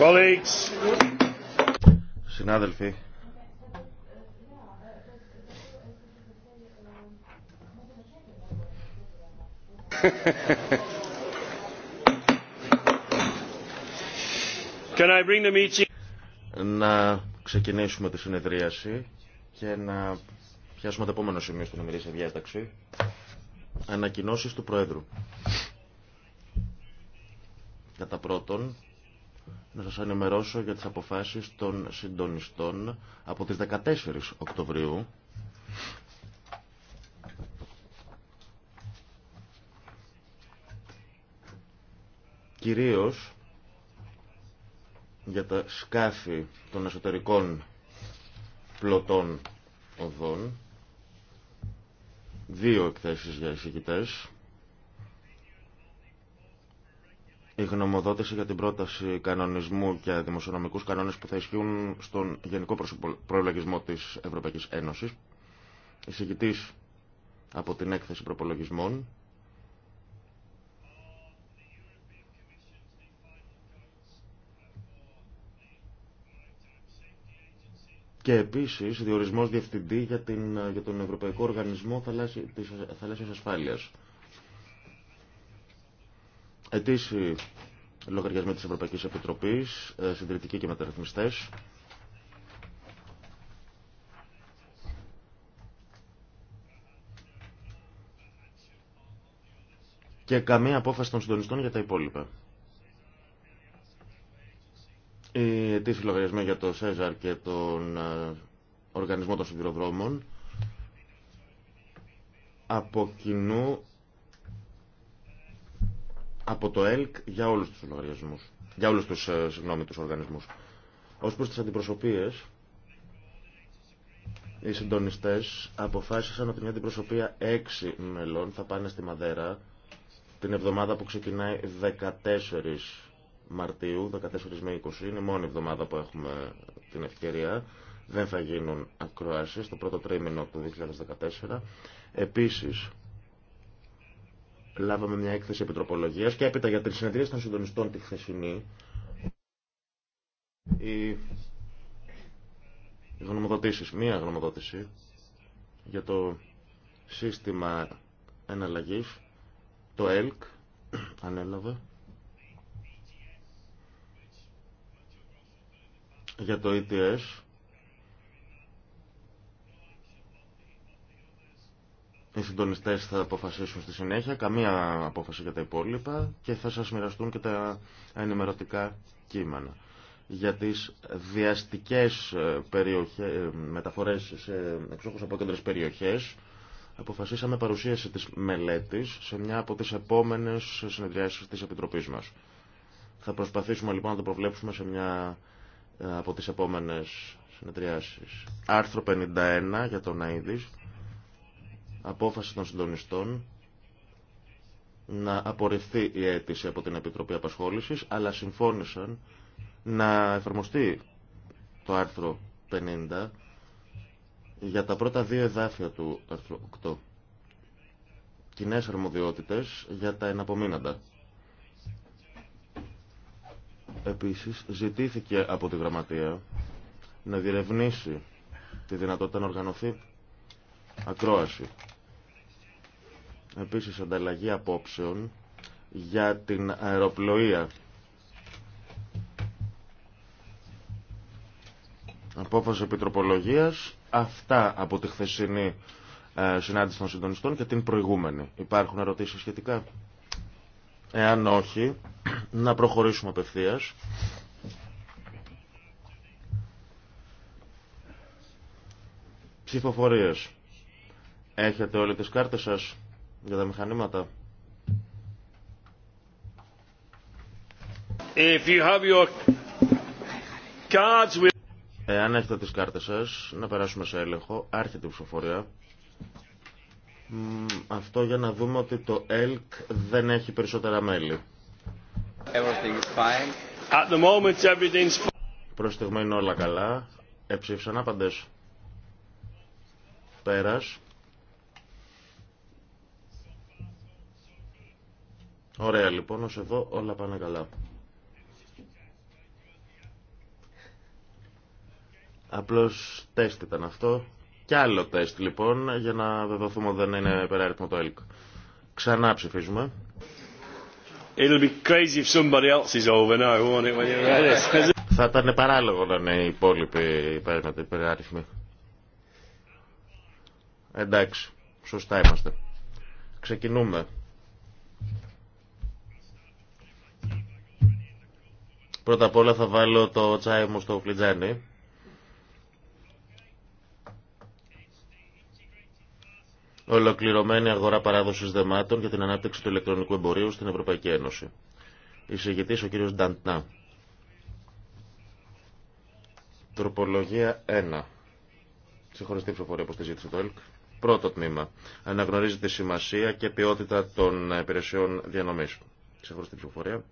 Colleagues. Συνάδελφοι. Can I bring the meeting? Να ξεκινήσουμε τη συνεδρίαση και να πιάσουμε το επόμενο σημείο στην μιλήσει διάταξη. Ανακοινώσεις του Προέδρου. Κατά πρώτον, να σας ενημερώσω για τις αποφάσεις των συντονιστών από τις 14 Οκτωβρίου κυρίως για τα σκάφη των εσωτερικών πλωτών οδών δύο εκθέσεις για εισηγητές Η γνωμοδότηση για την πρόταση κανονισμού και δημοσιονομικού κανόνε που θα ισχύουν στον γενικό προπολογισμό τη Ευρωπαϊκή Ένωση. Εισηγητή από την έκθεση προπολογισμών. Και επίση, διορισμός διευθυντή για, για τον Ευρωπαϊκό Οργανισμό Θαλάσσιας Ασφάλειας ετήσιοι λογαριασμοί της Ευρωπαϊκής Επιτροπής, ε, συντηρητικοί και μεταρρυθμιστές. Και καμία απόφαση των συντονιστών για τα υπόλοιπα. Οι ετήσιοι λογαριασμοί για το ΣΕΖΑΡ και τον ε, Οργανισμό των Συμπυροδρόμων από κοινού από το ΕΛΚ για όλους τους οργανισμούς, για όλους τους, ε, συγγνώμη, τους οργανισμούς. Ως προς τις οι συντονιστέ αποφάσισαν ότι μια αντιπροσωπεία 6 μελών θα πάνε στη Μαδέρα την εβδομάδα που ξεκινάει 14 Μαρτίου, 14 με 20, είναι η μόνη εβδομάδα που έχουμε την ευκαιρία. Δεν θα γίνουν ακροάσεις το πρώτο τρίμηνο του 2014. Επίσης, λάβαμε μια έκθεση επιτροπολογία και έπειτα για τι συνεδρίε των συντονιστών τη χθεσινή οι μία γνωμοδότηση για το σύστημα εναλλαγής, το ΕΛΚ ανέλαβε για το ETS Οι συντονιστέ θα αποφασίσουν στη συνέχεια, καμία απόφαση για τα υπόλοιπα και θα σας μοιραστούν και τα ενημερωτικά κείμενα. Για τι διαστικές ε, περιοχές, ε, μεταφορές σε από κέντρες περιοχές αποφασίσαμε παρουσίαση τη μελέτη σε μια από τι επόμενε συνεδριάσεις τη επιτροπή μας. Θα προσπαθήσουμε λοιπόν να το προβλέψουμε σε μια ε, από τι επόμενε συνεδριάσεις. Άρθρο 51 για τον ΑΕΔΙΣ απόφαση των συντονιστών να απορριφθεί η αίτηση από την Επιτροπή Απασχόλησης, αλλά συμφώνησαν να εφαρμοστεί το άρθρο 50 για τα πρώτα δύο εδάφια του άρθρου 8. Κοινέ αρμοδιότητες για τα εναπομείναντα. Επίσης, ζητήθηκε από τη Γραμματεία να διερευνήσει τη δυνατότητα να οργανωθεί ακρόαση Επίσης ανταλλαγή απόψεων για την αεροπλοεία. Απόφαση επιτροπολογίας. Αυτά από τη χθεσινή ε, συνάντηση των συντονιστών και την προηγούμενη. Υπάρχουν ερωτήσεις σχετικά. Εάν όχι, να προχωρήσουμε απευθείας. Ψηφοφορίες. Έχετε όλες τις κάρτες σας για τα μηχανήματα. If you have your cards Εάν έχετε τις κάρτες σας, να περάσουμε σε έλεγχο. Άρχεται η ψηφοφορία. Αυτό για να δούμε ότι το ΕΛΚ δεν έχει περισσότερα μέλη. At Προς στιγμή είναι όλα καλά. Εψήφισαν άπαντες. Πέρας. Ωραία λοιπόν, ως εδώ όλα πάνε καλά. Απλώς τεστ ήταν αυτό. Κι άλλο τεστ λοιπόν, για να βεβαιωθούμε ότι δεν είναι υπεράριθμο το ΕΛΚ. Ξανά ψηφίζουμε. It'll be crazy if somebody else is over now, won't it, when you're Θα ήταν παράλογο να είναι οι υπόλοιποι υπεράριθμοι. Εντάξει, σωστά είμαστε. Ξεκινούμε. Πρώτα απ' όλα θα βάλω το τσάι μου στο φλιτζάνι. Ολοκληρωμένη αγορά παράδοση δεμάτων για την ανάπτυξη του ηλεκτρονικού εμπορίου στην Ευρωπαϊκή Ένωση. Εισηγητή ο κ. Νταντνά. Τροπολογία 1. Ξεχωριστή ψηφοφορία όπω τη ζήτησε το ΕΛΚ. Πρώτο τμήμα. Αναγνωρίζει τη σημασία και ποιότητα των υπηρεσιών διανομή. Ξεχωριστή ψηφοφορία.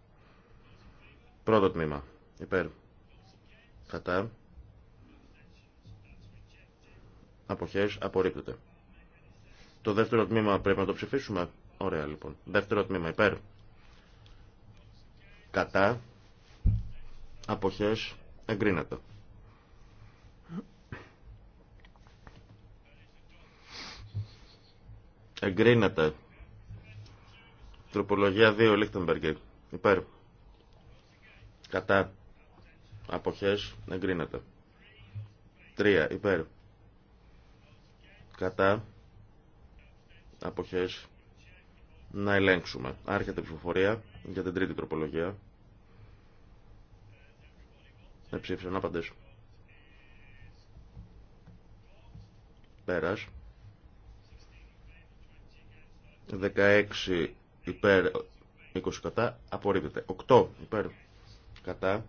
Πρώτο τμήμα. Υπέρ. Κατά. Αποχές. Απορρίπτεται. Το δεύτερο τμήμα πρέπει να το ψηφίσουμε. Ωραία λοιπόν. Δεύτερο τμήμα. Υπέρ. Κατά. Αποχές. Εγκρίνεται. Εγκρίνεται. Τροπολογία 2 Λίχτεμπεργκ. Υπέρ. Κατά. Αποχές. Εγκρίνεται. 3. Υπέρ. Κατά. Αποχές. Να ελέγξουμε. Άρχεται η ψηφοφορία για την τρίτη τροπολογία. να απαντήσω. Πέρας. 16 υπέρ 20 κατά. Απορρίπτεται. 8 υπέρ κατά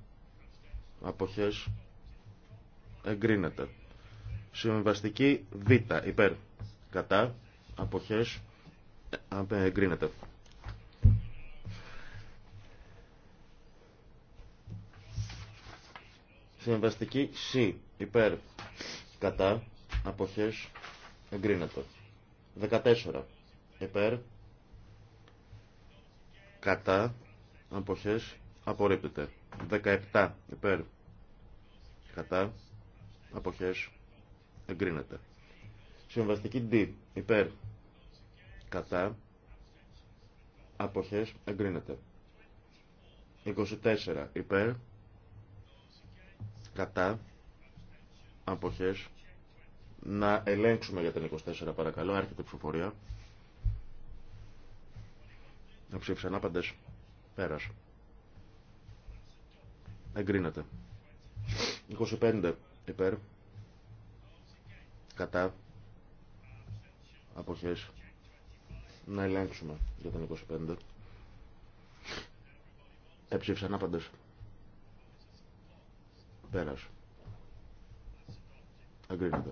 αποχές εγκρίνεται συμβαστική β υπέρ κατά αποχές ε, ε, εγκρίνεται συμβαστική σ υπέρ κατά αποχές εγκρίνεται 14 υπέρ κατά αποχές απορρίπτεται 17 υπέρ κατά αποχές εγκρίνεται. Συμβαστική D υπέρ κατά αποχές εγκρίνεται. 24 υπέρ κατά αποχές να ελέγξουμε για την 24 παρακαλώ άρχεται η ψηφοφορία να ψήφισαν άπαντες πέρασε εγκρίνεται. 25 υπέρ, κατά, αποχές, να ελέγξουμε για τον 25. Έψηφσαν άπαντες. πέρας. Εγκρίνεται.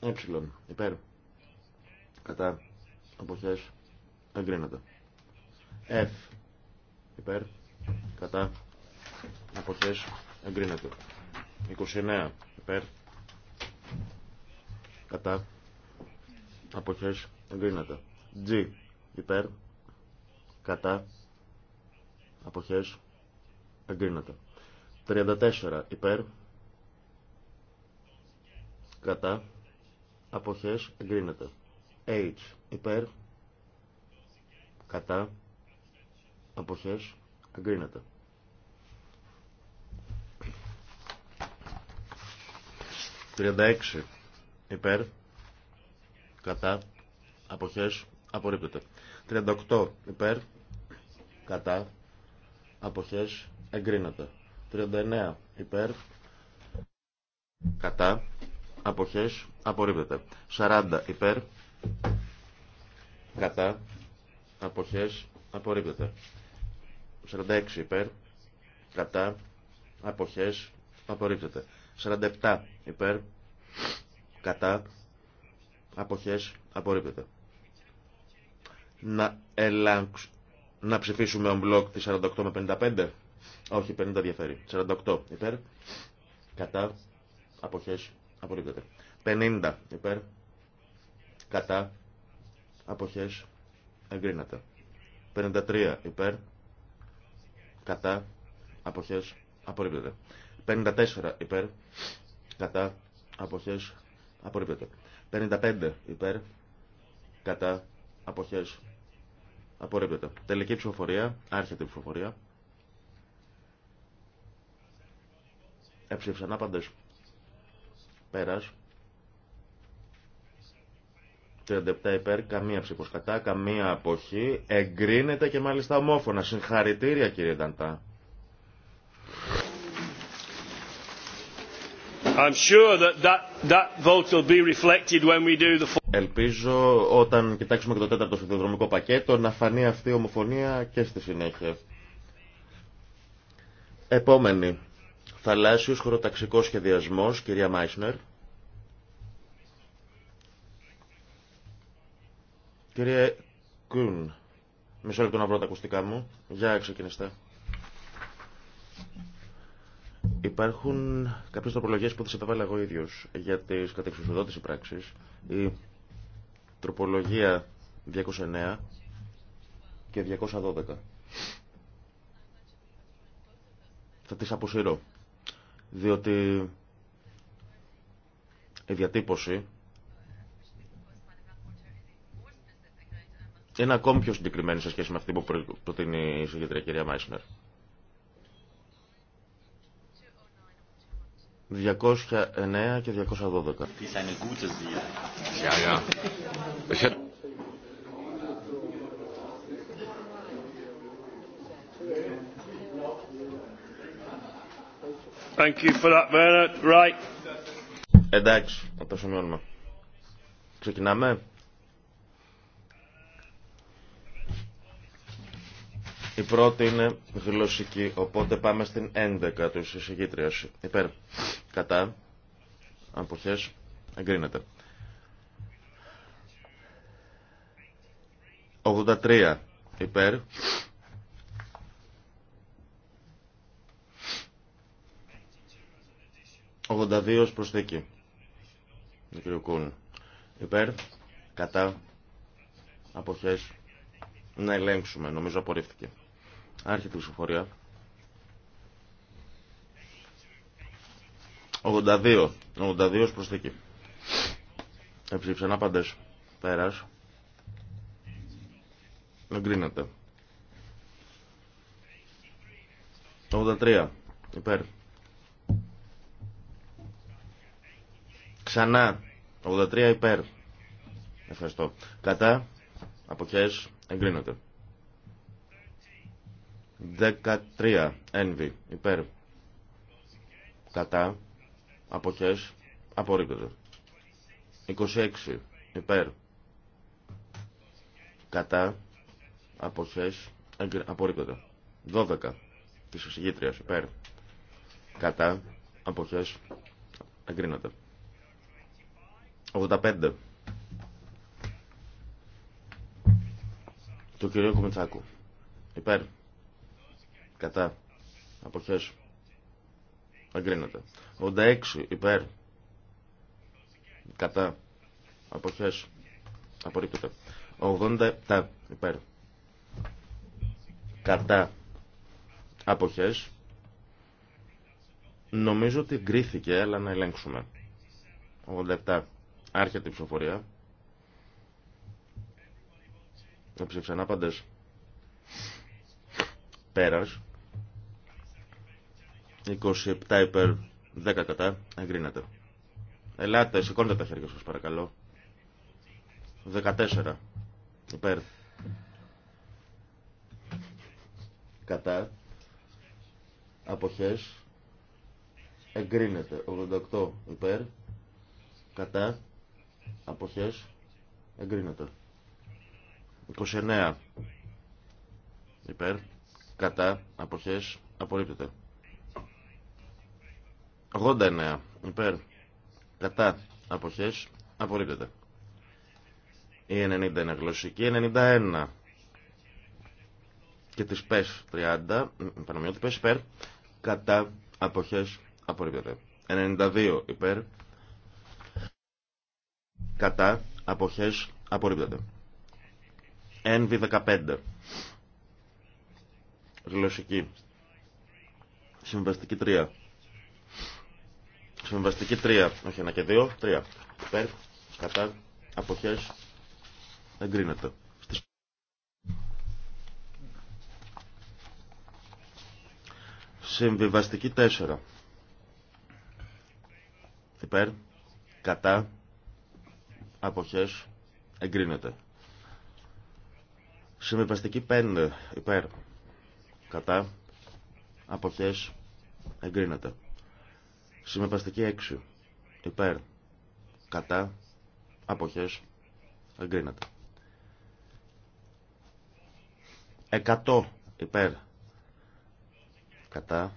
Ε, υπέρ. Κατά. Αποχές. Εγκρίνεται. F. Υπέρ κατά αποχές εγκρίνεται 29 υπέρ κατά αποχές εγκρίνεται G υπέρ κατά αποχές εγκρίνεται 34 υπέρ κατά αποχές εγκρίνεται H υπέρ κατά αποχές εγκρίνεται 36 υπέρ κατά αποχές απορρίπτεται 38 υπέρ κατά αποχές εγκρίνεται 39 υπέρ κατά αποχές απορρίπτεται 40 υπέρ κατά αποχές απορρίπτεται 46 υπέρ κατά αποχές απορρίπτεται 47 υπέρ κατά αποχές απορρίπτεται. Να, ελάξουμε, να ψηφίσουμε on μπλοκ τη 48 με 55. Όχι, 50 διαφέρει. 48 υπέρ κατά απόχέ, απορρίπτεται. 50 υπέρ κατά απόχέ, εγκρίνεται. 53 υπέρ κατά αποχέ, απορρίπτεται. 54 υπέρ. Κατά. Αποχές. Απορρίπτεται. 55 υπέρ. Κατά. Αποχές. Απορρίπτεται. Τελική ψηφοφορία. Άρχεται η ψηφοφορία. Έψηφισαν άπαντες. Πέρας. 37 υπέρ, καμία ψήφος κατά, καμία αποχή. Εγκρίνεται και μάλιστα ομόφωνα. Συγχαρητήρια κύριε Νταντά. Ελπίζω όταν κοιτάξουμε και το τέταρτο σιδηροδρομικό πακέτο να φανεί αυτή η ομοφωνία και στη συνέχεια. Επόμενη. Θαλάσσιος χωροταξικός σχεδιασμός, κυρία Μάισνερ. Κύριε Κουν, μισό λεπτό να βρω τα ακουστικά μου. Για ξεκινήστε. Υπάρχουν κάποιε τροπολογίες που τις επέβαλα εγώ ίδιο για τι κατεξουσιοδότηση πράξεις. Η τροπολογία 209 και 212. Θα τις αποσύρω. Διότι η διατύπωση είναι ακόμη πιο συγκεκριμένη σε σχέση με αυτή που προτείνει η συγκεκριμένη κυρία Μάισνερ. 209 και 212. Thank you for that, right. Εντάξει, θα το σημειώνουμε. Ξεκινάμε. Η πρώτη είναι γλωσσική, οπότε πάμε στην 11 του εισηγήτριας. Υπέρ κατά αποχές εγκρίνεται. 83 υπέρ ...82 ως προσθήκη. Κούν. Υπέρ, κατά, αποχές, να ελέγξουμε. Νομίζω απορρίφθηκε. Άρχεται η ψηφοφορία. 82. 82 ως προσθήκη. Εψήφισαν άπαντες. Πέρας. Εγκρίνεται. 83. Υπέρ. Ξανά. 83 υπέρ. Ευχαριστώ. Κατά. Αποχές. Εγκρίνεται. 13. Envy. Υπέρ. Κατά. Αποχές. Απορρίπτεται. 26. Υπέρ. Κατά. Αποχές. Απορρίπτεται. 12. Της εισηγήτριας. Υπέρ. Κατά. Αποχές. Εγκρίνεται. 85. Το κυρίου Κομιτσάκου. Υπέρ. Κατά. Αποχές. Εγκρίνεται. 86 υπέρ. Κατά. Αποχές. Απορρίπτεται. 87 υπέρ. Κατά. Αποχές. Νομίζω ότι γκρίθηκε, αλλά να ελέγξουμε. 87. Άρχεται η ψηφοφορία. Έψηφαν άπαντες. Πέρας. 27 υπέρ 10 κατά. Εγκρίνεται. Ελάτε, σηκώντε τα χέρια σας παρακαλώ. 14 υπέρ. Κατά. Αποχές. Εγκρίνεται. 88 υπέρ. Κατά. Αποχές. Εγκρίνεται. 29 υπέρ. Κατά. Αποχές. Απορρίπτεται. 89 υπέρ κατά αποχές απορρίπτεται. Η 90 είναι γλωσσική, 91 και τι ΠΕΣ 30, ΠΕΣ υπέρ, κατά αποχές απορρίπτεται. 92 υπέρ, κατά αποχές απορρίπτεται. NV15 γλωσσική συμβαστική 3 Συμβαστική 3. Όχι 1 και 2. 3. Υπέρ. Κατά. Αποχές. Εγκρίνεται. Συμβιβαστική 4. Υπέρ. Κατά. Αποχές. Εγκρίνεται. Συμβιβαστική 5. Υπέρ. Κατά. Αποχές. Εγκρίνεται. Συμβαστική 6. Υπέρ. Κατά. Αποχές. Εγκρίνεται. 100 υπέρ. Κατά.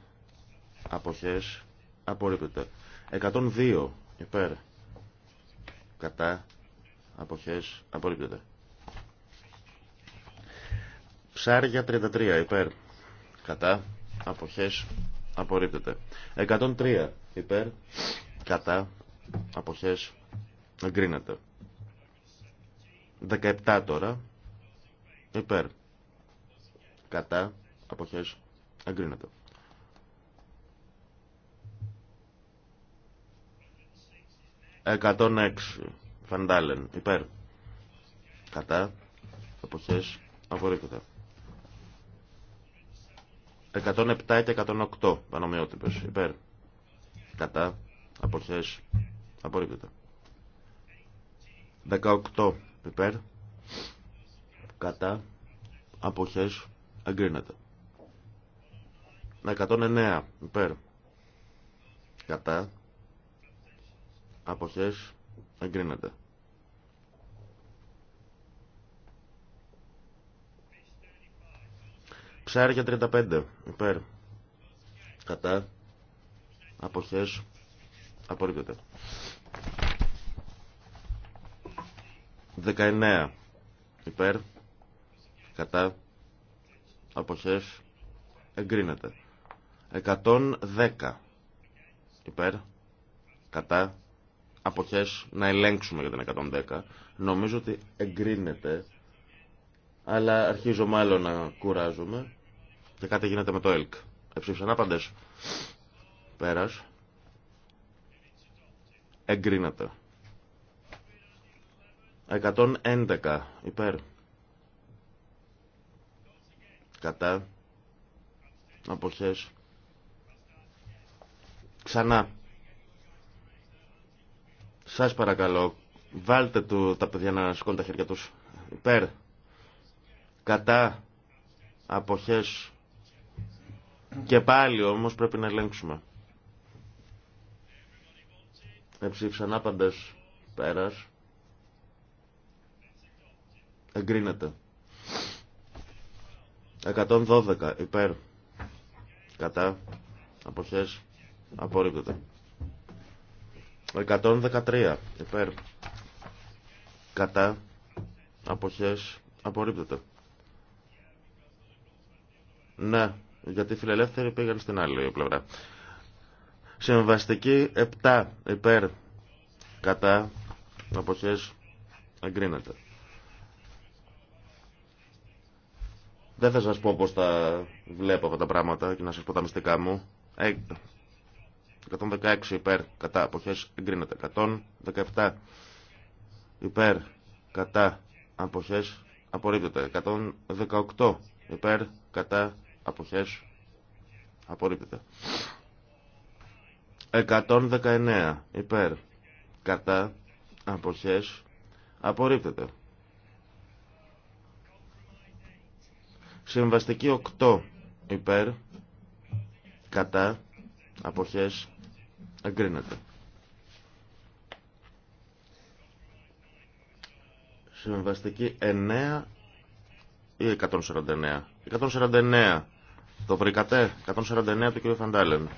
Αποχές. Απορρίπτεται. 102 υπέρ. Κατά. Αποχές. Απορρίπτεται. Ψάρια 33 υπέρ. Κατά. Αποχές. Απορρίπτεται. 103 υπέρ. Κατά. Αποχές. Εγκρίνεται. 17 τώρα. Υπέρ. Κατά. Αποχές. Εγκρίνεται. 106. Φαντάλεν. Υπέρ. Κατά. Αποχές. Απορρίπτεται. 107 και 108 πανομοιότυπες υπέρ κατά αποχές απορρίπτεται 18 υπέρ κατά αποχές εγκρίνεται 109 υπέρ κατά αποχές εγκρίνεται Σαρια 35. Υπέρ. Κατά. Αποχές. Απορρίπτεται. 19. Υπέρ. Κατά. Αποχές. Εγκρίνεται. 110. Υπέρ. Κατά. Αποχές. Να ελέγξουμε για την 110. Νομίζω ότι εγκρίνεται. Αλλά αρχίζω μάλλον να κουράζομαι. Και κάτι γίνεται με το ΕΛΚ. Εψήφισαν πάντες. πέρα Εγκρίνεται. 111 υπέρ. Κατά. Αποχές. Ξανά. Σας παρακαλώ, βάλτε του, τα παιδιά να σηκώνουν τα χέρια τους. Υπέρ. Κατά. Αποχές. Και πάλι όμως πρέπει να ελέγξουμε. Εψήφισαν άπαντες πέρας. Εγκρίνεται. 112 υπέρ. Κατά. Αποχές. Απορρίπτεται. 113 υπέρ. Κατά. Αποχές. Απορρίπτεται. Ναι, γιατί οι φιλελεύθεροι πήγαν στην άλλη πλευρά. Συμβαστική 7 υπέρ κατά αποχές εγκρίνεται. Δεν θα σας πω πώς τα βλέπω αυτά τα πράγματα και να σας πω τα μυστικά μου. 116 ε, υπέρ κατά αποχές εγκρίνεται. 117 υπέρ κατά αποχές απορρίπτεται. 118 υπέρ κατά Αποχές. Απορρίπτεται. 119. Υπέρ. Κατά. Αποχές. Απορρίπτεται. Συμβαστική 8. Υπέρ. Κατά. Αποχές. Εγκρίνεται. Συμβαστική 9 ή 149. 149. Το βρήκατε, 149 του κ. Φαντάλεν.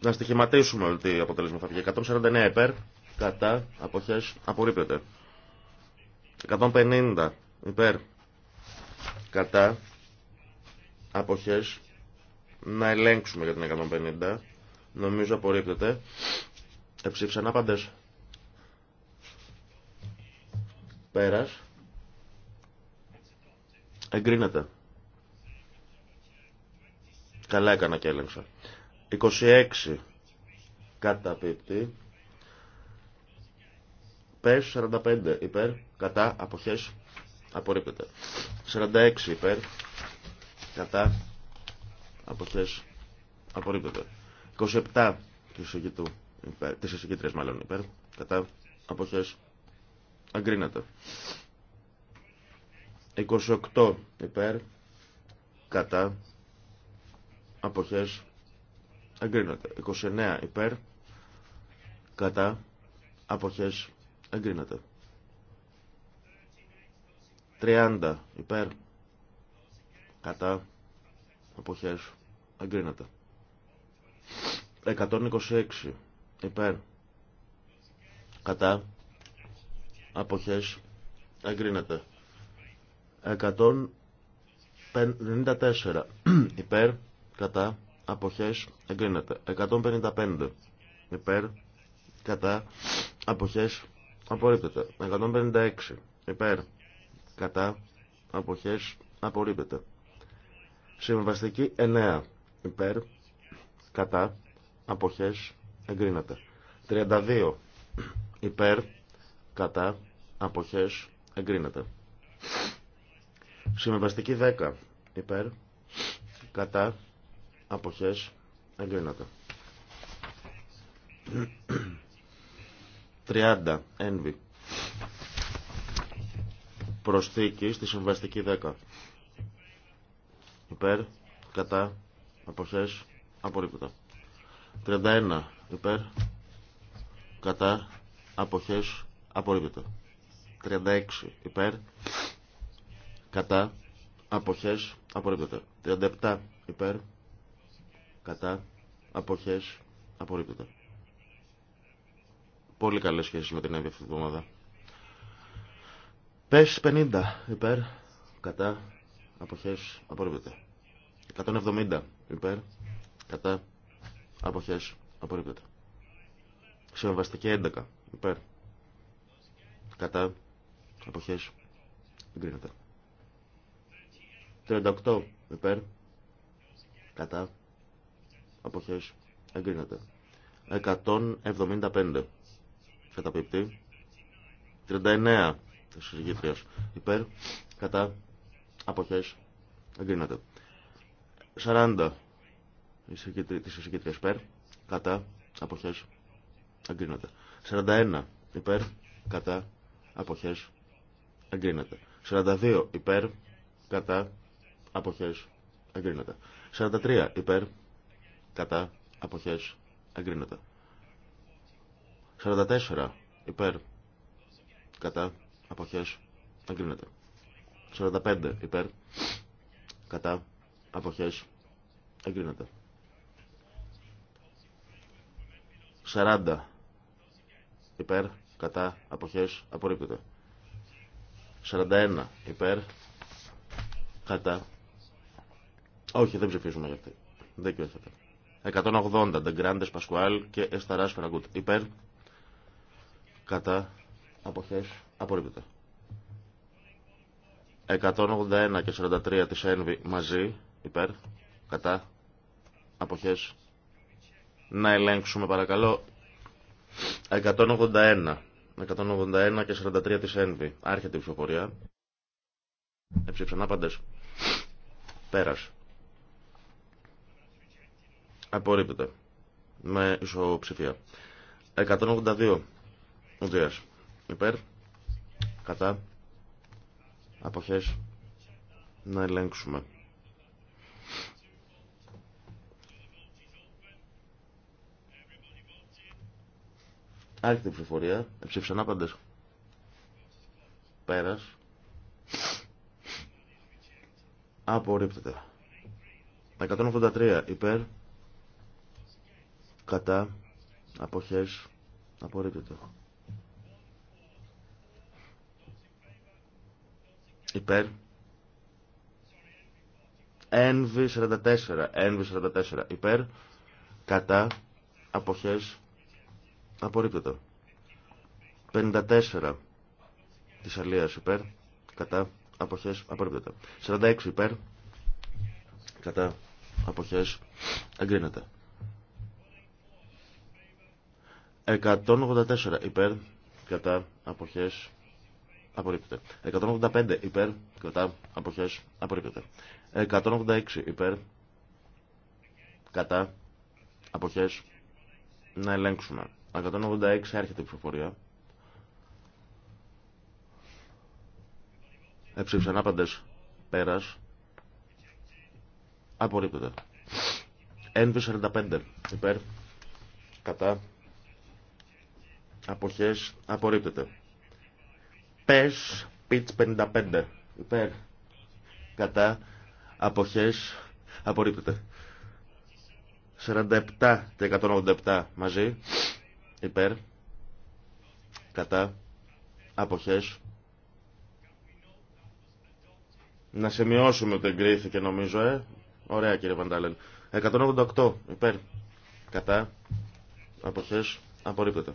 Να στοιχηματίσουμε ότι αποτέλεσμα θα βγει. 149 υπέρ, κατά, αποχές, απορρίπτεται. 150 υπέρ, κατά, αποχές, να ελέγξουμε για την 150. Νομίζω απορρίπτεται. Εψήφισαν άπαντες. Πέρας. Εγκρίνεται. Καλά έκανα και έλεγξα. 26 πίπτη Πες 45 υπέρ, κατά, αποχές, απορρίπτεται. 46 υπέρ, κατά, αποχές, απορρίπτεται. 27 της εισηγητού, υπέρ, της εισηγητρίας μάλλον υπέρ, κατά, αποχές, αγκρίνεται. 28 υπέρ κατά αποχές εγκρίνεται 29 υπέρ κατά αποχές εγκρίνεται 30 υπέρ κατά αποχές εγκρίνεται 126 υπέρ κατά αποχές εγκρίνεται 154 υπέρ κατά αποχές εγκρίνεται 155 υπέρ κατά αποχές απορρίπτεται 156 υπέρ κατά αποχές απορρίπτεται συμβαστική 9 υπέρ κατά αποχές εγκρίνεται 32 υπέρ κατά αποχές εγκρίνεται Συμβαστική 10 υπέρ κατά απόχέ εγκρίνατα. 30 ένβη προσθήκη στη συμβαστική 10 υπέρ κατά αποχέ, απορρίπτωτα. 31 υπέρ κατά αποχές απορρίπτωτα. 36 υπέρ κατά αποχές απορρίπτεται 37 υπέρ κατά αποχές απορρίπτεται πολύ καλές σχέσεις με την Εύη αυτή τη βδομάδα ΠΕΣ 50 υπέρ κατά αποχές απορρίπτεται 170 υπέρ κατά αποχές απορρίπτεται συμβαστική 11 υπέρ κατά αποχές εγκρίνεται 38 υπέρ. Κατά. Αποχές. Εγκρίνεται. 175. Καταπληκτή. 39 της Υγήτριας. Υπέρ. Κατά. Αποχές. Εγκρίνεται. 40 της Υγήτριας. Υπέρ. Κατά. Αποχές. Εγκρίνεται. 41 υπέρ. Κατά. Αποχές. Εγκρίνεται. 42 υπέρ. Κατά αποχές εγκρίνεται. 43 υπέρ κατά αποχές εγκρίνεται. 44 υπέρ κατά αποχές εγκρίνεται. 45 υπέρ κατά αποχές εγκρίνεται. 40 υπέρ κατά αποχές απορρίπτεται. 41 υπέρ κατά όχι, δεν ψηφίζουμε για αυτή. Δεν 180, 180. Grandes Πασκουάλ και Εσταρά Fragut. Υπέρ. Κατά. Αποχέ. Απορρίπτεται. 181 και 43 της Envy. μαζί, υπέρ, κατά, αποχές. Να ελέγξουμε παρακαλώ. 181. 181 και 43 της ΕΝΒΗ. Άρχεται η ψηφοφορία. Εψήψαν άπαντες. Πέρασε. Απορρίπτεται. Με ισοψηφία. 182. Ουδίας. Υπέρ. Κατά. Αποχές. Να ελέγξουμε. Άρχεται η ψηφοφορία. Ψήφισαν άπαντες. Πέρας. Απορρίπτεται. 183 υπέρ κατά αποχές απορρίπτεται υπέρ NV44 NV44 υπέρ κατά αποχές απορρίπτεται 54 της αλίας υπέρ κατά αποχές απορρίπτεται 46 υπέρ κατά αποχές εγκρίνεται 184 υπέρ κατά αποχές απορρίπτεται. 185 υπέρ κατά αποχές απορρίπτεται. 186 υπέρ κατά αποχές να ελέγξουμε. 186 έρχεται η ψηφοφορία. Εψήφισαν άπαντες πέρας. Απορρίπτεται. NV45 υπέρ κατά αποχές απορρίπτεται. Πες πιτς 55 υπέρ κατά αποχές απορρίπτεται. 47 και 187 μαζί υπέρ κατά αποχές να σημειώσουμε ότι εγκρίθηκε νομίζω, ε. Ωραία κύριε Βαντάλεν. 188 υπέρ κατά αποχές απορρίπτεται.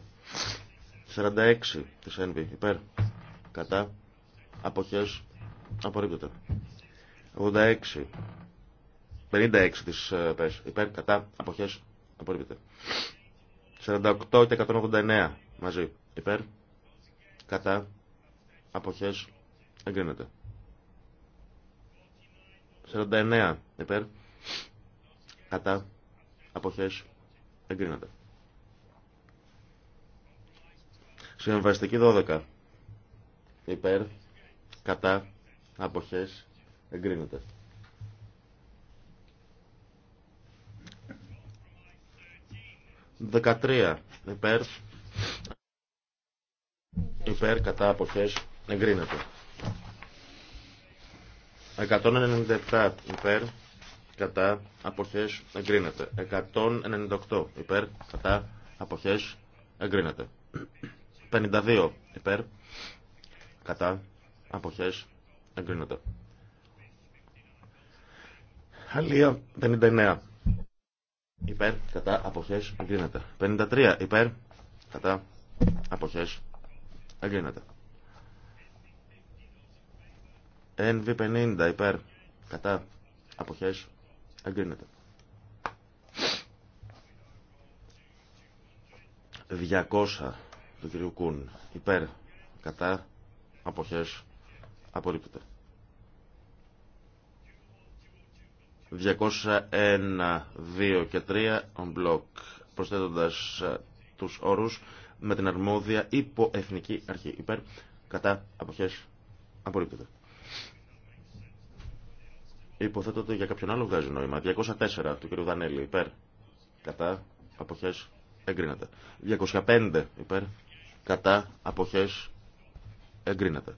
46 της ΕΝΒ υπέρ κατά αποχές απορρίπτεται 86 56 της ε, ΠΕΣ υπέρ κατά αποχές απορρίπτεται 48 και 189 μαζί υπέρ κατά αποχές εγκρίνεται 49 υπέρ κατά αποχές εγκρίνεται Συμβαστική 12. Υπέρ, κατά, αποχές, εγκρίνεται. Δεκατρία. Υπέρ, υπέρ, κατά, αποχές, εγκρίνεται. 197 υπέρ, κατά, αποχές, εγκρίνεται. 198 υπέρ, κατά, αποχές, εγκρίνεται. 52 υπέρ. Κατά. Αποχές. Εγκρίνεται. Αλία 59. Υπέρ, κατά, αποχές, εγκρίνεται. 53. Υπέρ, κατά, αποχές, εγκρίνεται. NV50. Υπέρ, κατά, αποχές, εγκρίνεται. 200 του κυρίου Κούν. Υπέρ, κατά, αποχές, απορρίπτεται. 201, 2 και 3 on block, προσθέτοντας ε, τους όρους με την αρμόδια υποεθνική αρχή. Υπέρ, κατά, αποχές, απορρίπτεται. Υποθέτω ότι για κάποιον άλλο βγάζει νόημα. 204 του κ. Δανέλη, υπέρ, κατά, αποχές, εγκρίνεται. 205 υπέρ, κατά αποχές εγκρίνεται.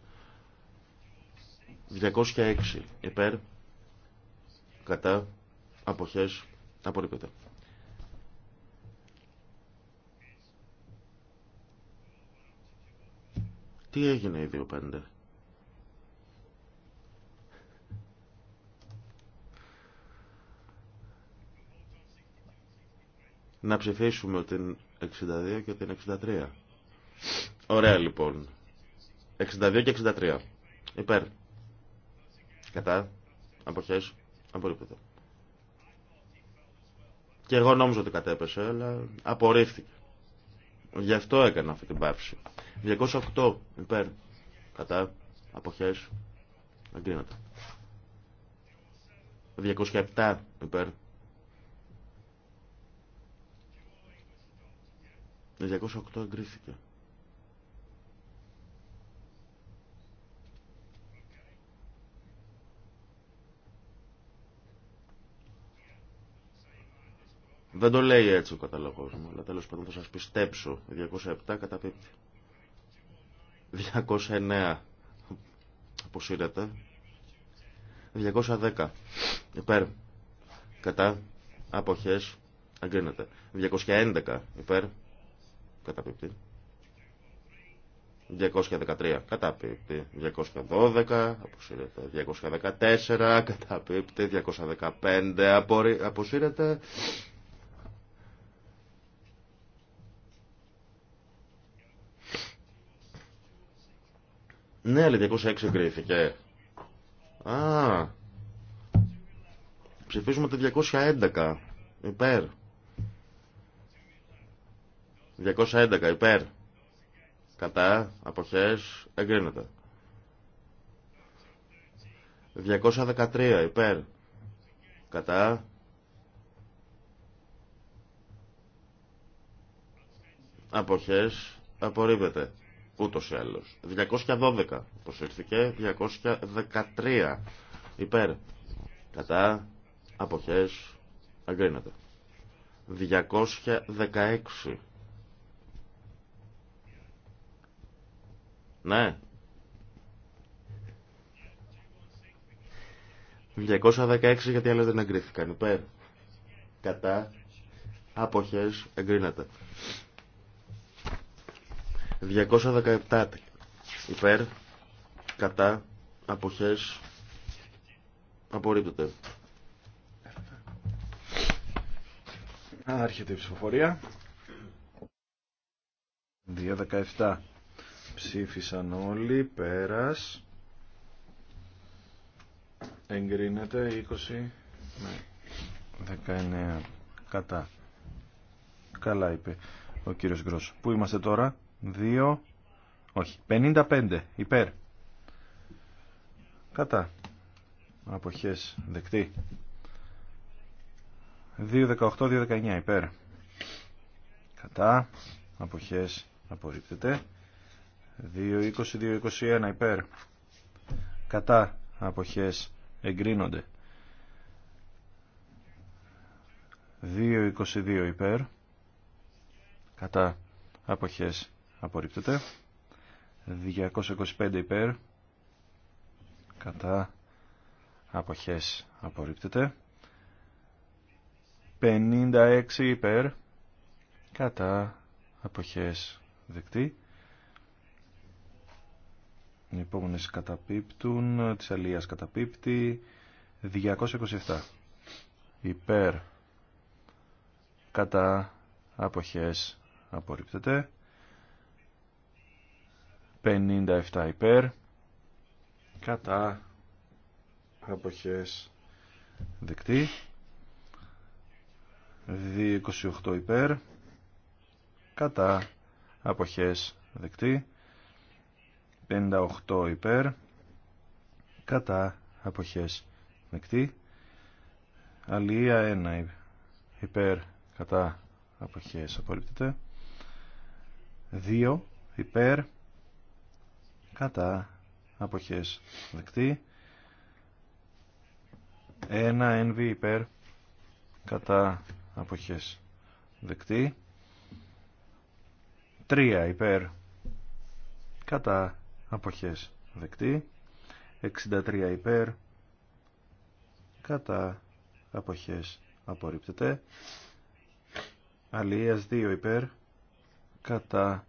206 υπέρ κατά αποχές απορρίπτεται. Τι έγινε οι δύο Να ψηφίσουμε την 62 και την 63. Ωραία λοιπόν. 62 και 63. Υπέρ. Κατά. Αποχές. Απορρίπτεται. Και εγώ νόμιζα ότι κατέπεσε, αλλά απορρίφθηκε. Γι' αυτό έκανα αυτή την πάυση. 208 υπέρ. Κατά. Αποχές. Αγκρίνεται. 207 υπέρ. 208 εγκρίθηκε. Δεν το λέει έτσι ο καταλογό μου, αλλά τέλο πάντων θα σα πιστέψω. 207 καταπίπτει. 209 αποσύρεται. 210 υπέρ κατά απόχέ Αγκρίνεται. 211 υπέρ καταπίπτει. 213 καταπίπτει, 212 αποσύρεται, 214 καταπίπτει, 215 αποσύρεται, Ναι, αλλά 206 εγκρίθηκε. Α, ψηφίζουμε το 211. Υπέρ. 211 υπέρ. Κατά, αποχές, εγκρίνεται. 213 υπέρ. Κατά. Αποχές, απορρίβεται ούτω ή άλλω. 212 προσέχθηκε, 213 υπέρ, κατά, αποχέ, αγκρίνεται. 216. Ναι. 216 γιατί άλλες δεν εγκρίθηκαν. Υπέρ. Κατά. Άποχες εγκρίνεται. 217 υπέρ, κατά, αποχές, απορρίπτεται. Άρχεται η ψηφοφορία. 2.17 ψήφισαν όλοι, πέρας. Εγκρίνεται 20 με 19 κατά. Καλά είπε ο κύριος Γκρός. Πού είμαστε τώρα? 2, όχι, 55 υπέρ. Κατά. Αποχές δεκτή. 2.18-2.19 υπέρ. Κατά. Αποχές απορρίπτεται. 2.20-2.21 υπέρ. Κατά. Αποχές εγκρίνονται. 2.22 υπέρ. Κατά. Αποχές απορρίπτεται 225 υπέρ κατά αποχές απορρίπτεται 56 υπέρ κατά αποχές δεκτή οι επόμενες καταπίπτουν της αλίας καταπίπτει 227 υπέρ κατά αποχές απορρίπτεται 57 υπέρ κατά αποχές δεκτή 28 υπέρ κατά αποχές δεκτή 58 υπέρ κατά αποχές δεκτή αλία 1 υπέρ κατά αποχές απορρίπτεται 2 υπέρ κατά αποχές δεκτή 1 NV υπέρ κατά αποχές δεκτή 3 υπέρ κατά αποχές δεκτή 63 υπέρ κατά αποχές απορρίπτεται αλίας 2 υπέρ κατά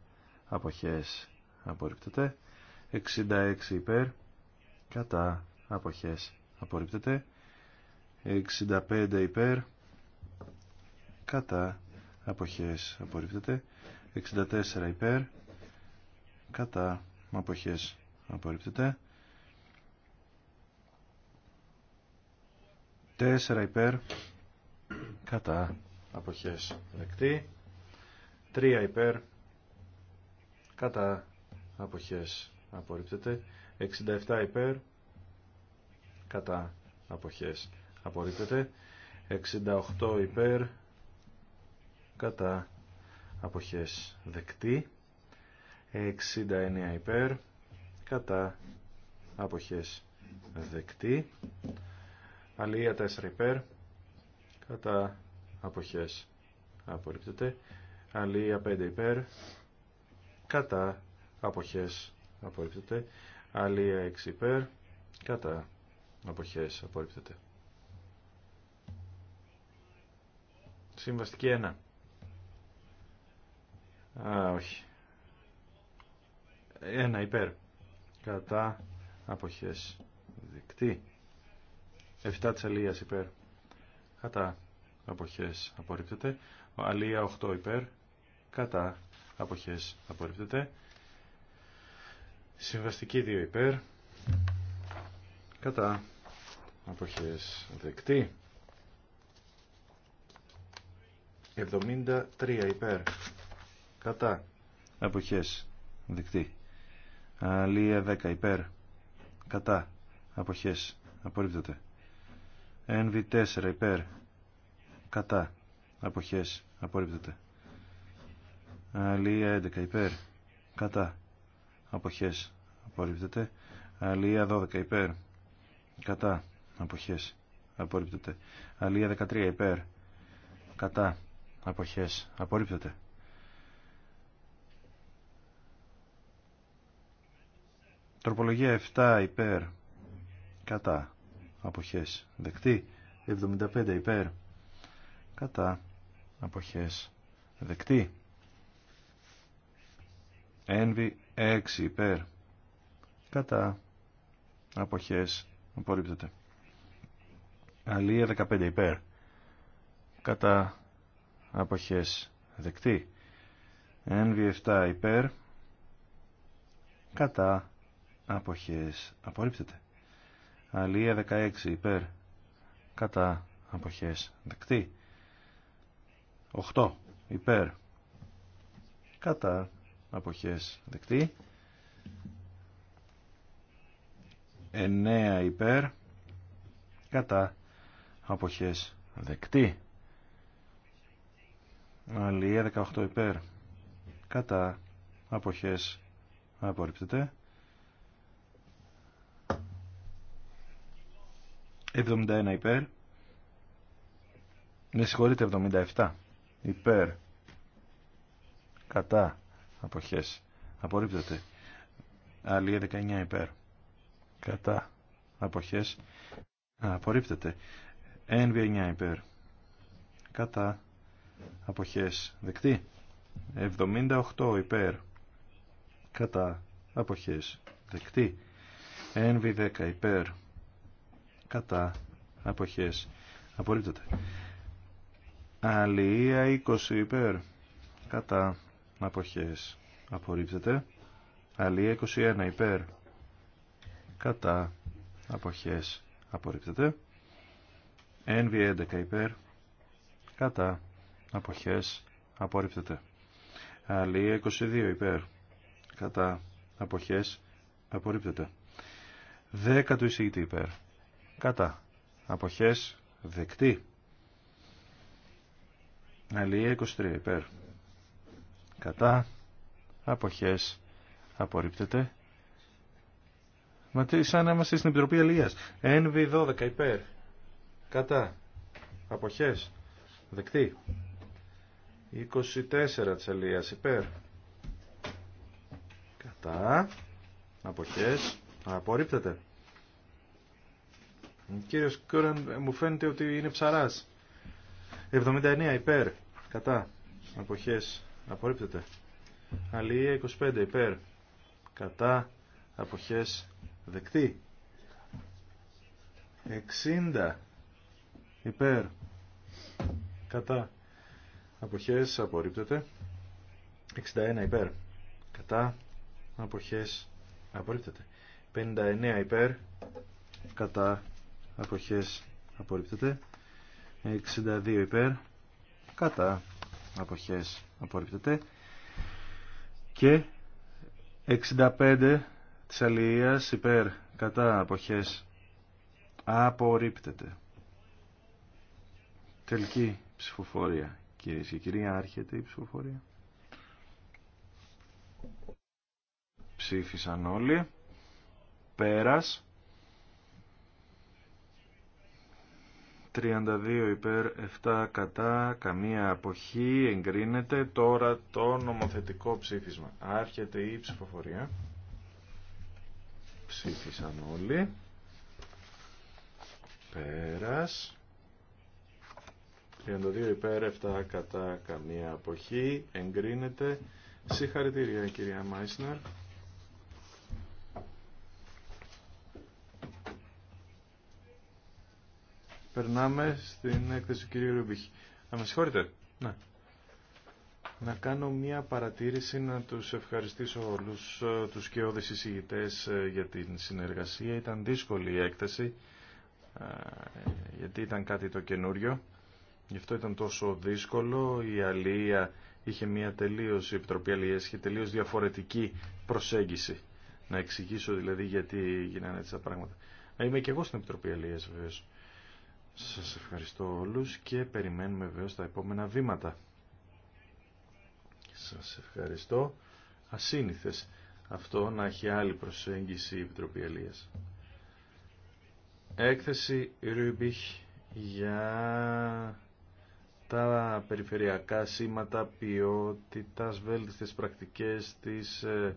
αποχές απορρίπτεται 66 υπέρ κατά αποχές απορρίπτεται 65 υπέρ κατά αποχές απορρίπτεται 64 υπέρ κατά αποχές απορρίπτεται 4 υπέρ κατά αποχές δεκτή 3 υπέρ κατά αποχές απορρίπτεται 67 υπέρ κατά αποχές απορρίπτεται 68 υπέρ κατά αποχές δεκτή 69 υπέρ κατά αποχές δεκτή αλλία 4 υπέρ κατά αποχές απορρίπτεται αλία 5 υπέρ κατά αποχές απορρίπτεται. Αλία 6 υπέρ, κατά αποχές απορρίπτεται. Συμβαστική 1. Α, όχι. 1 υπέρ, κατά αποχές δεκτή. 7 της αλίας υπέρ, κατά αποχές απορρίπτεται. Αλία 8 υπέρ, κατά αποχές απορρίπτεται. Συμβαστική 2 υπέρ. Κατά. Αποχές δεκτή. 73 υπέρ. Κατά. Αποχές δεκτή. Αλία 10 υπέρ. Κατά. Αποχές. Απορρίπτεται. NV4 υπέρ. Κατά. Αποχές. Απορρίπτεται. Αλία 11 υπέρ. Κατά αποχές απορρίπτεται αλία 12 υπέρ κατά αποχές απορρίπτεται αλία 13 υπέρ κατά αποχές απορρίπτεται τροπολογία 7 υπέρ κατά αποχές δεκτή 75 υπέρ κατά αποχές δεκτή Envy 6 υπέρ κατά αποχές απορρίπτεται αλία 15 υπέρ κατά αποχές δεκτή NV7 υπέρ κατά αποχές απορρίπτεται αλία 16 υπέρ κατά αποχές δεκτή 8 υπέρ κατά αποχές δεκτή 9 υπέρ κατά αποχές δεκτή αλληλεία 18 υπέρ κατά αποχές απορρίπτεται 71 υπέρ με συγχωρείτε 77 υπέρ κατά αποχές απορρίπτεται άλλη 19 υπέρ κατά αποχές απορρίπτεται NV9 υπέρ κατά αποχές δεκτή 78 υπέρ κατά αποχές Ένβι NV10 υπέρ κατά αποχές απορρίπτεται αλληλεία 20 υπέρ κατά αποχές απορρίπτεται. Αλία 21 υπέρ κατά αποχές Ένβι NV11 υπέρ κατά αποχές απορρίπτεται. Αλία 22 υπέρ κατά αποχές απορρίπτεται. 10 του εισηγητή υπέρ κατά αποχές δεκτή. Αλία 23 υπέρ κατά αποχές απορρίπτεται μα τι σαν να είμαστε στην Επιτροπή Ελίας NV12 υπέρ κατά αποχές δεκτή 24 της Ελίας υπέρ κατά αποχές απορρίπτεται ο κύριος Κούραν ε, μου φαίνεται ότι είναι ψαράς 79 υπέρ κατά αποχές απορρίπτεται. Αλληλεία 25 υπέρ κατά αποχές δεκτή. 60 υπέρ κατά αποχές απορρίπτεται. 61 υπέρ κατά αποχές απορρίπτεται. 59 υπέρ κατά αποχές απορρίπτεται. 62 υπέρ κατά αποχές απορρίπτεται και 65 της αλληλείας υπέρ κατά αποχές απορρίπτεται τελική ψηφοφορία κύριε και κυρία άρχεται η ψηφοφορία ψήφισαν όλοι πέρας 32 υπέρ 7 κατά καμία αποχή εγκρίνεται τώρα το νομοθετικό ψήφισμα. Άρχεται η ψηφοφορία. Ψήφισαν όλοι. Πέρας. 32 υπέρ 7 κατά καμία αποχή εγκρίνεται. Συγχαρητήρια κυρία Μάισνερ. Περνάμε στην έκθεση του κυρίου Ρουμπίχη. Να με συγχωρείτε. Ναι. Να κάνω μία παρατήρηση, να τους ευχαριστήσω όλους ε, τους και εισηγητές ε, για την συνεργασία. Ήταν δύσκολη η έκθεση ε, γιατί ήταν κάτι το καινούριο. Γι' αυτό ήταν τόσο δύσκολο. Η Αλία είχε μία τελείως, η Επιτροπή Αλίας είχε τελείως διαφορετική προσέγγιση. Να εξηγήσω δηλαδή γιατί γίνανε έτσι τα πράγματα. Είμαι και εγώ στην Επιτροπή Αλίας βεβαίως. Σας ευχαριστώ όλους και περιμένουμε βέβαια τα επόμενα βήματα. Σας ευχαριστώ. Ασύνηθες αυτό να έχει άλλη προσέγγιση η Επιτροπή Ελίας. Έκθεση Ρούμπιχ για τα περιφερειακά σήματα ποιότητας, βέλτιστες πρακτικές της ε,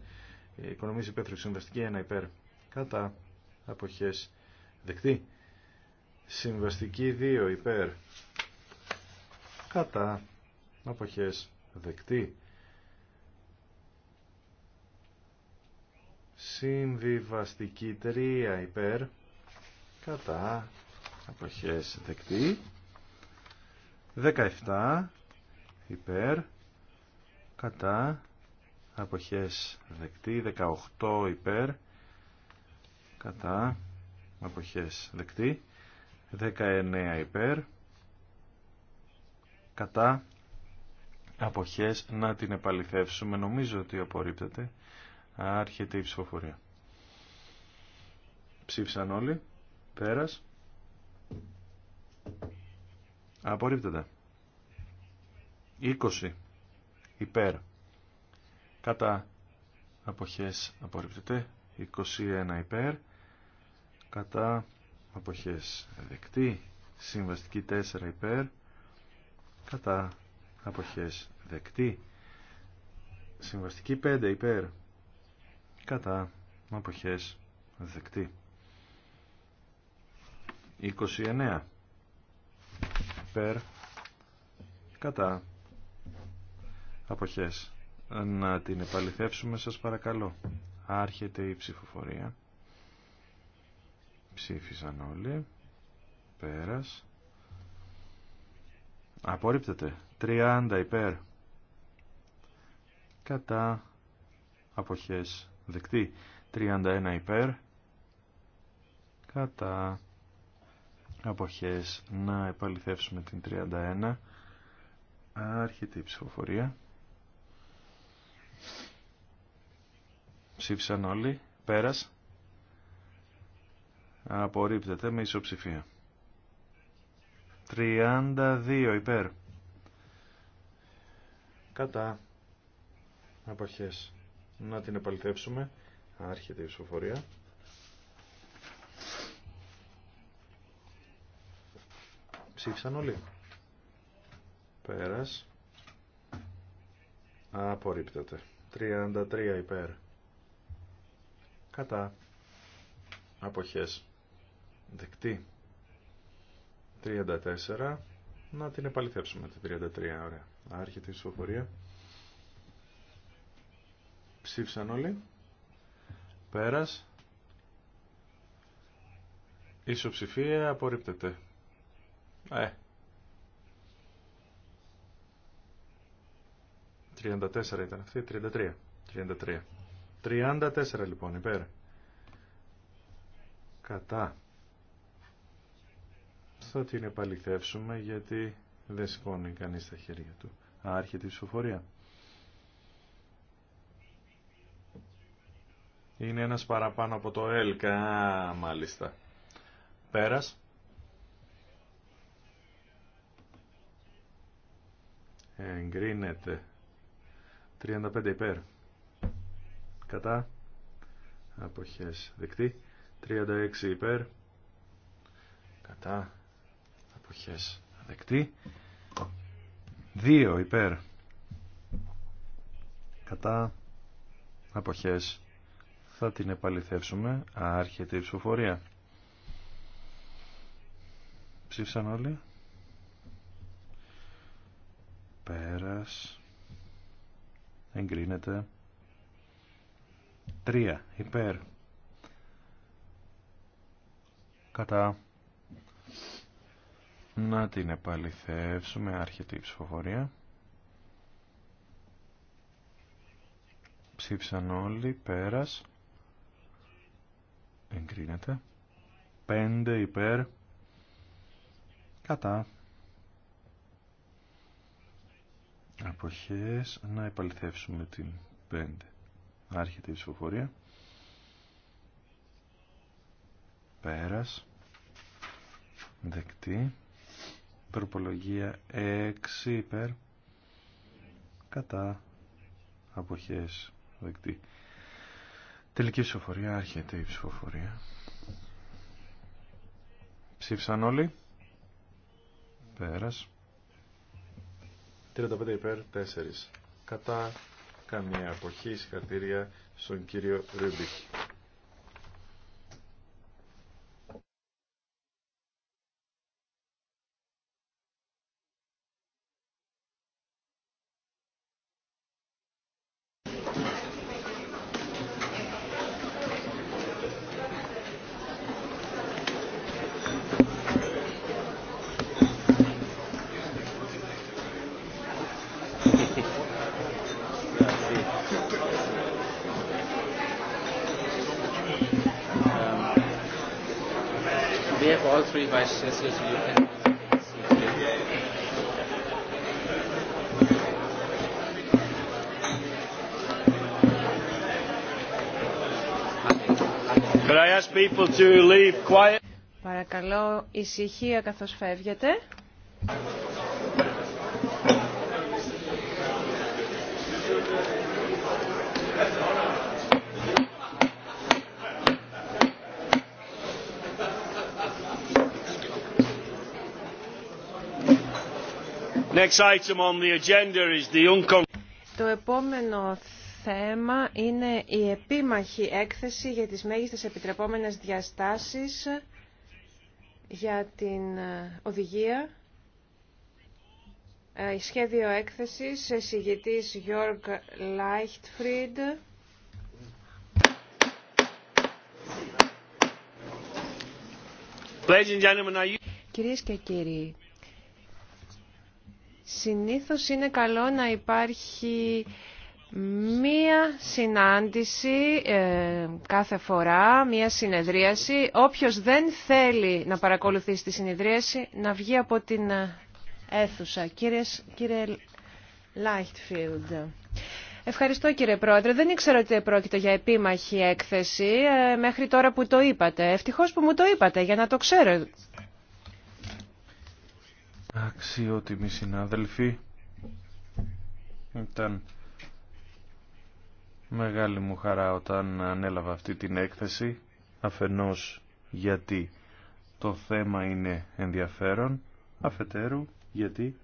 οικονομίας υπαίθρου συμβαστική 1 υπέρ. Κατά αποχές δεκτή. Συμβαστική 2 υπέρ. Κατά. Αποχές δεκτή. Συμβιβαστική 3 υπέρ. Κατά. Αποχές δεκτή. 17 υπέρ. Κατά. Αποχές δεκτή. 18 υπέρ. Κατά. Αποχές δεκτή. 19 υπέρ κατά αποχές να την επαληθεύσουμε νομίζω ότι απορρίπτεται άρχεται η ψηφοφορία ψήφισαν όλοι πέρας απορρίπτεται 20 υπέρ κατά αποχές απορρίπτεται 21 υπέρ κατά αποχές δεκτή συμβαστική 4 υπέρ κατά αποχές δεκτή συμβαστική 5 υπέρ κατά αποχές δεκτή 29 υπέρ κατά αποχές να την επαληθεύσουμε σας παρακαλώ άρχεται η ψηφοφορία Ψήφισαν όλοι. Πέρας. Απορρίπτεται. 30 υπέρ. Κατά. Αποχές. Δεκτή. 31 υπέρ. Κατά. Αποχές. Να επαληθεύσουμε την 31. Άρχεται η ψηφοφορία. Ψήφισαν όλοι. Πέρας. Απορρίπτεται με ισοψηφία. 32 υπέρ. Κατά. Αποχές. Να την επαληθεύσουμε. Άρχεται η ψηφοφορία. Ψήφισαν όλοι. Πέρας. Απορρίπτεται. 33 υπέρ. Κατά. Αποχές δεκτή 34 να την επαληθεύσουμε τη 33 ωραία άρχεται η ψηφοφορία ψήφισαν όλοι πέρας ισοψηφία απορρίπτεται ε 34 ήταν αυτή 33 33 34 λοιπόν υπέρ κατά θα την επαληθεύσουμε γιατί δεν σηκώνει κανείς τα χέρια του. Άρχεται η ψηφοφορία. Είναι ένας παραπάνω από το ΕΛΚΑ, μάλιστα. Πέρας. Εγκρίνεται. 35 υπέρ. Κατά. Αποχές δεκτή. 36 υπέρ. Κατά αποχές δεκτή Δύο υπέρ κατά αποχές θα την επαληθεύσουμε άρχεται η ψηφοφορία ψήφισαν όλοι πέρας εγκρίνεται 3 υπέρ κατά να την επαληθεύσουμε, άρχεται η ψηφοφορία. Ψήφισαν όλοι, πέρας. Εγκρίνεται. Πέντε υπέρ. Κατά. Αποχές. Να επαληθεύσουμε την πέντε Άρχεται η ψηφοφορία. Πέρας. Δεκτή. Προπολογία 6 υπέρ κατά αποχές δεκτή. Τελική ψηφοφορία, άρχεται η ψηφοφορία. Ψήφισαν όλοι. Πέρας. 35 υπέρ, 4. Κατά καμία αποχή, συγχαρητήρια στον κύριο Ρίμπικ. yes, yes, you can. Could I ask people to leave quiet? Παρακαλώ ησυχία καθώς φεύγετε. Το επόμενο θέμα είναι η επίμαχη έκθεση για τις μέγιστες επιτρεπόμενες διαστάσεις για την ε, οδηγία. Η ε, σχέδιο έκθεσης, συγγετής Γιώργ Λάιχτφριντ. Κυρίες και κύριοι, Συνήθως είναι καλό να υπάρχει μία συνάντηση ε, κάθε φορά, μία συνεδρίαση. Όποιος δεν θέλει να παρακολουθεί τη συνεδρίαση, να βγει από την ε, αίθουσα. κύριε Lightfield. Ευχαριστώ κύριε Πρόεδρε. Δεν ήξερα ότι πρόκειται για επίμαχη έκθεση ε, μέχρι τώρα που το είπατε. Ευτυχώς που μου το είπατε για να το ξέρω Αξιότιμοι συνάδελφοι, ήταν μεγάλη μου χαρά όταν ανέλαβα αυτή την έκθεση, αφενός γιατί το θέμα είναι ενδιαφέρον, αφετέρου γιατί,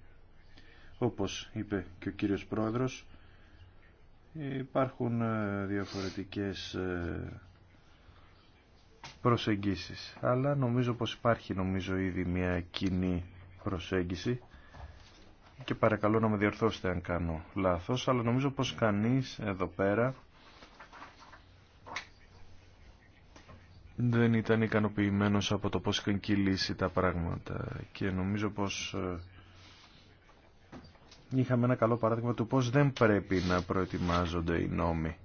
όπως είπε και ο κύριος Πρόεδρος, υπάρχουν ε, διαφορετικές ε, προσεγγίσεις. Αλλά νομίζω πως υπάρχει νομίζω ήδη μια κοινή προσέγγιση και παρακαλώ να με διορθώσετε αν κάνω λάθος, αλλά νομίζω πως κανείς εδώ πέρα δεν ήταν ικανοποιημένος από το πώς είχαν κυλήσει τα πράγματα και νομίζω πως ε, είχαμε ένα καλό παράδειγμα του πώς δεν πρέπει να προετοιμάζονται οι νόμοι.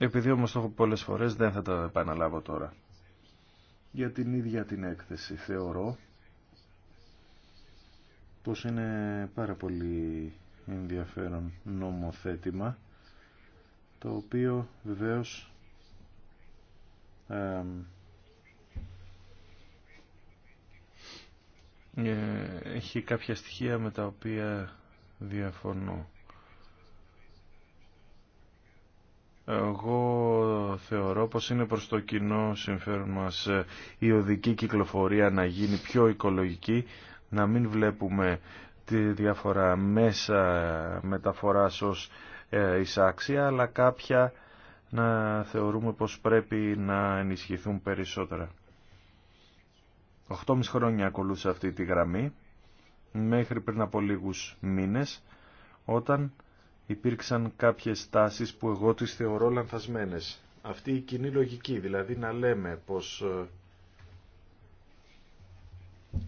Επειδή όμως το έχω πολλές φορές δεν θα το επαναλάβω τώρα. Για την ίδια την έκθεση θεωρώ πως είναι πάρα πολύ ενδιαφέρον νομοθέτημα το οποίο βεβαίως ε, έχει κάποια στοιχεία με τα οποία διαφωνώ. Εγώ θεωρώ πως είναι προς το κοινό συμφέρον μας ε, η οδική κυκλοφορία να γίνει πιο οικολογική, να μην βλέπουμε τη διάφορα μέσα μεταφοράς ως ε, εισάξια, αλλά κάποια να θεωρούμε πως πρέπει να ενισχυθούν περισσότερα. 8,5 χρόνια ακολούθησα αυτή τη γραμμή, μέχρι πριν από λίγους μήνες, όταν υπήρξαν κάποιες τάσεις που εγώ τις θεωρώ λανθασμένες. Αυτή η κοινή λογική, δηλαδή να λέμε πως ε,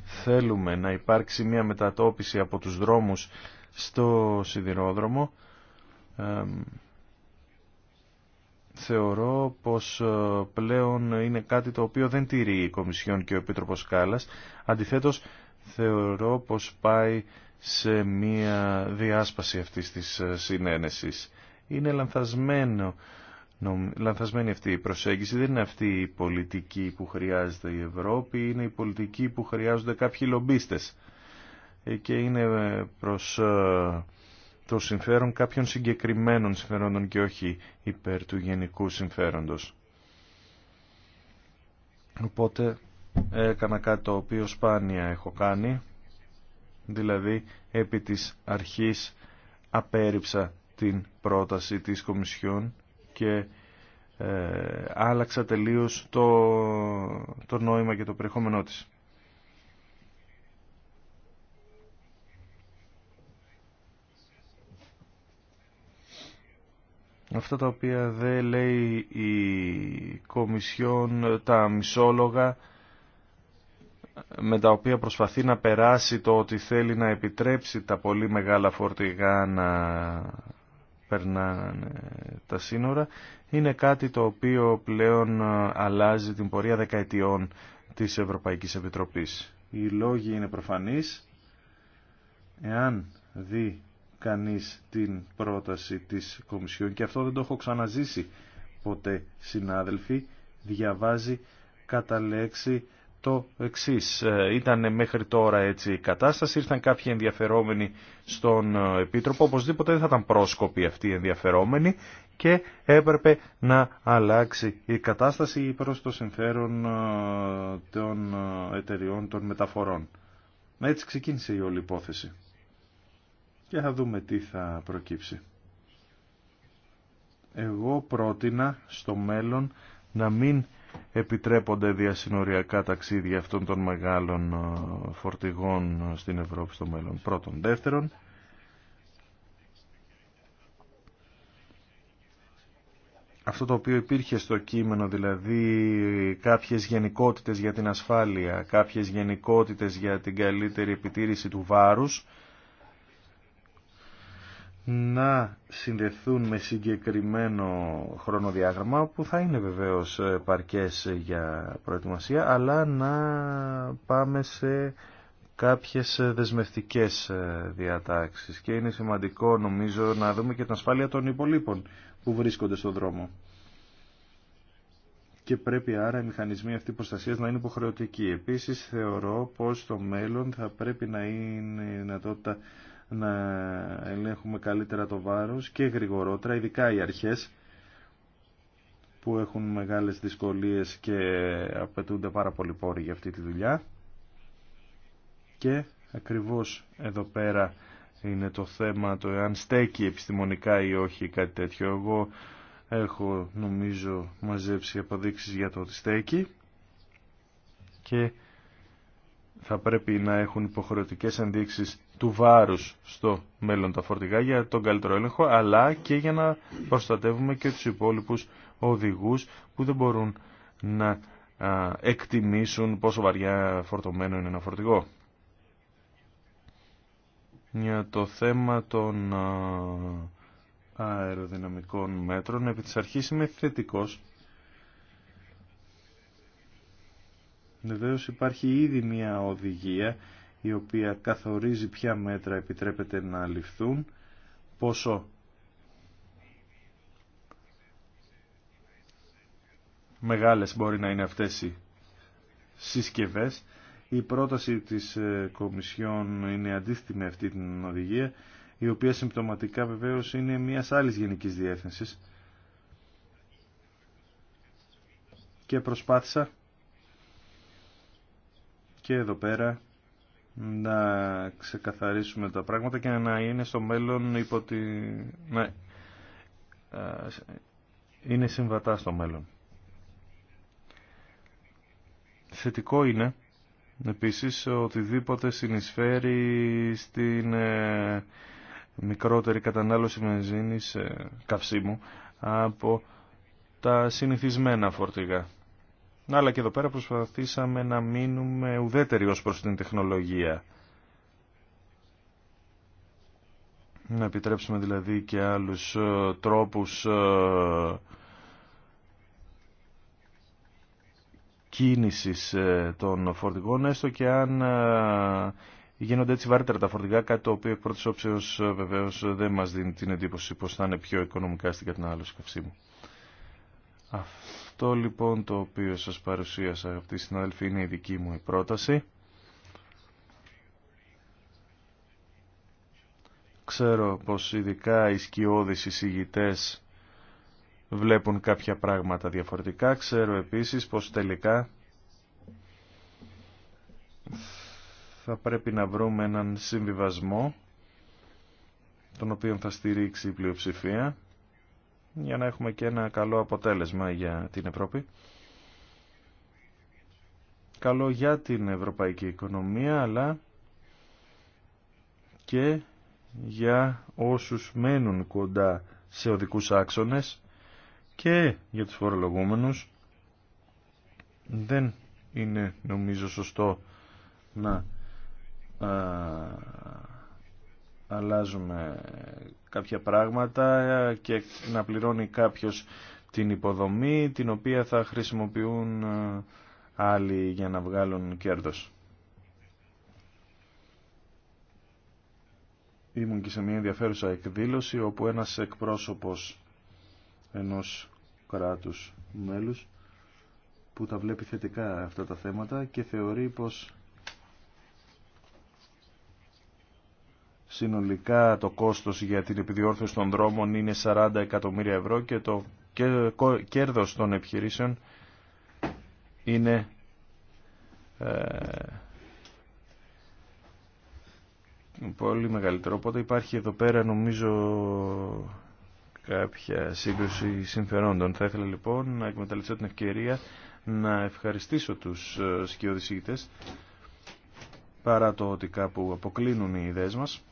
θέλουμε να υπάρξει μια μετατόπιση από τους δρόμους στο σιδηρόδρομο, ε, θεωρώ πως ε, πλέον είναι κάτι το οποίο δεν τηρεί η Κομισιόν και ο Επίτροπος Κάλλας. Αντιθέτως, θεωρώ πως πάει σε μία διάσπαση αυτής της ε, συνένεσης. Είναι λανθασμένο, λανθασμένη αυτή η προσέγγιση, δεν είναι αυτή η πολιτική που χρειάζεται η Ευρώπη, είναι η πολιτική που χρειάζονται κάποιοι λομπίστες ε, και είναι ε, προς το συμφέρον κάποιων συγκεκριμένων συμφερόντων και όχι υπέρ του γενικού συμφέροντος. Οπότε έκανα κάτι το οποίο σπάνια έχω κάνει, δηλαδή επί της αρχής απέρριψα την πρόταση της Κομισιόν και ε, άλλαξα τελείως το, το νόημα και το περιεχόμενό της. Αυτά τα οποία δεν λέει η Κομισιόν, τα μισόλογα με τα οποία προσπαθεί να περάσει το ότι θέλει να επιτρέψει τα πολύ μεγάλα φορτηγά να περνάνε τα σύνορα είναι κάτι το οποίο πλέον αλλάζει την πορεία δεκαετιών της Ευρωπαϊκής Επιτροπής. Οι λόγοι είναι προφανείς. Εάν δει κανείς την πρόταση της Κομισιόν και αυτό δεν το έχω ξαναζήσει ποτέ συνάδελφοι διαβάζει κατά λέξη το εξή. Ε, ήταν μέχρι τώρα έτσι η κατάσταση, ήρθαν κάποιοι ενδιαφερόμενοι στον ε, Επίτροπο, οπωσδήποτε δεν θα ήταν πρόσκοποι αυτοί οι ενδιαφερόμενοι και έπρεπε να αλλάξει η κατάσταση προς το συμφέρον ε, των εταιριών των μεταφορών. Έτσι ξεκίνησε η όλη υπόθεση. Και θα δούμε τι θα προκύψει. Εγώ πρότεινα στο μέλλον να μην επιτρέπονται διασυνοριακά ταξίδια αυτών των μεγάλων ε, φορτηγών ε, στην Ευρώπη στο μέλλον. Πρώτον. Δεύτερον, αυτό το οποίο υπήρχε στο κείμενο, δηλαδή κάποιες γενικότητες για την ασφάλεια, κάποιες γενικότητες για την καλύτερη επιτήρηση του βάρους, να συνδεθούν με συγκεκριμένο χρονοδιάγραμμα που θα είναι βεβαίως ε, παρκές για προετοιμασία αλλά να πάμε σε κάποιες ε, δεσμευτικές ε, διατάξεις και είναι σημαντικό νομίζω να δούμε και την ασφάλεια των υπολείπων που βρίσκονται στον δρόμο. Και πρέπει άρα οι μηχανισμοί αυτή προστασίας να είναι υποχρεωτικοί. Επίσης θεωρώ πως στο μέλλον θα πρέπει να είναι η δυνατότητα να ελέγχουμε καλύτερα το βάρος και γρηγορότερα, ειδικά οι αρχές που έχουν μεγάλες δυσκολίες και απαιτούνται πάρα πολύ πόροι για αυτή τη δουλειά. Και ακριβώς εδώ πέρα είναι το θέμα το εάν στέκει επιστημονικά ή όχι κάτι τέτοιο. Εγώ έχω νομίζω μαζέψει αποδείξεις για το ότι στέκει και θα πρέπει να έχουν υποχρεωτικές ενδείξεις του βάρους στο μέλλον τα φορτηγά για τον καλύτερο έλεγχο, αλλά και για να προστατεύουμε και τους υπόλοιπους οδηγούς που δεν μπορούν να εκτιμήσουν πόσο βαριά φορτωμένο είναι ένα φορτηγό. Για το θέμα των αεροδυναμικών μέτρων, επί της αρχής είμαι θετικός. Βεβαίω υπάρχει ήδη μια οδηγία η οποία καθορίζει ποια μέτρα επιτρέπεται να ληφθούν, πόσο μεγάλες μπορεί να είναι αυτές οι συσκευές. Η πρόταση της ε, Κομισιόν είναι αντίθετη με αυτή την οδηγία, η οποία συμπτωματικά βεβαίως είναι μιας άλλης γενικής διεύθυνσης. Και προσπάθησα και εδώ πέρα να ξεκαθαρίσουμε τα πράγματα και να είναι στο μέλλον υπό είναι συμβατά στο μέλλον. Θετικό είναι επίσης οτιδήποτε συνεισφέρει στην ε, μικρότερη κατανάλωση μεζίνης ε, καυσίμου από τα συνηθισμένα φορτηγά. Αλλά και εδώ πέρα προσπαθήσαμε να μείνουμε ουδέτεροι ως προς την τεχνολογία. Να επιτρέψουμε δηλαδή και άλλους ε, τρόπους ε, κίνησης ε, των φορτηγών, έστω και αν γίνονται έτσι βαρύτερα τα φορτηγά, κάτι το οποίο εκ πρώτης όψεως βεβαίως δεν μας δίνει την εντύπωση πως θα είναι πιο οικονομικά στην κατανάλωση καυσίμου. Αυτό λοιπόν το οποίο σας παρουσίασα αγαπητοί συνάδελφοι είναι η δική μου η πρόταση. Ξέρω πως ειδικά οι σκιώδεις εισηγητές βλέπουν κάποια πράγματα διαφορετικά. Ξέρω επίσης πως τελικά θα πρέπει να βρούμε έναν συμβιβασμό τον οποίο θα στηρίξει η πλειοψηφία για να έχουμε και ένα καλό αποτέλεσμα για την Ευρώπη. Καλό για την ευρωπαϊκή οικονομία, αλλά και για όσους μένουν κοντά σε οδικούς άξονες και για τους φορολογούμενους. Δεν είναι νομίζω σωστό να αλλάζουμε κάποια πράγματα και να πληρώνει κάποιος την υποδομή την οποία θα χρησιμοποιούν ε, άλλοι για να βγάλουν κέρδος. Ήμουν και σε μια ενδιαφέρουσα εκδήλωση όπου ένας εκπρόσωπος ενός κράτους μέλους που τα βλέπει θετικά αυτά τα θέματα και θεωρεί πως Συνολικά το κόστος για την επιδιόρθωση των δρόμων είναι 40 εκατομμύρια ευρώ και το κέρδος των επιχειρήσεων είναι ε, πολύ μεγαλύτερο. Οπότε υπάρχει εδώ πέρα νομίζω κάποια σύγκρουση συμφερόντων. Θα ήθελα λοιπόν να εκμεταλλευτώ την ευκαιρία να ευχαριστήσω τους ε, σκιοδησίτες παρά το ότι κάπου αποκλίνουν οι ιδέες μας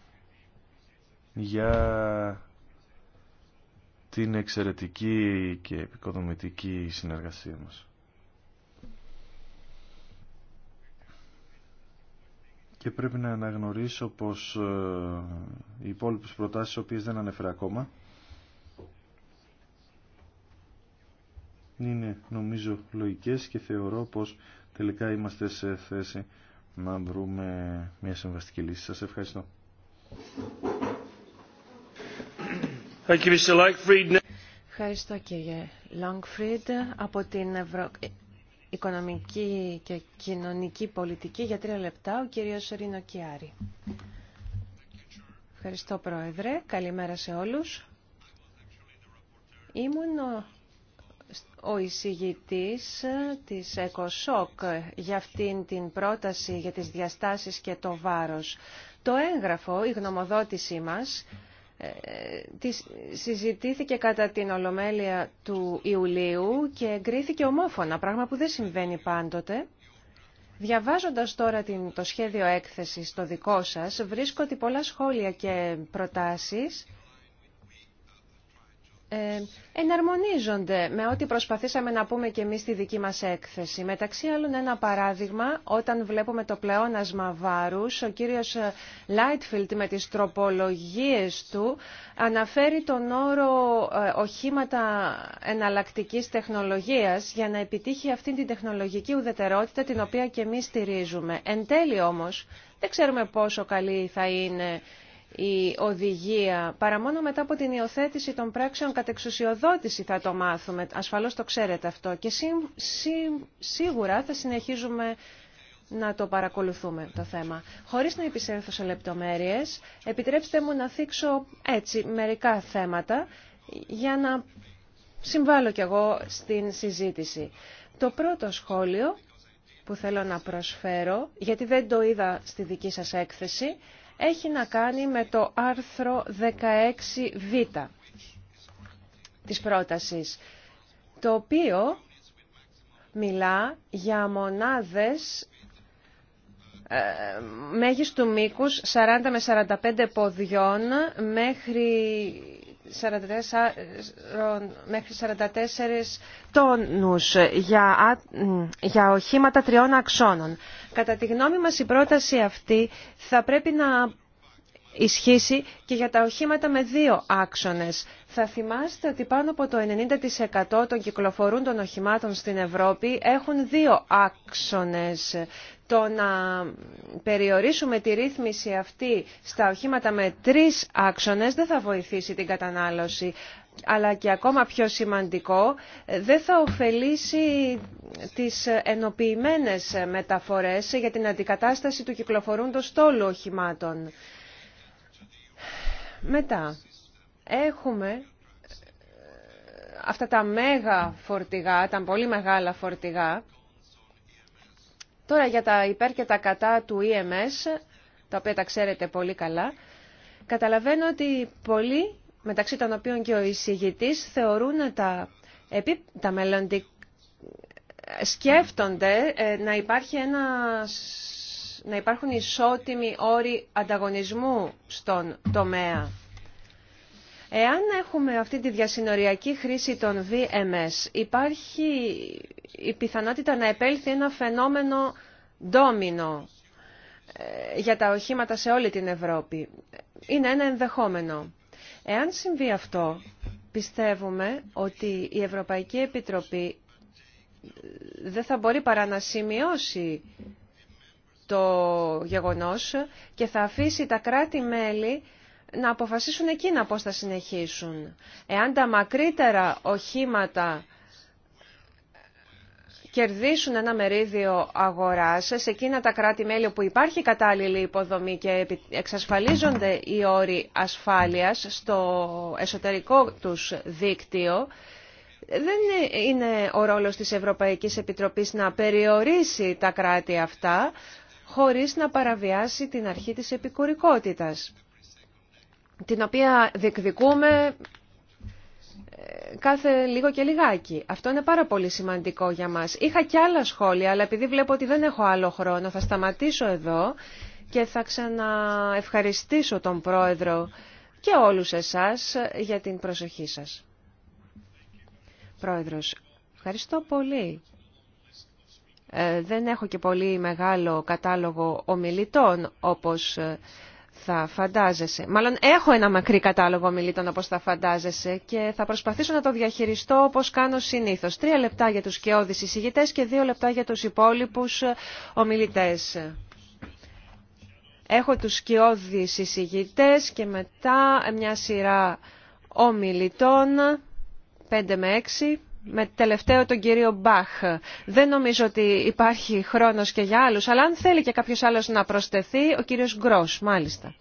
για την εξαιρετική και επικοδομητική συνεργασία μας. Και πρέπει να αναγνωρίσω πως ε, οι υπόλοιπες προτάσεις, οι οποίες δεν ανέφερα ακόμα, είναι νομίζω λογικές και θεωρώ πως τελικά είμαστε σε θέση να βρούμε μια συμβαστική λύση. Σας ευχαριστώ. Ευχαριστώ κύριε Λόγκφριντ από την Οικονομική και Κοινωνική Πολιτική για τρία λεπτά ο κύριος Ρίνο Ευχαριστώ Πρόεδρε. Καλημέρα σε όλους. Ήμουν ο, ο εισηγητής της ΕΚΟΣΟΚ για αυτήν την πρόταση για τις διαστάσεις και το βάρος. Το έγγραφο, η γνωμοδότησή μας, συζητήθηκε κατά την Ολομέλεια του Ιουλίου και εγκρίθηκε ομόφωνα, πράγμα που δεν συμβαίνει πάντοτε. Διαβάζοντας τώρα το σχέδιο έκθεσης το δικό σας, βρίσκω ότι πολλά σχόλια και προτάσεις ε, εναρμονίζονται με ό,τι προσπαθήσαμε να πούμε και εμείς στη δική μας έκθεση. Μεταξύ άλλων ένα παράδειγμα, όταν βλέπουμε το πλεόνασμα βάρους, ο κύριος Λάιτφιλτ με τις τροπολογίες του αναφέρει τον όρο ε, οχήματα εναλλακτικής τεχνολογίας για να επιτύχει αυτή την τεχνολογική ουδετερότητα την οποία και εμείς στηρίζουμε. Εν τέλει όμως, δεν ξέρουμε πόσο καλή θα είναι η οδηγία. Παρά μόνο μετά από την υιοθέτηση των πράξεων κατ' θα το μάθουμε. Ασφαλώς το ξέρετε αυτό. Και σίγουρα θα συνεχίζουμε να το παρακολουθούμε το θέμα. Χωρίς να επισέλθω σε λεπτομέρειες, επιτρέψτε μου να θίξω έτσι μερικά θέματα για να συμβάλλω κι εγώ στην συζήτηση. Το πρώτο σχόλιο που θέλω να προσφέρω, γιατί δεν το είδα στη δική σας έκθεση, έχει να κάνει με το άρθρο 16β της πρότασης, το οποίο μιλά για μονάδες ε, μέγιστου μήκους 40 με 45 ποδιών μέχρι 44, μέχρι 44 τόνους για, για οχήματα τριών αξώνων. Κατά τη γνώμη μας η πρόταση αυτή θα πρέπει να ισχύσει και για τα οχήματα με δύο άξονες. Θα θυμάστε ότι πάνω από το 90% των κυκλοφορούν των οχημάτων στην Ευρώπη έχουν δύο άξονες. Το να περιορίσουμε τη ρύθμιση αυτή στα οχήματα με τρεις άξονες δεν θα βοηθήσει την κατανάλωση αλλά και ακόμα πιο σημαντικό, δεν θα ωφελήσει τις ενοποιημένες μεταφορές για την αντικατάσταση του κυκλοφορούντος τόλου οχημάτων. Μετά, έχουμε ε, αυτά τα μέγα φορτηγά, τα πολύ μεγάλα φορτηγά. Τώρα για τα υπέρ και τα κατά του EMS, τα οποία τα ξέρετε πολύ καλά, καταλαβαίνω ότι πολλοί μεταξύ των οποίων και ο εισηγητής, θεωρούν τα, επί, τα σκέφτονται ε, να, υπάρχει ένα, να υπάρχουν ισότιμοι όροι ανταγωνισμού στον τομέα. Εάν έχουμε αυτή τη διασυνοριακή χρήση των VMS, υπάρχει η πιθανότητα να επέλθει ένα φαινόμενο ντόμινο ε, για τα οχήματα σε όλη την Ευρώπη. Είναι ένα ενδεχόμενο. Εάν συμβεί αυτό, πιστεύουμε ότι η Ευρωπαϊκή Επιτροπή ε, δεν θα μπορεί παρά να σημειώσει το γεγονός και θα αφήσει τα κράτη-μέλη να αποφασίσουν εκείνα πώς θα συνεχίσουν. Εάν τα μακρύτερα οχήματα κερδίσουν ένα μερίδιο αγορά. σε εκείνα τα κράτη-μέλη όπου υπάρχει κατάλληλη υποδομή και εξασφαλίζονται οι όροι ασφάλεια στο εσωτερικό τους δίκτυο, δεν είναι ο ρόλος της Ευρωπαϊκής Επιτροπής να περιορίσει τα κράτη αυτά χωρίς να παραβιάσει την αρχή της επικουρικότητας, την οποία διεκδικούμε κάθε λίγο και λιγάκι. Αυτό είναι πάρα πολύ σημαντικό για μας. Είχα και άλλα σχόλια, αλλά επειδή βλέπω ότι δεν έχω άλλο χρόνο, θα σταματήσω εδώ και θα ξαναευχαριστήσω τον Πρόεδρο και όλους εσάς για την προσοχή σας. Πρόεδρος, ευχαριστώ πολύ. Ε, δεν έχω και πολύ μεγάλο κατάλογο ομιλητών, όπως ε, θα φαντάζεσαι. Μάλλον έχω ένα μακρύ κατάλογο ομιλήτων, όπως θα φαντάζεσαι και θα προσπαθήσω να το διαχειριστώ όπως κάνω συνήθως. Τρία λεπτά για τους κεώδεις εισηγητές και δύο λεπτά για τους υπόλοιπους ε, ομιλητές. Έχω τους σκιώδεις εισηγητές και μετά μια σειρά ομιλητών, 5 με 6 με τελευταίο τον κύριο Μπαχ. Δεν νομίζω ότι υπάρχει χρόνος και για άλλους, αλλά αν θέλει και κάποιος άλλος να προσθεθεί, ο κύριος Γκρός, μάλιστα.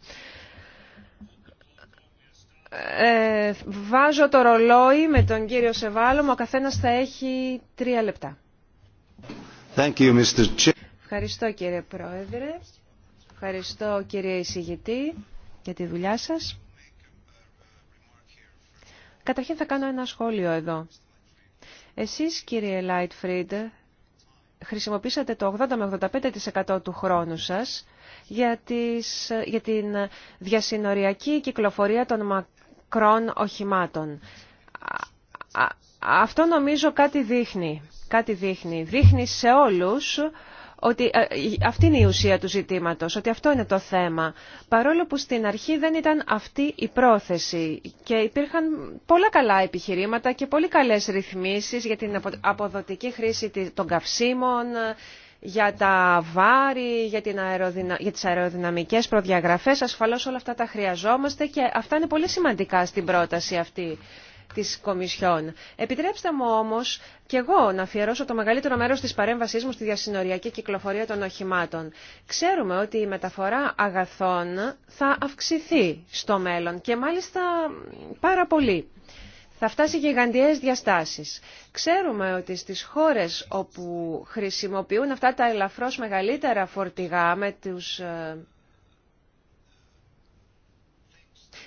Ε, βάζω το ρολόι με τον κύριο μου ο καθένας θα έχει τρία λεπτά. Ευχαριστώ κύριε Πρόεδρε, ευχαριστώ κύριε Εισηγητή για τη δουλειά σας. Καταρχήν θα κάνω ένα σχόλιο εδώ. Εσείς κύριε Λάιτφριντ χρησιμοποίησατε το 80 με 85% του χρόνου σας για, τις, για την διασυνοριακή κυκλοφορία των μακρών οχημάτων. Αυτό νομίζω κάτι δείχνει. Κάτι δείχνει. Δείχνει σε όλους ότι ε, αυτή είναι η ουσία του ζητήματος, ότι αυτό είναι το θέμα. Παρόλο που στην αρχή δεν ήταν αυτή η πρόθεση και υπήρχαν πολλά καλά επιχειρήματα και πολύ καλές ρυθμίσεις για την αποδοτική χρήση των καυσίμων, για τα βάρη, για, την αεροδυνα... για τις αεροδυναμικές προδιαγραφές. Ασφαλώς όλα αυτά τα χρειαζόμαστε και αυτά είναι πολύ σημαντικά στην πρόταση αυτή της Κομισιόν. Επιτρέψτε μου όμως και εγώ να αφιερώσω το μεγαλύτερο μέρος της παρέμβασής μου στη διασυνοριακή κυκλοφορία των οχημάτων. Ξέρουμε ότι η μεταφορά αγαθών θα αυξηθεί στο μέλλον και μάλιστα πάρα πολύ. Θα φτάσει γιγαντιές διαστάσεις. Ξέρουμε ότι στις χώρες όπου χρησιμοποιούν αυτά τα ελαφρώς μεγαλύτερα φορτηγά με τους ε,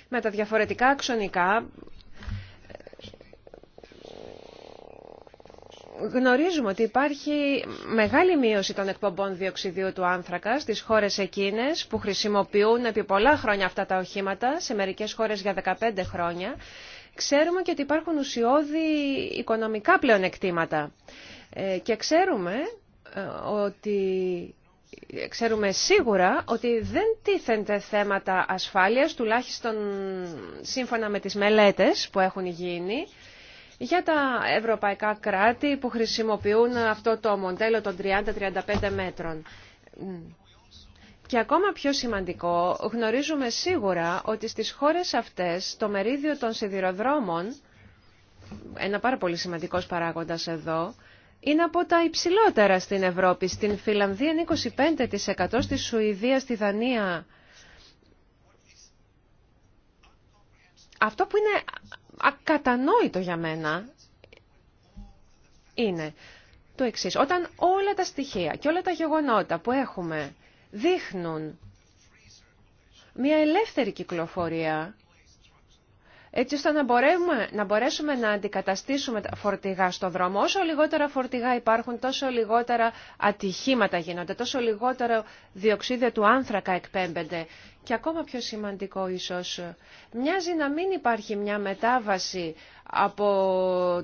με τα διαφορετικά αξονικά γνωρίζουμε ότι υπάρχει μεγάλη μείωση των εκπομπών διοξιδίου του άνθρακα στις χώρες εκείνες που χρησιμοποιούν επί πολλά χρόνια αυτά τα οχήματα, σε μερικές χώρες για 15 χρόνια. Ξέρουμε και ότι υπάρχουν ουσιώδη οικονομικά πλεονεκτήματα. Ε, και ξέρουμε ε, ότι ξέρουμε σίγουρα ότι δεν τίθενται θέματα ασφάλειας, τουλάχιστον σύμφωνα με τις μελέτες που έχουν γίνει για τα ευρωπαϊκά κράτη που χρησιμοποιούν αυτό το μοντέλο των 30-35 μέτρων. Και ακόμα πιο σημαντικό, γνωρίζουμε σίγουρα ότι στις χώρες αυτές το μερίδιο των σιδηροδρόμων, ένα πάρα πολύ σημαντικός παράγοντας εδώ, είναι από τα υψηλότερα στην Ευρώπη. Στην Φιλανδία είναι 25%, στη Σουηδία, στη Δανία. Αυτό που είναι ακατανόητο για μένα είναι το εξή. Όταν όλα τα στοιχεία και όλα τα γεγονότα που έχουμε δείχνουν μια ελεύθερη κυκλοφορία, έτσι ώστε να, μπορέσουμε, να αντικαταστήσουμε τα φορτηγά στο δρόμο. Όσο λιγότερα φορτηγά υπάρχουν, τόσο λιγότερα ατυχήματα γίνονται, τόσο λιγότερο διοξίδιο του άνθρακα εκπέμπεται και ακόμα πιο σημαντικό ίσως, μοιάζει να μην υπάρχει μια μετάβαση από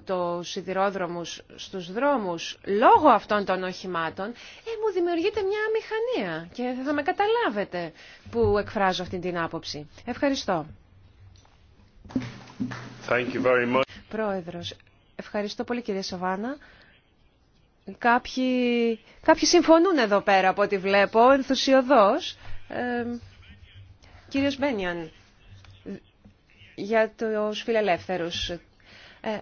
το σιδηρόδρομους στους δρόμους λόγω αυτών των οχημάτων, ε, μου δημιουργείται μια μηχανία και θα με καταλάβετε που εκφράζω αυτή την άποψη. Ευχαριστώ. Thank you very much. Πρόεδρος, ευχαριστώ πολύ κύριε Σοβάνα. Κάποιοι, συμφωνούν εδώ πέρα από ό,τι βλέπω, ενθουσιοδός. Ε, Κύριος Μπένιαν, για τους φιλελεύθερους. Ε,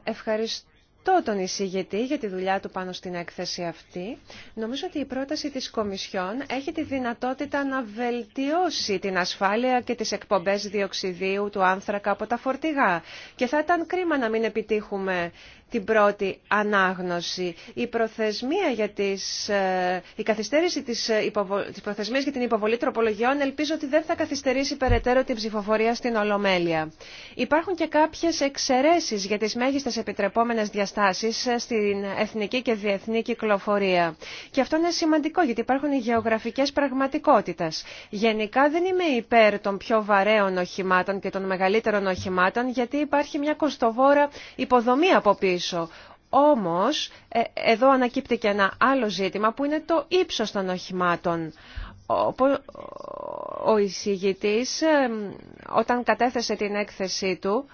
ευχαριστώ τον εισηγητή για τη δουλειά του πάνω στην έκθεση αυτή. Νομίζω ότι η πρόταση της Κομισιόν έχει τη δυνατότητα να βελτιώσει την ασφάλεια και τις εκπομπές διοξιδίου του άνθρακα από τα φορτηγά. Και θα ήταν κρίμα να μην επιτύχουμε την πρώτη ανάγνωση. Η προθεσμία για τις, ε, η καθυστέρηση της, ε, προθεσμία για την υποβολή τροπολογιών ελπίζω ότι δεν θα καθυστερήσει περαιτέρω την ψηφοφορία στην Ολομέλεια. Υπάρχουν και κάποιες εξαιρέσεις για τις μέγιστες επιτρεπόμενες διαστάσεις ε, στην εθνική και διεθνή κυκλοφορία. Και αυτό είναι σημαντικό γιατί υπάρχουν οι γεωγραφικές πραγματικότητες. Γενικά δεν είμαι υπέρ των πιο βαρέων οχημάτων και των μεγαλύτερων οχημάτων γιατί υπάρχει μια κοστοβόρα υποδομή από πίσω. Όμως, ε, εδώ ανακύπτει και ένα άλλο ζήτημα που είναι το ύψος των οχημάτων. Ο εισηγητής, ε, όταν κατέθεσε την έκθεσή του,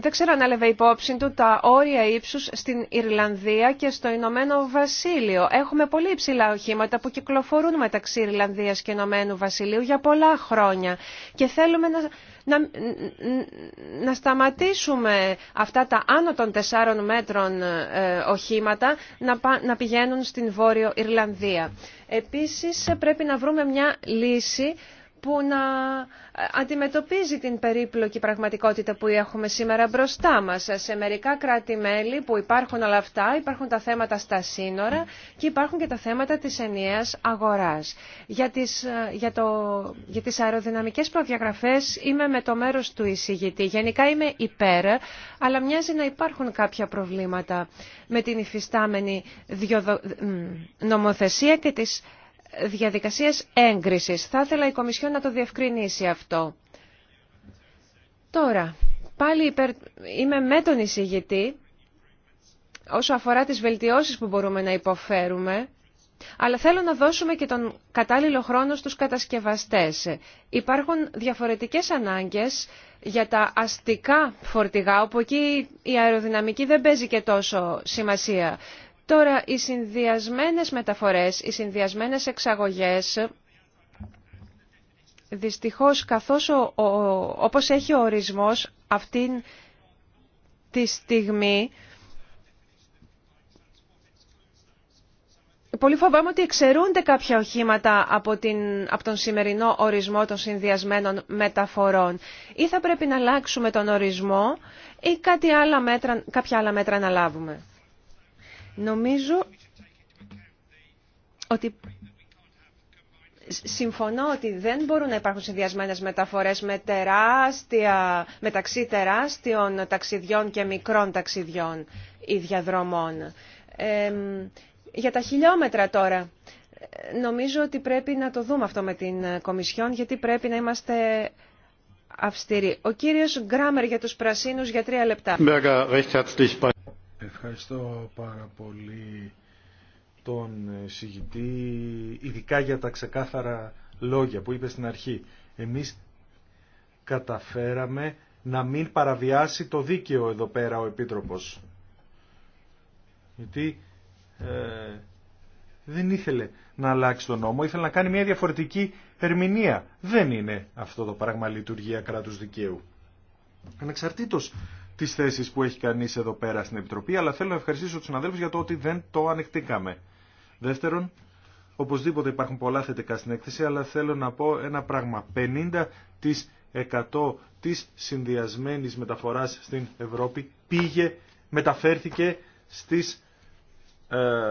δεν ξέρω αν έλεβε υπόψη του τα όρια ύψου στην Ιρλανδία και στο Ηνωμένο Βασίλειο. Έχουμε πολύ υψηλά οχήματα που κυκλοφορούν μεταξύ Ιρλανδία και Ηνωμένου Βασιλείου για πολλά χρόνια και θέλουμε να, να, σταματήσουμε αυτά τα άνω των 4 μέτρων ε, οχήματα να, να πηγαίνουν στην Βόρειο Ιρλανδία. Επίσης πρέπει να βρούμε μια λύση που να ε, αντιμετωπίζει την περίπλοκη πραγματικότητα που έχουμε σήμερα μπροστά μας. Σε μερικά κράτη-μέλη που υπάρχουν όλα αυτά, υπάρχουν τα θέματα στα σύνορα και υπάρχουν και τα θέματα της ενιαίας αγοράς. Για τις, ε, για το, για τις αεροδυναμικές προδιαγραφές είμαι με το μέρος του εισηγητή. Γενικά είμαι υπέρ, αλλά μοιάζει να υπάρχουν κάποια προβλήματα με την υφιστάμενη νομοθεσία και τις διαδικασίες έγκρισης. Θα ήθελα η Κομισιόν να το διευκρινίσει αυτό. Τώρα, πάλι υπερ... είμαι με τον εισηγητή όσο αφορά τις βελτιώσεις που μπορούμε να υποφέρουμε, αλλά θέλω να δώσουμε και τον κατάλληλο χρόνο στους κατασκευαστές. Υπάρχουν διαφορετικές ανάγκες για τα αστικά φορτηγά, όπου εκεί η αεροδυναμική δεν παίζει και τόσο σημασία. Τώρα, οι συνδυασμένες μεταφορές, οι συνδυασμένες εξαγωγές, δυστυχώς καθώς όπως έχει ο ορισμός αυτήν τη στιγμή, πολύ φοβάμαι ότι εξαιρούνται κάποια οχήματα από, την, τον σημερινό ορισμό των συνδυασμένων μεταφορών. Ή θα πρέπει να αλλάξουμε τον ορισμό ή κάτι άλλα μέτρα, κάποια άλλα μέτρα να λάβουμε. Νομίζω ότι συμφωνώ ότι δεν μπορούν να υπάρχουν συνδυασμένες μεταφορές με τεράστια, μεταξύ τεράστιων ταξιδιών και μικρών ταξιδιών ή διαδρομών. για τα χιλιόμετρα τώρα. Νομίζω ότι πρέπει να το δούμε αυτό με την Κομισιόν, γιατί πρέπει να είμαστε αυστηροί. Ο κύριος Γκράμερ για τους Πρασίνους για τρία λεπτά. Ευχαριστώ πάρα πολύ τον συγητή, ειδικά για τα ξεκάθαρα λόγια που είπε στην αρχή. Εμείς καταφέραμε να μην παραβιάσει το δίκαιο εδώ πέρα ο Επίτροπος. Γιατί ε, δεν ήθελε να αλλάξει τον νόμο, ήθελε να κάνει μια διαφορετική ερμηνεία. Δεν είναι αυτό το πράγμα λειτουργία κράτους δικαίου. Ανεξαρτήτως τις θέσεις που έχει κανεί εδώ πέρα στην Επιτροπή, αλλά θέλω να ευχαριστήσω τους συναδέλφους για το ότι δεν το ανεκτήκαμε. Δεύτερον, οπωσδήποτε υπάρχουν πολλά θετικά στην έκθεση, αλλά θέλω να πω ένα πράγμα. 50% της, της συνδυασμένης μεταφοράς στην Ευρώπη πήγε, μεταφέρθηκε στις, ε,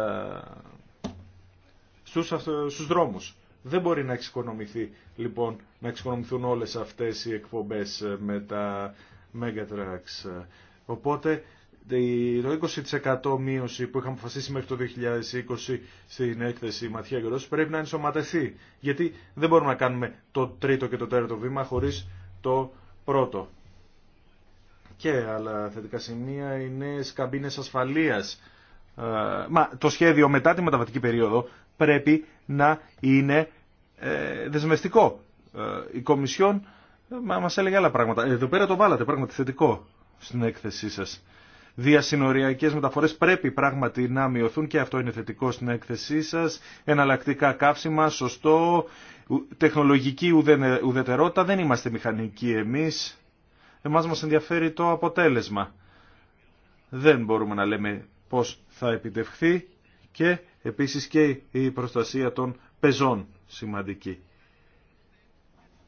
στους, στους δρόμους. Δεν μπορεί να εξοικονομηθεί, λοιπόν, να εξοικονομηθούν όλες αυτές οι εκπομπές ε, με τα Megatrax. Οπότε το 20% μείωση που είχαμε αποφασίσει μέχρι το 2020 στην έκθεση Ματιά Γερός πρέπει να ενσωματευτεί. Γιατί δεν μπορούμε να κάνουμε το τρίτο και το τέταρτο βήμα χωρίς το πρώτο. Και άλλα θετικά σημεία είναι σκαμπίνες ασφαλείας. μα το σχέδιο μετά τη μεταβατική περίοδο πρέπει να είναι ε, δεσμευτικό. Ε, η Κομισιόν Μα μας έλεγε άλλα πράγματα. Εδώ πέρα το βάλατε πράγματι θετικό στην έκθεσή σας. Διασυνοριακές μεταφορές πρέπει πράγματι να μειωθούν και αυτό είναι θετικό στην έκθεσή σα, Εναλλακτικά καύσιμα, σωστό. Τεχνολογική ουδετερότητα, δεν είμαστε μηχανικοί εμείς. Εμάς μας ενδιαφέρει το αποτέλεσμα. Δεν μπορούμε να λέμε πώ θα επιτευχθεί και επίση και η προστασία των πεζών σημαντική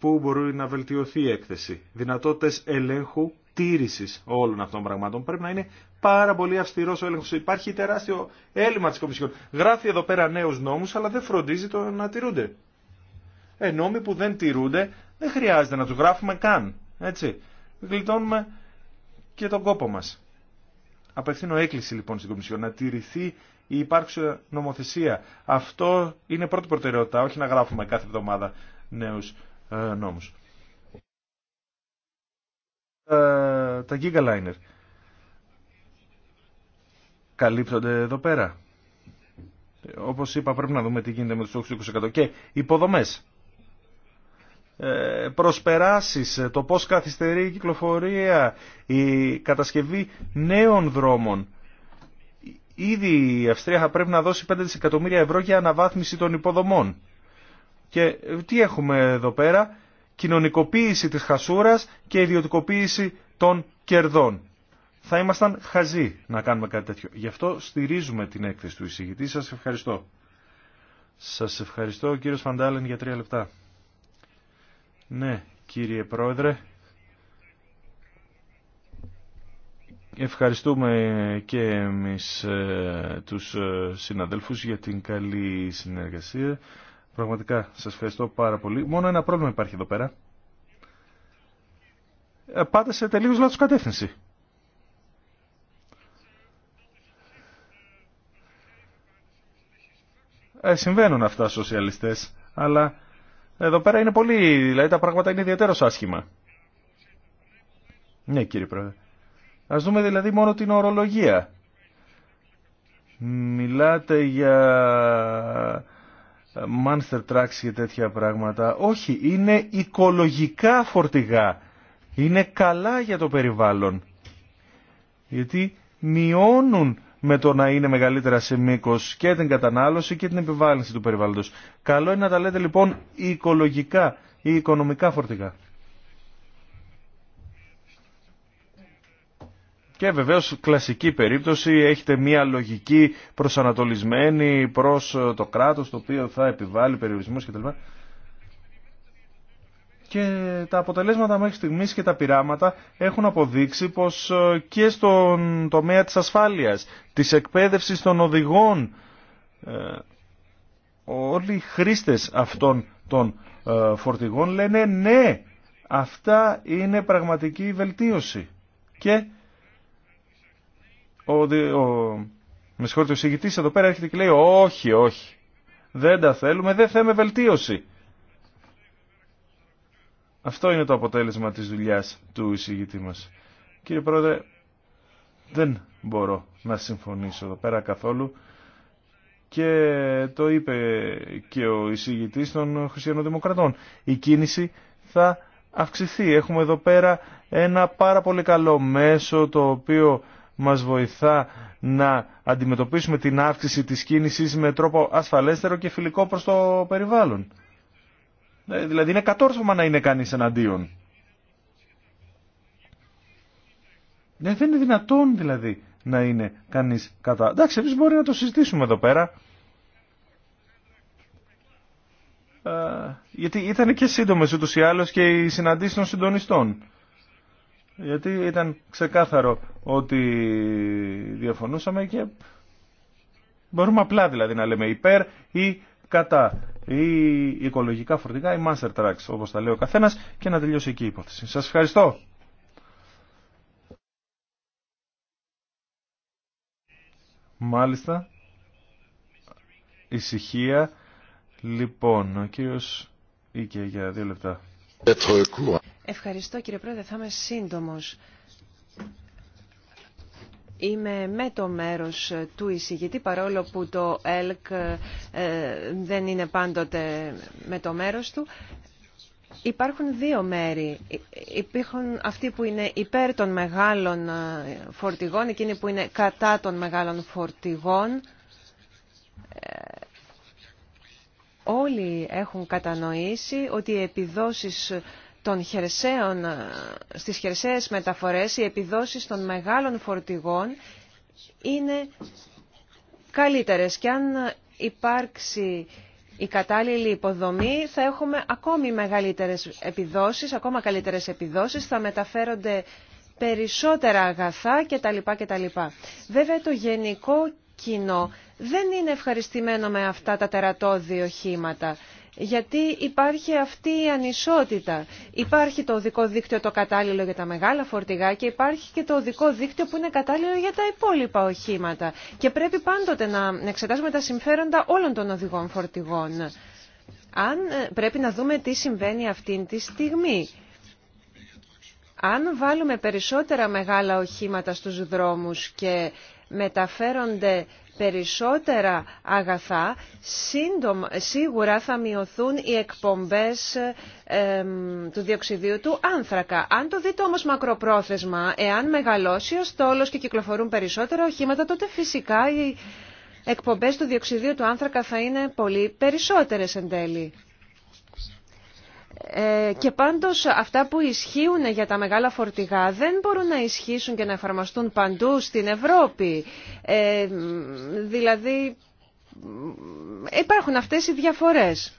πού μπορεί να βελτιωθεί η έκθεση. Δυνατότητες ελέγχου τήρησης όλων αυτών των πραγμάτων. Πρέπει να είναι πάρα πολύ αυστηρός ο έλεγχος. Υπάρχει τεράστιο έλλειμμα της Κομισιόν. Γράφει εδώ πέρα νέους νόμους, αλλά δεν φροντίζει το να τηρούνται. Ε, νόμοι που δεν τηρούνται δεν χρειάζεται να τους γράφουμε καν. Έτσι. Γλιτώνουμε και τον κόπο μας. Απευθύνω έκκληση λοιπόν στην Κομισιόν να τηρηθεί η υπάρξη νομοθεσία. Αυτό είναι πρώτη προτεραιότητα, όχι να γράφουμε κάθε εβδομάδα νέους ε, νόμους. Ε, τα Gigaliner καλύπτονται εδώ πέρα. Όπως είπα πρέπει να δούμε τι γίνεται με τους 20% και υποδομές. Ε, προσπεράσεις, ε, το πώς καθυστερεί η κυκλοφορία, η κατασκευή νέων δρόμων. Ήδη η Αυστρία θα πρέπει να δώσει 5 δισεκατομμύρια ευρώ για αναβάθμιση των υποδομών. Και ε, τι έχουμε εδώ πέρα, κοινωνικοποίηση της χασούρας και ιδιωτικοποίηση των κερδών. Θα ήμασταν χαζοί να κάνουμε κάτι τέτοιο. Γι' αυτό στηρίζουμε την έκθεση του εισηγητή. Σας ευχαριστώ. Σας ευχαριστώ κύριος Φαντάλεν για τρία λεπτά. Ναι, κύριε Πρόεδρε. Ευχαριστούμε και εμείς ε, τους ε, συναδέλφους για την καλή συνεργασία. Πραγματικά σας ευχαριστώ πάρα πολύ. Μόνο ένα πρόβλημα υπάρχει εδώ πέρα. Ε, πάτε σε τελείως λάθο κατεύθυνση. Ε, συμβαίνουν αυτά σοσιαλιστέ. αλλά εδώ πέρα είναι πολύ, δηλαδή τα πράγματα είναι ιδιαίτερω άσχημα. Ναι κύριε Πρόεδρε. Α δούμε δηλαδή μόνο την ορολογία. Μιλάτε για monster trucks και τέτοια πράγματα. Όχι, είναι οικολογικά φορτηγά. Είναι καλά για το περιβάλλον. Γιατί μειώνουν με το να είναι μεγαλύτερα σε μήκο και την κατανάλωση και την επιβάλληση του περιβάλλοντος. Καλό είναι να τα λέτε λοιπόν οικολογικά ή οικονομικά φορτηγά. Και βεβαίω κλασική περίπτωση έχετε μια λογική προσανατολισμένη προς ε, το κράτος το οποίο θα επιβάλλει περιορισμού κτλ. Και τα αποτελέσματα μέχρι στιγμής και τα πειράματα έχουν αποδείξει πως ε, και στον τομέα της ασφάλειας, της εκπαίδευση των οδηγών, ε, όλοι οι χρήστε αυτών των φορτηγών λένε ναι, αυτά είναι πραγματική βελτίωση. Και ο, ο... με ο εδώ πέρα έρχεται και λέει όχι, όχι, δεν τα θέλουμε, δεν θέλουμε βελτίωση. Αυτό είναι το αποτέλεσμα της δουλειάς του εισηγητή μας. Κύριε Πρόεδρε, δεν μπορώ να συμφωνήσω εδώ πέρα καθόλου και το είπε και ο εισηγητής των χριστιανοδημοκρατών. Η κίνηση θα αυξηθεί. Έχουμε εδώ πέρα ένα πάρα πολύ καλό μέσο το οποίο μας βοηθά να αντιμετωπίσουμε την αύξηση της κίνησης με τρόπο ασφαλέστερο και φιλικό προς το περιβάλλον. Ε, δηλαδή είναι κατόρθωμα να είναι κανείς εναντίον. Ε, δεν είναι δυνατόν δηλαδή να είναι κανείς κατά. Εντάξει, εμείς μπορεί να το συζητήσουμε εδώ πέρα. Ε, γιατί ήταν και σύντομες ούτως ή άλλως και οι συναντήσεις των συντονιστών γιατί ήταν ξεκάθαρο ότι διαφωνούσαμε και μπορούμε απλά δηλαδή να λέμε υπέρ ή κατά ή οικολογικά φορτηγά ή master tracks όπως τα λέει ο καθένας και να τελειώσει εκεί η υπόθεση. Σας ευχαριστώ. Μάλιστα. Ησυχία. Λοιπόν, ο κύριος Ήκε για δύο λεπτά. Ευχαριστώ κύριε Πρόεδρε, θα είμαι σύντομος. Είμαι με το μέρος του εισηγητή, παρόλο που το ΕΛΚ ε, δεν είναι πάντοτε με το μέρος του. Υπάρχουν δύο μέρη. Υπήρχαν αυτοί που είναι υπέρ των μεγάλων ε, φορτηγών, εκείνοι που είναι κατά των μεγάλων φορτηγών. Ε, όλοι έχουν κατανοήσει ότι οι επιδόσεις των χερσαίων, ε, στις χερσαίες μεταφορές οι επιδόσεις των μεγάλων φορτηγών είναι καλύτερες και αν υπάρξει η κατάλληλη υποδομή θα έχουμε ακόμη μεγαλύτερες επιδόσεις, ακόμα καλύτερες επιδόσεις, θα μεταφέρονται περισσότερα αγαθά κτλ. κτλ. Βέβαια το γενικό κοινό δεν είναι ευχαριστημένο με αυτά τα τερατώδη οχήματα γιατί υπάρχει αυτή η ανισότητα. Υπάρχει το οδικό δίκτυο το κατάλληλο για τα μεγάλα φορτηγά και υπάρχει και το οδικό δίκτυο που είναι κατάλληλο για τα υπόλοιπα οχήματα. Και πρέπει πάντοτε να εξετάζουμε τα συμφέροντα όλων των οδηγών φορτηγών. Αν ε, πρέπει να δούμε τι συμβαίνει αυτή τη στιγμή. Αν βάλουμε περισσότερα μεγάλα οχήματα στους δρόμους και μεταφέρονται περισσότερα αγαθά, σίγουρα θα μειωθούν οι εκπομπές του διοξιδίου του άνθρακα. Αν το δείτε όμως μακροπρόθεσμα, εάν μεγαλώσει ο στόλος και κυκλοφορούν περισσότερα οχήματα, τότε φυσικά οι εκπομπές του διοξιδίου του άνθρακα θα είναι πολύ περισσότερες εν τέλει. Ε, και πάντως αυτά που ισχύουν για τα μεγάλα φορτηγά δεν μπορούν να ισχύσουν και να εφαρμοστούν παντού στην Ευρώπη. Ε, δηλαδή υπάρχουν αυτές οι διαφορές.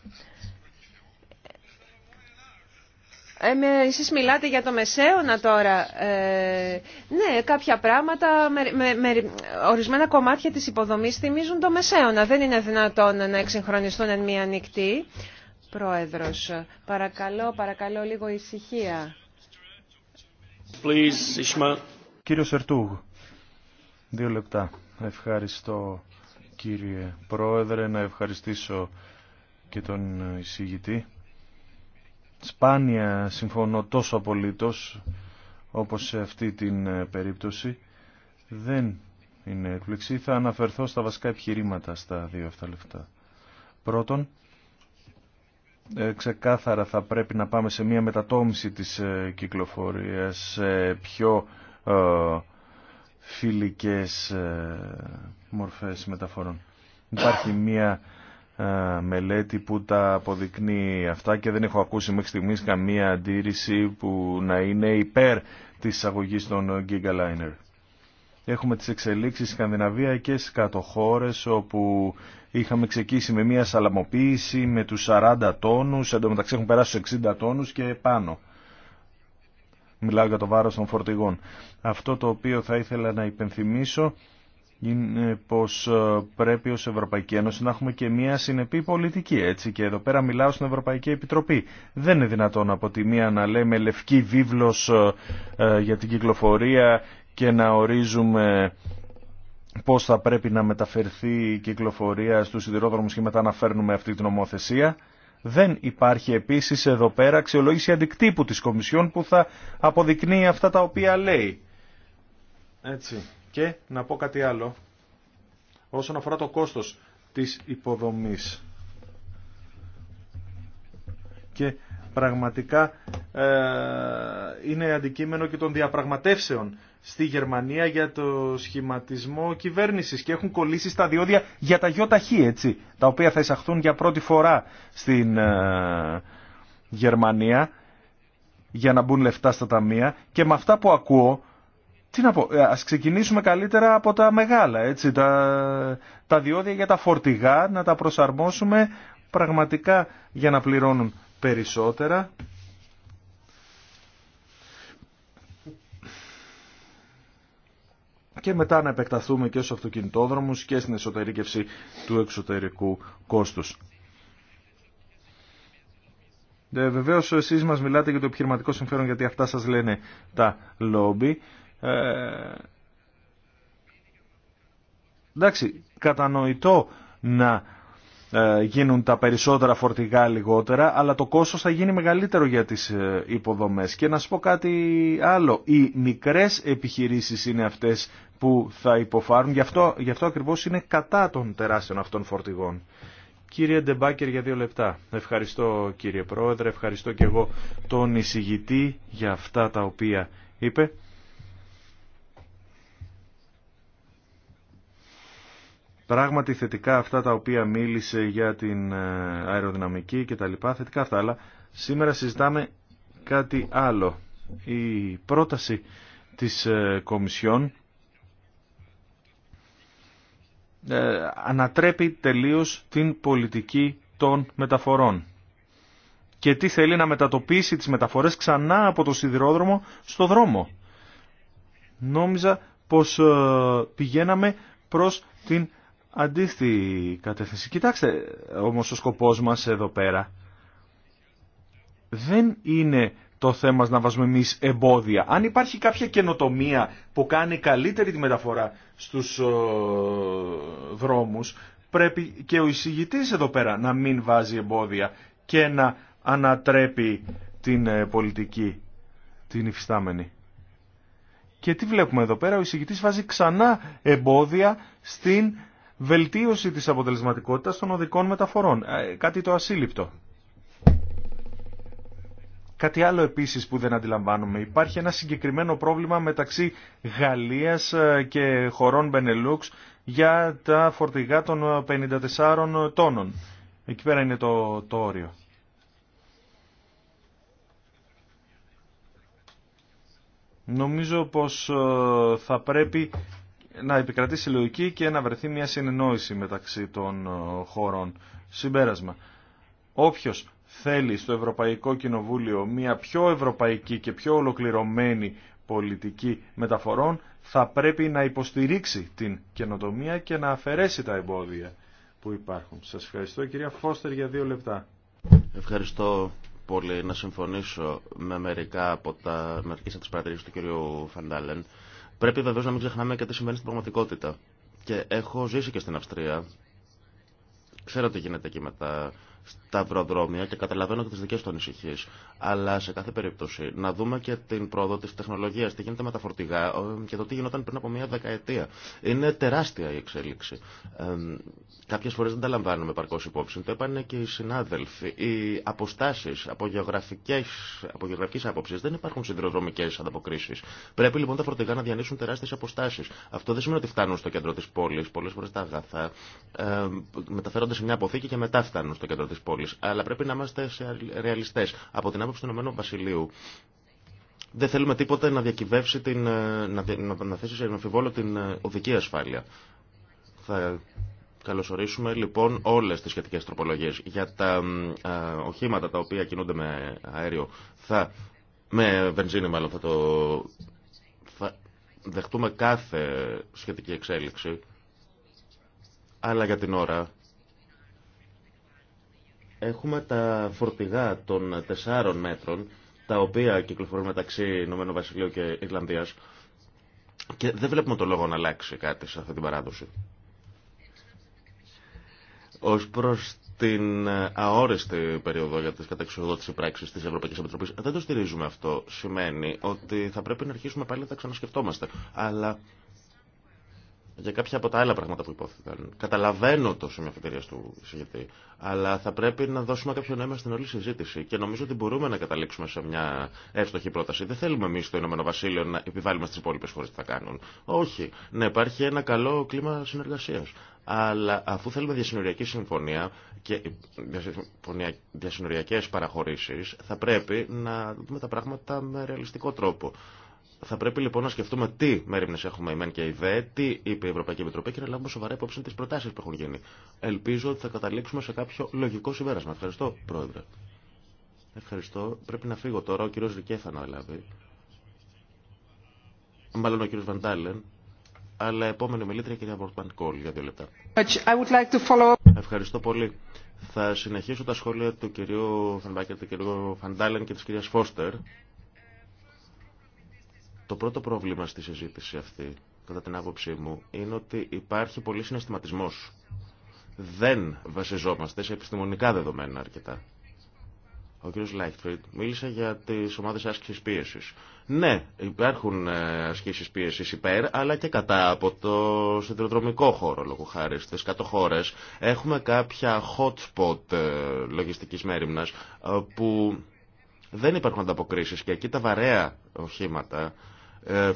Ε, εσείς μιλάτε για το μεσαίωνα τώρα. Ε, ναι, κάποια πράγματα, ορισμένα κομμάτια της υποδομής θυμίζουν το μεσαίωνα. Δεν είναι δυνατόν να εξυγχρονιστούν εν μία νυχτή. Πρόεδρος. Παρακαλώ, παρακαλώ λίγο ησυχία. Κύριο Σερτούγ, δύο λεπτά. Ευχαριστώ κύριε Πρόεδρε, να ευχαριστήσω και τον εισηγητή. Σπάνια συμφωνώ τόσο απολύτως όπως σε αυτή την ε, περίπτωση. Δεν είναι έκπληξη. Θα αναφερθώ στα βασικά επιχειρήματα στα δύο αυτά λεπτά. Πρώτον, ε, ξεκάθαρα θα πρέπει να πάμε σε μια μετατόμιση της ε, κυκλοφορίας σε πιο ε, φιλικές μορφές μεταφορών. Υπάρχει μια μελέτη που τα αποδεικνύει αυτά και δεν έχω ακούσει μέχρι στιγμής καμία αντίρρηση που να είναι υπέρ της αγωγής των Gigaliner. Έχουμε τις εξελίξεις Σκανδιναβία και στις κατοχώρες όπου είχαμε ξεκίσει με μια σαλαμοποίηση με τους 40 τόνους, εντωμεταξύ έχουν περάσει τους 60 τόνους και πάνω. Μιλάω για το βάρος των φορτηγών. Αυτό το οποίο θα ήθελα να υπενθυμίσω είναι πως ε, πρέπει ως Ευρωπαϊκή Ένωση να έχουμε και μια συνεπή πολιτική έτσι και εδώ πέρα μιλάω στην Ευρωπαϊκή Επιτροπή δεν είναι δυνατόν από τη μία να λέμε λευκή βίβλος ε, ε, για την κυκλοφορία και να ορίζουμε πώς θα πρέπει να μεταφερθεί η κυκλοφορία στους σιδηρόδρομους και μετά να φέρνουμε αυτή την νομοθεσία. Δεν υπάρχει επίσης εδώ πέρα αξιολόγηση αντικτύπου της Κομισιόν που θα αποδεικνύει αυτά τα οποία λέει. Έτσι. Και να πω κάτι άλλο όσον αφορά το κόστος της υποδομής. Και πραγματικά ε, είναι αντικείμενο και των διαπραγματεύσεων στη Γερμανία για το σχηματισμό κυβέρνησης και έχουν κολλήσει στα διόδια για τα ΙΟΤΑΧΗ, έτσι, τα οποία θα εισαχθούν για πρώτη φορά στην ε, Γερμανία για να μπουν λεφτά στα ταμεία και με αυτά που ακούω, τι να πω, ε, ας ξεκινήσουμε καλύτερα από τα μεγάλα, έτσι, τα, τα διόδια για τα φορτηγά, να τα προσαρμόσουμε πραγματικά για να πληρώνουν περισσότερα και μετά να επεκταθούμε και στους αυτοκινητόδρομους και στην εσωτερήκευση του εξωτερικού κόστους. Ε, Βεβαίω εσείς μας μιλάτε για το επιχειρηματικό συμφέρον γιατί αυτά σας λένε τα λόμπι. Ε, εντάξει, κατανοητό να ε, γίνουν τα περισσότερα φορτηγά λιγότερα, αλλά το κόστος θα γίνει μεγαλύτερο για τις ε, υποδομές. Και να σου πω κάτι άλλο, οι μικρές επιχειρήσεις είναι αυτές που θα υποφάρουν, γι' αυτό, γι αυτό ακριβώς είναι κατά των τεράστιων αυτών φορτηγών. Κύριε Ντεμπάκερ για δύο λεπτά. Ευχαριστώ κύριε Πρόεδρε, ευχαριστώ και εγώ τον εισηγητή για αυτά τα οποία είπε. Πράγματι θετικά αυτά τα οποία μίλησε για την ε, αεροδυναμική και τα λοιπά, θετικά αυτά, αλλά σήμερα συζητάμε κάτι άλλο. Η πρόταση της ε, Κομισιόν ε, ανατρέπει τελείως την πολιτική των μεταφορών. Και τι θέλει να μετατοπίσει τις μεταφορές ξανά από το σιδηρόδρομο στο δρόμο. Νόμιζα πως πηγαίναμε προς την αντίθετη κατεύθυνση. Κοιτάξτε όμως ο σκοπός μας εδώ πέρα δεν είναι το θέμα να βάζουμε εμεί εμπόδια. Αν υπάρχει κάποια καινοτομία που κάνει καλύτερη τη μεταφορά στους ο, δρόμους πρέπει και ο εισηγητής εδώ πέρα να μην βάζει εμπόδια και να ανατρέπει την ε, πολιτική, την υφιστάμενη. Και τι βλέπουμε εδώ πέρα, ο εισηγητής βάζει ξανά εμπόδια στην βελτίωση της αποτελεσματικότητας των οδικών μεταφορών. Ε, κάτι το ασύλληπτο. Κάτι άλλο επίσης που δεν αντιλαμβάνομαι. Υπάρχει ένα συγκεκριμένο πρόβλημα μεταξύ Γαλλίας ε, και χωρών Μπενελούξ για τα φορτηγά των 54 ε, τόνων. Εκεί πέρα είναι το, το όριο. Νομίζω πως θα πρέπει να επικρατήσει λογική και να βρεθεί μια συνεννόηση μεταξύ των ε, χωρών. Συμπέρασμα. Όποιος θέλει στο Ευρωπαϊκό Κοινοβούλιο μια πιο ευρωπαϊκή και πιο ολοκληρωμένη πολιτική μεταφορών θα πρέπει να υποστηρίξει την καινοτομία και να αφαιρέσει τα εμπόδια που υπάρχουν. Σας ευχαριστώ κυρία Φώστερ για δύο λεπτά. Ευχαριστώ πολύ να συμφωνήσω με μερικά από τα μερικές από του κυρίου Φαντάλεν. Πρέπει βεβαίω να μην ξεχνάμε και τι συμβαίνει στην πραγματικότητα. Και έχω ζήσει και στην Αυστρία. Ξέρω τι γίνεται εκεί με τα σταυροδρόμια και καταλαβαίνω και τι δικέ του ανησυχίε. Αλλά σε κάθε περίπτωση να δούμε και την πρόοδο τη τεχνολογία, τι γίνεται με τα φορτηγά και το τι γινόταν πριν από μία δεκαετία. Είναι τεράστια η εξέλιξη. Ε, Κάποιε φορέ δεν τα λαμβάνουμε παρκώ υπόψη. Το είπαν και οι συνάδελφοι. Οι αποστάσει από, από γεωγραφική άποψη δεν υπάρχουν συνδυοδρομικέ ανταποκρίσει. Πρέπει λοιπόν τα φορτηγά να διανύσουν τεράστιε αποστάσει. Αυτό δεν σημαίνει ότι φτάνουν στο κέντρο τη πόλη. Πολλέ φορέ τα αγαθά ε, μεταφέρονται σε μια αποθήκη και μετά φτάνουν στο κέντρο τη της Αλλά πρέπει να είμαστε ρεαλιστές. Από την άποψη του Ηνωμένου Βασιλείου δεν θέλουμε τίποτα να διακυβεύσει, την, ε, να, να θέσει σε αμφιβόλο την ε, οδική ασφάλεια. Θα καλωσορίσουμε λοιπόν όλες τις σχετικές τροπολογίες. Για τα α, οχήματα τα οποία κινούνται με αέριο, θα, με βενζίνη μάλλον θα το... Θα δεχτούμε κάθε σχετική εξέλιξη, αλλά για την ώρα έχουμε τα φορτηγά των 4 μέτρων, τα οποία κυκλοφορούν μεταξύ Ηνωμένου Βασιλείου και Ιρλανδίας, και δεν βλέπουμε το λόγο να αλλάξει κάτι σε αυτή την παράδοση. Ω προ την αόριστη περίοδο για τι καταξιοδότηση πράξεις τη Ευρωπαϊκή Επιτροπή, δεν το στηρίζουμε αυτό. Σημαίνει ότι θα πρέπει να αρχίσουμε πάλι να τα ξανασκεφτόμαστε. Αλλά για κάποια από τα άλλα πράγματα που υπόθηκαν. Καταλαβαίνω το σημείο αφετηρία του συγκεκριτή, αλλά θα πρέπει να δώσουμε κάποιο νόημα στην όλη συζήτηση και νομίζω ότι μπορούμε να καταλήξουμε σε μια εύστοχη πρόταση. Δεν θέλουμε εμεί το Ηνωμένο Βασίλειο να επιβάλλουμε στι υπόλοιπε χώρε τι θα κάνουν. Όχι. Να υπάρχει ένα καλό κλίμα συνεργασία. Αλλά αφού θέλουμε διασυνοριακή συμφωνία και διασυνοριακέ παραχωρήσει, θα πρέπει να δούμε τα πράγματα με ρεαλιστικό τρόπο. Θα πρέπει λοιπόν να σκεφτούμε τι μέρημνε έχουμε η ΜΕΝ και η ΔΕ, τι είπε η Ευρωπαϊκή Επιτροπή και να λάβουμε σοβαρά υπόψη τι προτάσει που έχουν γίνει. Ελπίζω ότι θα καταλήξουμε σε κάποιο λογικό συμπέρασμα. Ευχαριστώ, Πρόεδρε. Ευχαριστώ. Πρέπει να φύγω τώρα. Ο κύριο Ρικέ θα αναλάβει. Μάλλον ο κύριο Βαντάλεν. Αλλά επόμενη μιλήτρια, κυρία Βορτμαν Κόλ, για δύο λεπτά. Ευχαριστώ πολύ. Θα συνεχίσω τα σχόλια του κυρίου του κυρίου Φαντάλεν και τη κυρία Φώστερ το πρώτο πρόβλημα στη συζήτηση αυτή, κατά την άποψή μου, είναι ότι υπάρχει πολύ συναισθηματισμό. Δεν βασιζόμαστε σε επιστημονικά δεδομένα αρκετά. Ο κ. Λάιχτφριντ μίλησε για τι ομάδε άσκηση πίεση. Ναι, υπάρχουν ασκήσει ε, πίεση υπέρ, αλλά και κατά από το σιδηροδρομικό χώρο, λόγω χάρη στι κάτω χώρε. Έχουμε κάποια hot spot ε, λογιστική μέρημνα ε, που δεν υπάρχουν ανταποκρίσει και εκεί τα βαρέα οχήματα ε,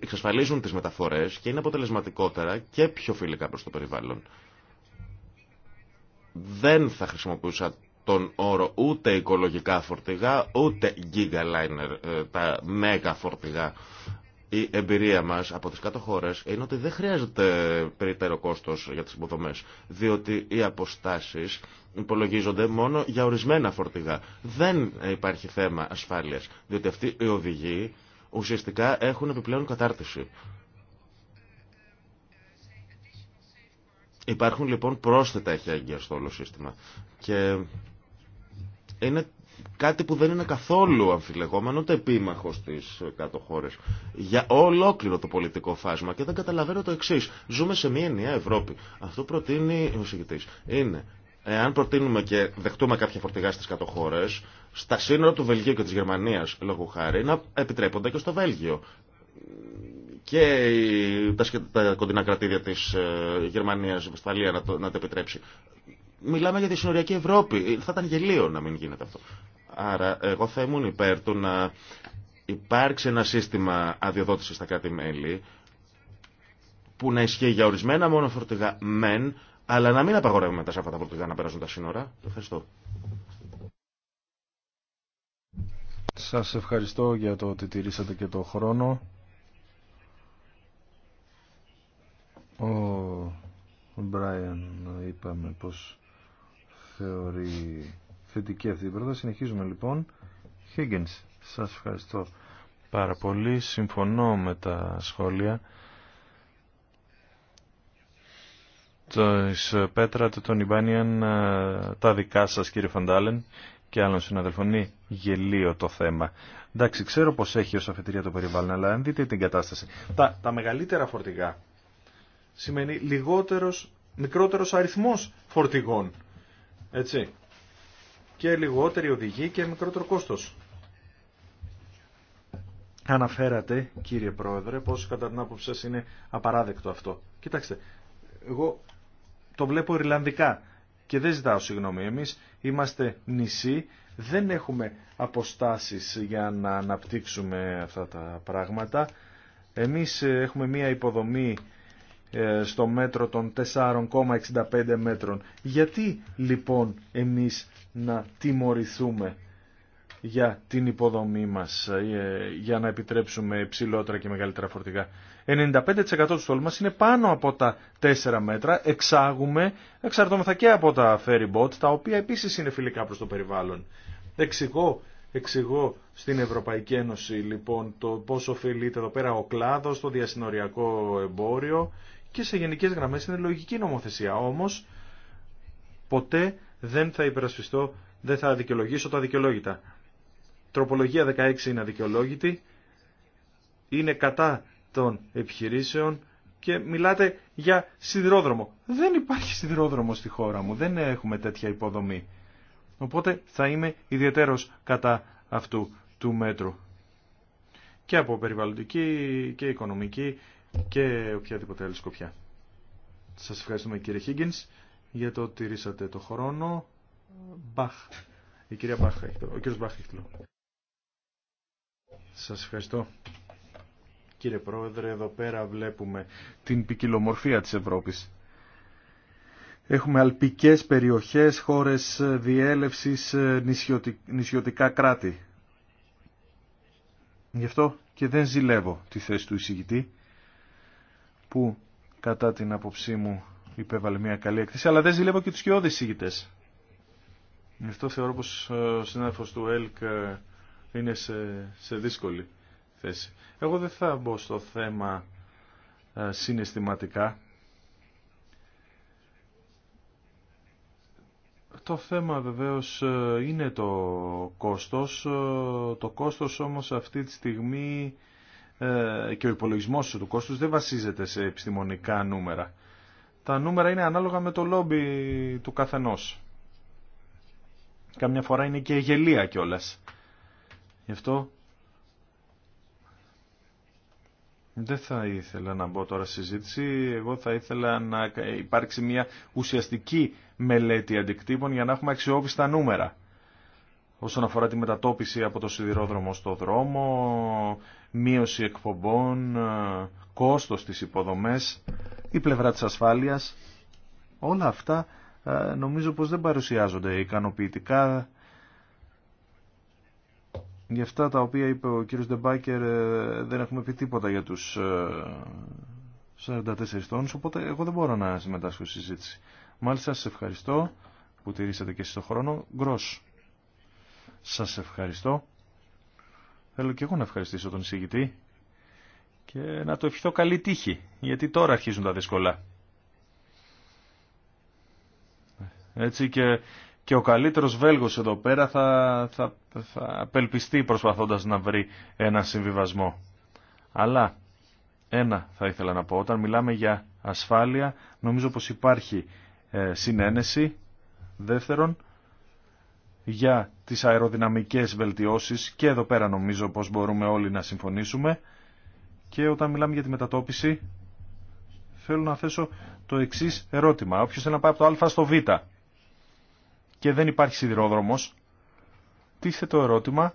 εξασφαλίζουν τις μεταφορές και είναι αποτελεσματικότερα και πιο φιλικά προς το περιβάλλον. Δεν θα χρησιμοποιούσα τον όρο ούτε οικολογικά φορτηγά, ούτε gigaliner, ε, τα μέγα φορτηγά. Η εμπειρία μας από τις κάτω χώρες είναι ότι δεν χρειάζεται περιττέρω κόστος για τις υποδομές, διότι οι αποστάσεις υπολογίζονται μόνο για ορισμένα φορτηγά. Δεν υπάρχει θέμα ασφάλειας, διότι αυτοί οι οδηγοί ουσιαστικά έχουν επιπλέον κατάρτιση. Υπάρχουν λοιπόν πρόσθετα εχέγγυα στο όλο σύστημα και είναι κάτι που δεν είναι καθόλου αμφιλεγόμενο ούτε επίμαχο στις κάτω χώρε. Για ολόκληρο το πολιτικό φάσμα και δεν καταλαβαίνω το εξής. Ζούμε σε μια ενιαία Ευρώπη. Αυτό προτείνει ο συγκεκριτής. Είναι Εάν προτείνουμε και δεχτούμε κάποια φορτηγά στι κατοχώρε, στα σύνορα του Βελγίου και τη Γερμανία, λόγω χάρη, να επιτρέπονται και στο Βέλγιο. Και τα κοντινά κρατήρια τη ε, Γερμανία, η Βεσταλία να, να τα επιτρέψει. Μιλάμε για τη συνοριακή Ευρώπη. Θα ήταν γελίο να μην γίνεται αυτό. Άρα, εγώ θα ήμουν υπέρ του να υπάρξει ένα σύστημα αδειοδότηση στα κράτη-μέλη που να ισχύει για ορισμένα μόνο φορτηγά μεν, αλλά να μην απαγορεύουμε τα σαφάτα φορτηγά να περάσουν τα σύνορα. Ευχαριστώ. Σας ευχαριστώ για το ότι τηρήσατε και το χρόνο. Ο Μπράιαν είπαμε πως θεωρεί θετική αυτή η πρόταση. Συνεχίζουμε λοιπόν. Higgins, σας ευχαριστώ πάρα πολύ. Συμφωνώ με τα σχόλια. της ε, Πέτρα, του τον Ιμπάνιαν, ε, τα δικά σας κύριε Φαντάλεν και άλλων συναδελφών. Είναι γελίο το θέμα. Εντάξει, ξέρω πως έχει ως αφετηρία το περιβάλλον, αλλά αν δείτε την κατάσταση. Τα, τα μεγαλύτερα φορτηγά σημαίνει λιγότερος, μικρότερος αριθμός φορτηγών. Έτσι. Και λιγότερη οδηγή και μικρότερο κόστος. Αναφέρατε, κύριε Πρόεδρε, πως κατά την άποψη σας είναι απαράδεκτο αυτό. Κοιτάξτε, εγώ το βλέπω Ιρλανδικά και δεν ζητάω συγγνώμη. Εμείς είμαστε νησί, δεν έχουμε αποστάσεις για να αναπτύξουμε αυτά τα πράγματα. Εμείς ε, έχουμε μία υποδομή ε, στο μέτρο των 4,65 μέτρων. Γιατί λοιπόν εμείς να τιμωρηθούμε για την υποδομή μας, ε, για να επιτρέψουμε ψηλότερα και μεγαλύτερα φορτηγά. 95% του στόλου μας είναι πάνω από τα 4 μέτρα, εξάγουμε, εξαρτώμεθα και από τα ferry boat, τα οποία επίσης είναι φιλικά προς το περιβάλλον. Εξηγώ, εξηγώ στην Ευρωπαϊκή Ένωση λοιπόν το πόσο ωφελείται εδώ πέρα ο κλάδος, το διασυνοριακό εμπόριο και σε γενικές γραμμές είναι λογική νομοθεσία. Όμως ποτέ δεν θα υπερασπιστώ, δεν θα δικαιολογήσω τα δικαιολόγητα. Τροπολογία 16 είναι αδικαιολόγητη. Είναι κατά των επιχειρήσεων και μιλάτε για σιδηρόδρομο. Δεν υπάρχει σιδηρόδρομο στη χώρα μου. Δεν έχουμε τέτοια υποδομή. Οπότε θα είμαι ιδιαίτερος κατά αυτού του μέτρου. Και από περιβαλλοντική και οικονομική και οποιαδήποτε άλλη σκοπιά. Σας ευχαριστούμε κύριε Higgins για το ότι ρίσατε το χρόνο. Μπαχ. Η κυρία Μπαχ, ο κύριος σας ευχαριστώ. Κύριε Πρόεδρε, εδώ πέρα βλέπουμε την ποικιλομορφία της Ευρώπης. Έχουμε αλπικές περιοχές, χώρες διέλευσης, νησιωτικά κράτη. Γι' αυτό και δεν ζηλεύω τη θέση του εισηγητή, που κατά την άποψή μου υπέβαλε μια καλή έκθεση, αλλά δεν ζηλεύω και τους κοιόδης εισηγητές. Γι' αυτό θεωρώ πως ε, ο συνάδελφος του ΕΛΚ ε, είναι σε, δύσκολη θέση. Εγώ δεν θα μπω στο θέμα ε, συναισθηματικά. Το θέμα βεβαίως ε, είναι το κόστος. Ε, το κόστος όμως αυτή τη στιγμή και ο υπολογισμός του κόστους δεν βασίζεται σε επιστημονικά νούμερα. Τα νούμερα είναι ανάλογα με το λόμπι του καθενός. Καμιά φορά είναι και γελία κιόλας. Γι' αυτό δεν θα ήθελα να μπω τώρα στη συζήτηση. Εγώ θα ήθελα να υπάρξει μια ουσιαστική μελέτη αντικτύπων για να έχουμε αξιόπιστα νούμερα. Όσον αφορά τη μετατόπιση από το σιδηρόδρομο στο δρόμο, μείωση εκπομπών, κόστος της υποδομές, η πλευρά της ασφάλειας, όλα αυτά ε, νομίζω πως δεν παρουσιάζονται ικανοποιητικά για αυτά τα οποία είπε ο κύριος Ντεμπάκερ ε, δεν έχουμε πει τίποτα για τους 44 ε, τόνους, οπότε εγώ δεν μπορώ να συμμετάσχω στη συζήτηση. Μάλιστα, σας ευχαριστώ που τηρήσατε και εσείς τον χρόνο. Γκρός, σας ευχαριστώ. Θέλω και εγώ να ευχαριστήσω τον εισηγητή και να το ευχηθώ καλή τύχη, γιατί τώρα αρχίζουν τα δύσκολα. Έτσι και και ο καλύτερος Βέλγος εδώ πέρα θα, θα, απελπιστεί προσπαθώντας να βρει ένα συμβιβασμό. Αλλά ένα θα ήθελα να πω, όταν μιλάμε για ασφάλεια νομίζω πως υπάρχει ε, συνένεση δεύτερον για τις αεροδυναμικές βελτιώσεις και εδώ πέρα νομίζω πως μπορούμε όλοι να συμφωνήσουμε και όταν μιλάμε για τη μετατόπιση θέλω να θέσω το εξής ερώτημα. Όποιος θέλει να πάει από το α στο β και δεν υπάρχει σιδηρόδρομος, τίθε το ερώτημα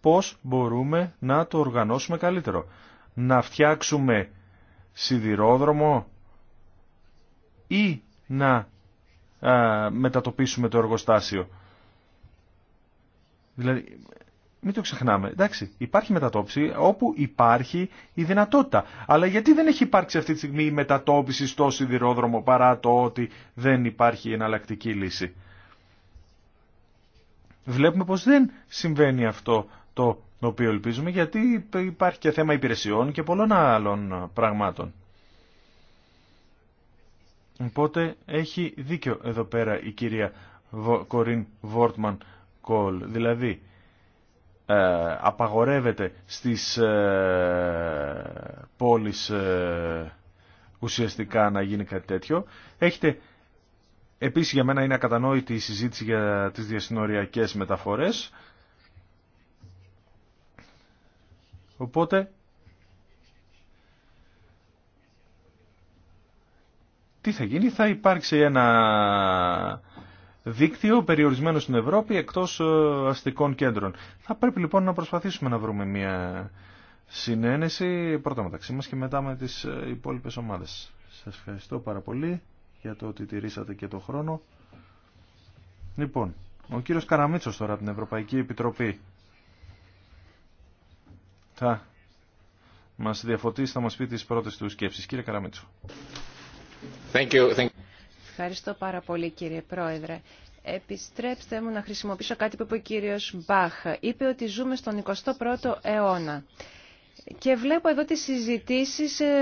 πώς μπορούμε να το οργανώσουμε καλύτερο. Να φτιάξουμε σιδηρόδρομο ή να μετατοπίσουμε το εργοστάσιο. Δηλαδή, μην το ξεχνάμε. Εντάξει, υπάρχει μετατόπιση όπου υπάρχει η δυνατότητα. Αλλά γιατί δεν έχει υπάρξει αυτή τη στιγμή η μετατόπιση στο σιδηρόδρομο παρά το ότι δεν υπάρχει εναλλακτική λύση βλέπουμε πως δεν συμβαίνει αυτό το οποίο ελπίζουμε γιατί υπάρχει και θέμα υπηρεσιών και πολλών άλλων πραγμάτων. Οπότε έχει δίκιο εδώ πέρα η κυρία Κορίν Βόρτμαν Κόλ. Δηλαδή ε, απαγορεύεται στις ε, πόλεις ε, ουσιαστικά να γίνει κάτι τέτοιο. Έχετε Επίσης για μένα είναι ακατανόητη η συζήτηση για τις διασυνοριακές μεταφορές. Οπότε, τι θα γίνει, θα υπάρξει ένα δίκτυο περιορισμένο στην Ευρώπη εκτός ε, αστικών κέντρων. Θα πρέπει λοιπόν να προσπαθήσουμε να βρούμε μια συνένεση πρώτα μεταξύ μας και μετά με τις ε, υπόλοιπες ομάδες. Σας ευχαριστώ πάρα πολύ για το ότι τηρήσατε και το χρόνο. Λοιπόν, ο κύριος Καραμίτσος τώρα από την Ευρωπαϊκή Επιτροπή θα μας διαφωτίσει, θα μας πει τις πρώτες του σκέψεις. Κύριε Καραμίτσο. Thank you. Thank you. Ευχαριστώ πάρα πολύ κύριε Πρόεδρε. Επιστρέψτε μου να χρησιμοποιήσω κάτι που είπε ο κύριος Μπαχ. Είπε ότι ζούμε στον 21ο αιώνα. Και βλέπω εδώ τις συζητήσεις ε,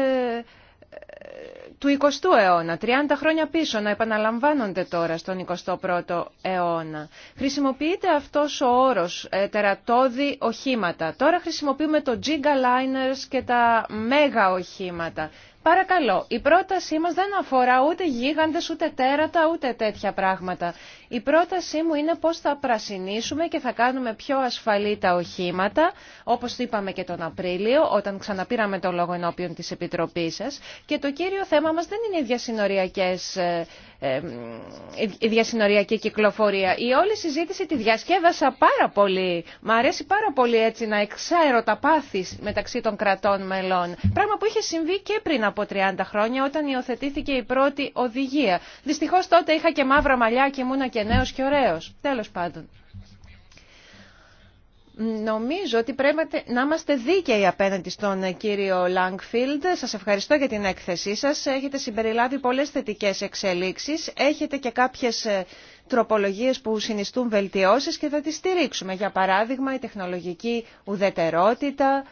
του 20ου αιώνα, 30 χρόνια πίσω, να επαναλαμβάνονται τώρα στον 21ο αιώνα. Χρησιμοποιείται αυτός ο όρος ε, τερατώδη οχήματα. Τώρα χρησιμοποιούμε το gigaliners και τα μέγα οχήματα. Παρακαλώ, η πρότασή μας δεν αφορά ούτε γίγαντες, ούτε τέρατα, ούτε τέτοια πράγματα. Η πρότασή μου είναι πώς θα πρασινίσουμε και θα κάνουμε πιο ασφαλή τα οχήματα, όπως είπαμε και τον Απρίλιο, όταν ξαναπήραμε το λόγο ενώπιον της Επιτροπής σας. Και το κύριο θέμα μας δεν είναι οι διασυνοριακές ε, ε, η διασυνοριακή κυκλοφορία. Η όλη συζήτηση τη διασκέδασα πάρα πολύ. Μ' αρέσει πάρα πολύ έτσι να εξαίρω τα πάθη μεταξύ των κρατών μελών. Πράγμα που είχε συμβεί και πριν από από 30 χρόνια όταν υιοθετήθηκε η πρώτη οδηγία. Δυστυχώς τότε είχα και μαύρα μαλλιά και ήμουν και νέο και ωραίο. Τέλο πάντων. Νομίζω ότι πρέπει να είμαστε δίκαιοι απέναντι στον κύριο Λάγκφιλντ. Σας ευχαριστώ για την έκθεσή σας. Έχετε συμπεριλάβει πολλές θετικές εξελίξεις. Έχετε και κάποιες ε, τροπολογίες που συνιστούν βελτιώσεις και θα τις στηρίξουμε. Για παράδειγμα, η τεχνολογική ουδετερότητα,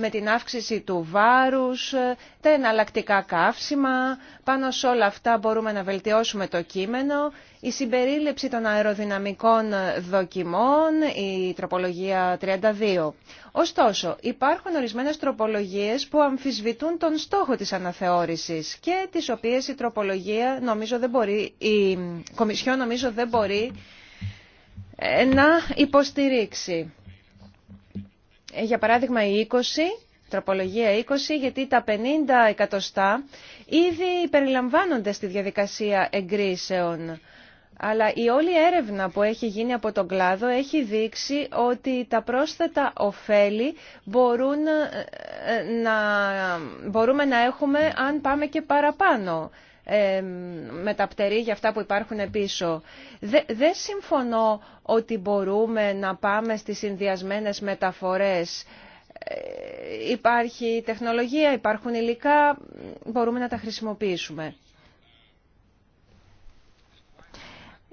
με την αύξηση του βάρους, ε, τα εναλλακτικά καύσιμα. Πάνω σε όλα αυτά μπορούμε να βελτιώσουμε το κείμενο. Η συμπερίληψη των αεροδυναμικών ε, δοκιμών, η τροπολογία 32. Ωστόσο, υπάρχουν ορισμένες τροπολογίες που αμφισβητούν τον στόχο της αναθεώρησης και τις οποίες η τροπολογία νομίζω δεν μπορεί, η Κομισιό νομίζω δεν μπορεί ε, να υποστηρίξει. Ε, για παράδειγμα η 20, τροπολογία 20, γιατί τα 50 εκατοστά ήδη περιλαμβάνονται στη διαδικασία εγκρίσεων. Αλλά η όλη έρευνα που έχει γίνει από τον κλάδο έχει δείξει ότι τα πρόσθετα ωφέλη μπορούν ε, ε, να, μπορούμε να έχουμε αν πάμε και παραπάνω. Ε, με τα πτερή για αυτά που υπάρχουν πίσω. Δεν συμφωνώ ότι μπορούμε να πάμε στις συνδυασμένες μεταφορές. Ε, υπάρχει τεχνολογία, υπάρχουν υλικά, μπορούμε να τα χρησιμοποιήσουμε.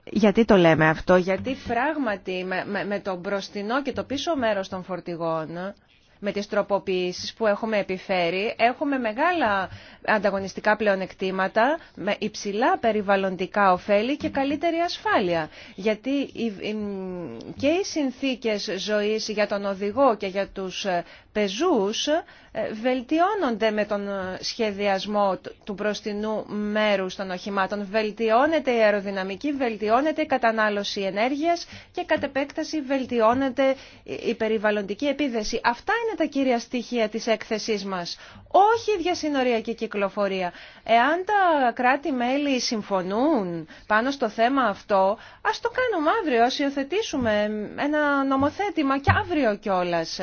Γιατί το λέμε αυτό, γιατί πράγματι με, με το μπροστινό και το πίσω μέρος των φορτηγών με τις τροποποιήσεις που έχουμε επιφέρει, έχουμε μεγάλα ανταγωνιστικά πλεονεκτήματα, με υψηλά περιβαλλοντικά ωφέλη και καλύτερη ασφάλεια. Γιατί και οι συνθήκες ζωής για τον οδηγό και για τους ε, πεζούς ε, βελτιώνονται με τον ε, σχεδιασμό του προστινού μέρους των οχημάτων. Βελτιώνεται η αεροδυναμική, βελτιώνεται η κατανάλωση ενέργειας και κατ' επέκταση βελτιώνεται η περιβαλλοντική επίδεση. Αυτά είναι τα κύρια στοιχεία της έκθεσής μας όχι διασυνοριακή κυκλοφορία. Εάν τα κράτη-μέλη συμφωνούν πάνω στο θέμα αυτό, ας το κάνουμε αύριο, ας υιοθετήσουμε ένα νομοθέτημα και αύριο κιόλας.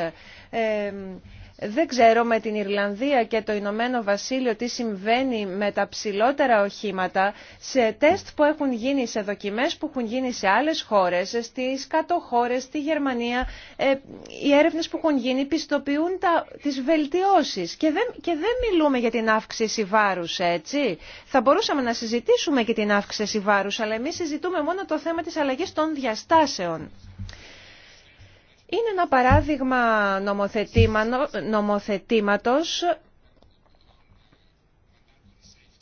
Ε, δεν ξέρω με την Ιρλανδία και το Ηνωμένο Βασίλειο τι συμβαίνει με τα ψηλότερα οχήματα σε τεστ που έχουν γίνει, σε δοκιμές που έχουν γίνει σε άλλες χώρες, στις κάτω χώρες, στη Γερμανία. Ε, οι έρευνες που έχουν γίνει πιστοποιούν τα, τις βελτιώσεις και δεν, και δεν μιλούμε για την αύξηση βάρους, έτσι. Θα μπορούσαμε να συζητήσουμε και την αύξηση βάρους, αλλά εμείς συζητούμε μόνο το θέμα της αλλαγής των διαστάσεων. Είναι ένα παράδειγμα νομοθετήματος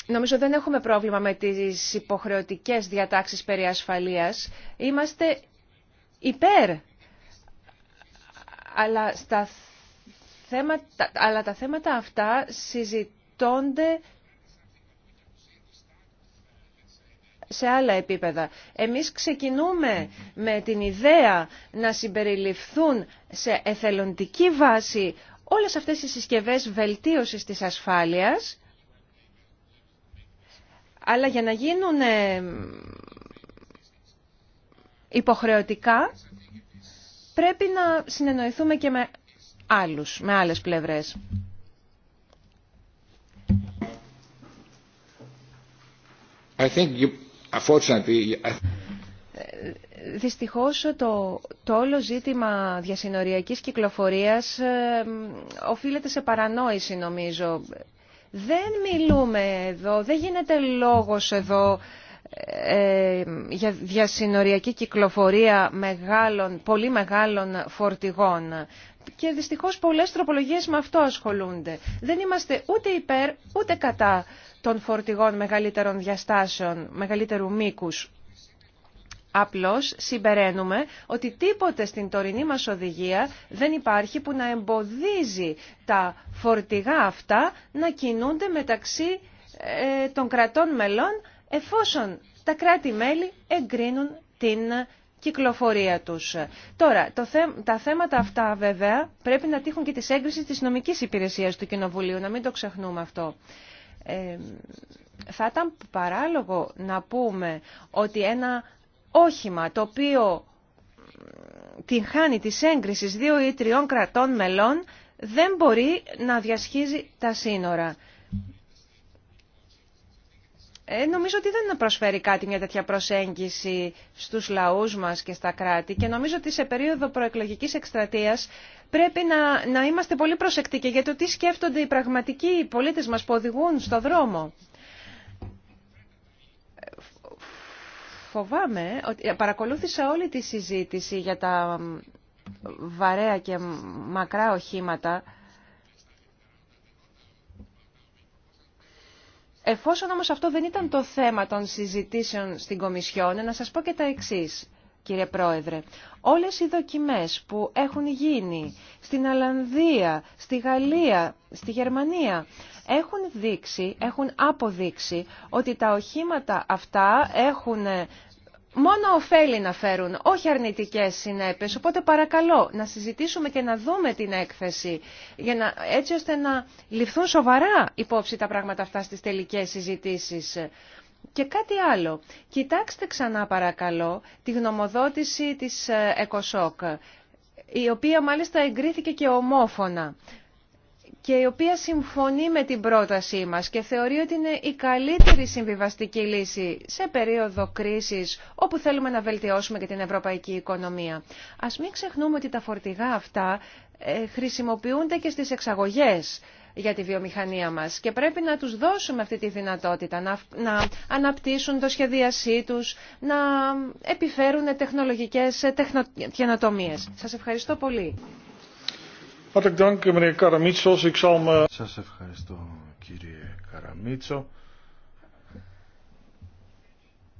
Νομίζω δεν έχουμε πρόβλημα με τις υποχρεωτικές διατάξεις περί ασφαλείας. Είμαστε υπέρ. Αλλά, αλλά τα θέματα αυτά συζητώνται σε άλλα επίπεδα. Εμείς ξεκινούμε με την ιδέα να συμπεριληφθούν σε εθελοντική βάση όλες αυτές οι συσκευές βελτίωσης της ασφάλειας, αλλά για να γίνουν ε, υποχρεωτικά πρέπει να συνεννοηθούμε και με άλλους, με άλλες πλευρές. I Unfortunately, Δυστυχώς το, το όλο ζήτημα διασυνοριακής κυκλοφορίας ε, οφείλεται σε παρανόηση νομίζω. Δεν μιλούμε εδώ, δεν γίνεται λόγος εδώ ε, για διασυνοριακή κυκλοφορία μεγάλων, πολύ μεγάλων φορτηγών και δυστυχώς πολλές τροπολογίες με αυτό ασχολούνται. Δεν είμαστε ούτε υπέρ ούτε κατά των φορτηγών μεγαλύτερων διαστάσεων, μεγαλύτερου μήκους. Απλώς συμπεραίνουμε ότι τίποτε στην τωρινή μας οδηγία δεν υπάρχει που να εμποδίζει τα φορτηγά αυτά να κινούνται μεταξύ ε, των κρατών μελών εφόσον τα κράτη-μέλη εγκρίνουν την κυκλοφορία τους. Τώρα, τα θέματα αυτά βέβαια πρέπει να τύχουν και τη έγκριση της νομικής υπηρεσίας του Κοινοβουλίου, να μην το ξεχνούμε αυτό. Ε, θα ήταν παράλογο να πούμε ότι ένα όχημα το οποίο την χάνει της έγκρισης δύο ή τριών κρατών μελών δεν μπορεί να διασχίζει τα σύνορα. Ε, νομίζω ότι δεν προσφέρει κάτι μια τέτοια προσέγγιση στους λαούς μας και στα κράτη και νομίζω ότι σε περίοδο προεκλογικής εκστρατείας πρέπει να, να είμαστε πολύ προσεκτικοί για το τι σκέφτονται οι πραγματικοί πολίτες μας που οδηγούν στο δρόμο. Φοβάμαι ότι παρακολούθησα όλη τη συζήτηση για τα βαρέα και μακρά οχήματα Εφόσον όμως αυτό δεν ήταν το θέμα των συζητήσεων στην Κομισιόν, να σας πω και τα εξής, κύριε Πρόεδρε. Όλες οι δοκιμές που έχουν γίνει στην Αλλανδία, στη Γαλλία, στη Γερμανία, έχουν δείξει, έχουν αποδείξει ότι τα οχήματα αυτά έχουν ε, μόνο ωφέλη να φέρουν, όχι αρνητικές συνέπειες. Οπότε παρακαλώ να συζητήσουμε και να δούμε την έκθεση, για να, έτσι ώστε να ληφθούν σοβαρά υπόψη τα πράγματα αυτά στις τελικές συζητήσεις. Και κάτι άλλο. Κοιτάξτε ξανά παρακαλώ τη γνωμοδότηση της ε, ΕΚΟΣΟΚ, η οποία μάλιστα εγκρίθηκε και ομόφωνα και η οποία συμφωνεί με την πρότασή μας και θεωρεί ότι είναι η καλύτερη συμβιβαστική λύση σε περίοδο κρίσης όπου θέλουμε να βελτιώσουμε και την ευρωπαϊκή οικονομία. Ας μην ξεχνούμε ότι τα φορτηγά αυτά ε, χρησιμοποιούνται και στις εξαγωγές για τη βιομηχανία μας και πρέπει να τους δώσουμε αυτή τη δυνατότητα να, να αναπτύσσουν το σχεδίασή τους, να επιφέρουν τεχνολογικές καινοτομίες. Σας ευχαριστώ πολύ. Σας ευχαριστώ κύριε Καραμίτσο.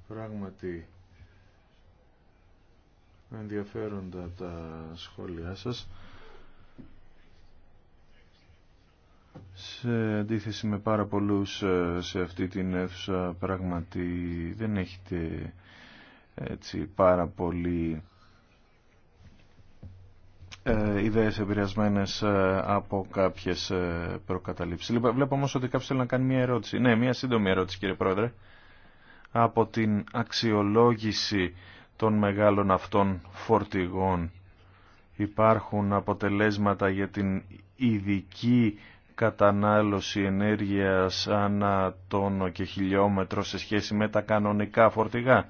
Πράγματι ενδιαφέροντα τα σχόλιά σας. Σε αντίθεση με πάρα πολλούς ε, σε αυτή την αίθουσα πράγματι δεν έχετε ε, έτσι πάρα πολύ ε, ιδέες επηρεασμένε ε, από κάποιες ε, προκαταλήψεις. Βλέπω όμω ότι κάποιο θέλει να κάνει μια ερώτηση. Ναι, μια σύντομη ερώτηση κύριε Πρόεδρε. Από την αξιολόγηση των μεγάλων αυτών φορτηγών υπάρχουν αποτελέσματα για την ειδική κατανάλωση ενέργειας ανά τόνο και χιλιόμετρο σε σχέση με τα κανονικά φορτηγά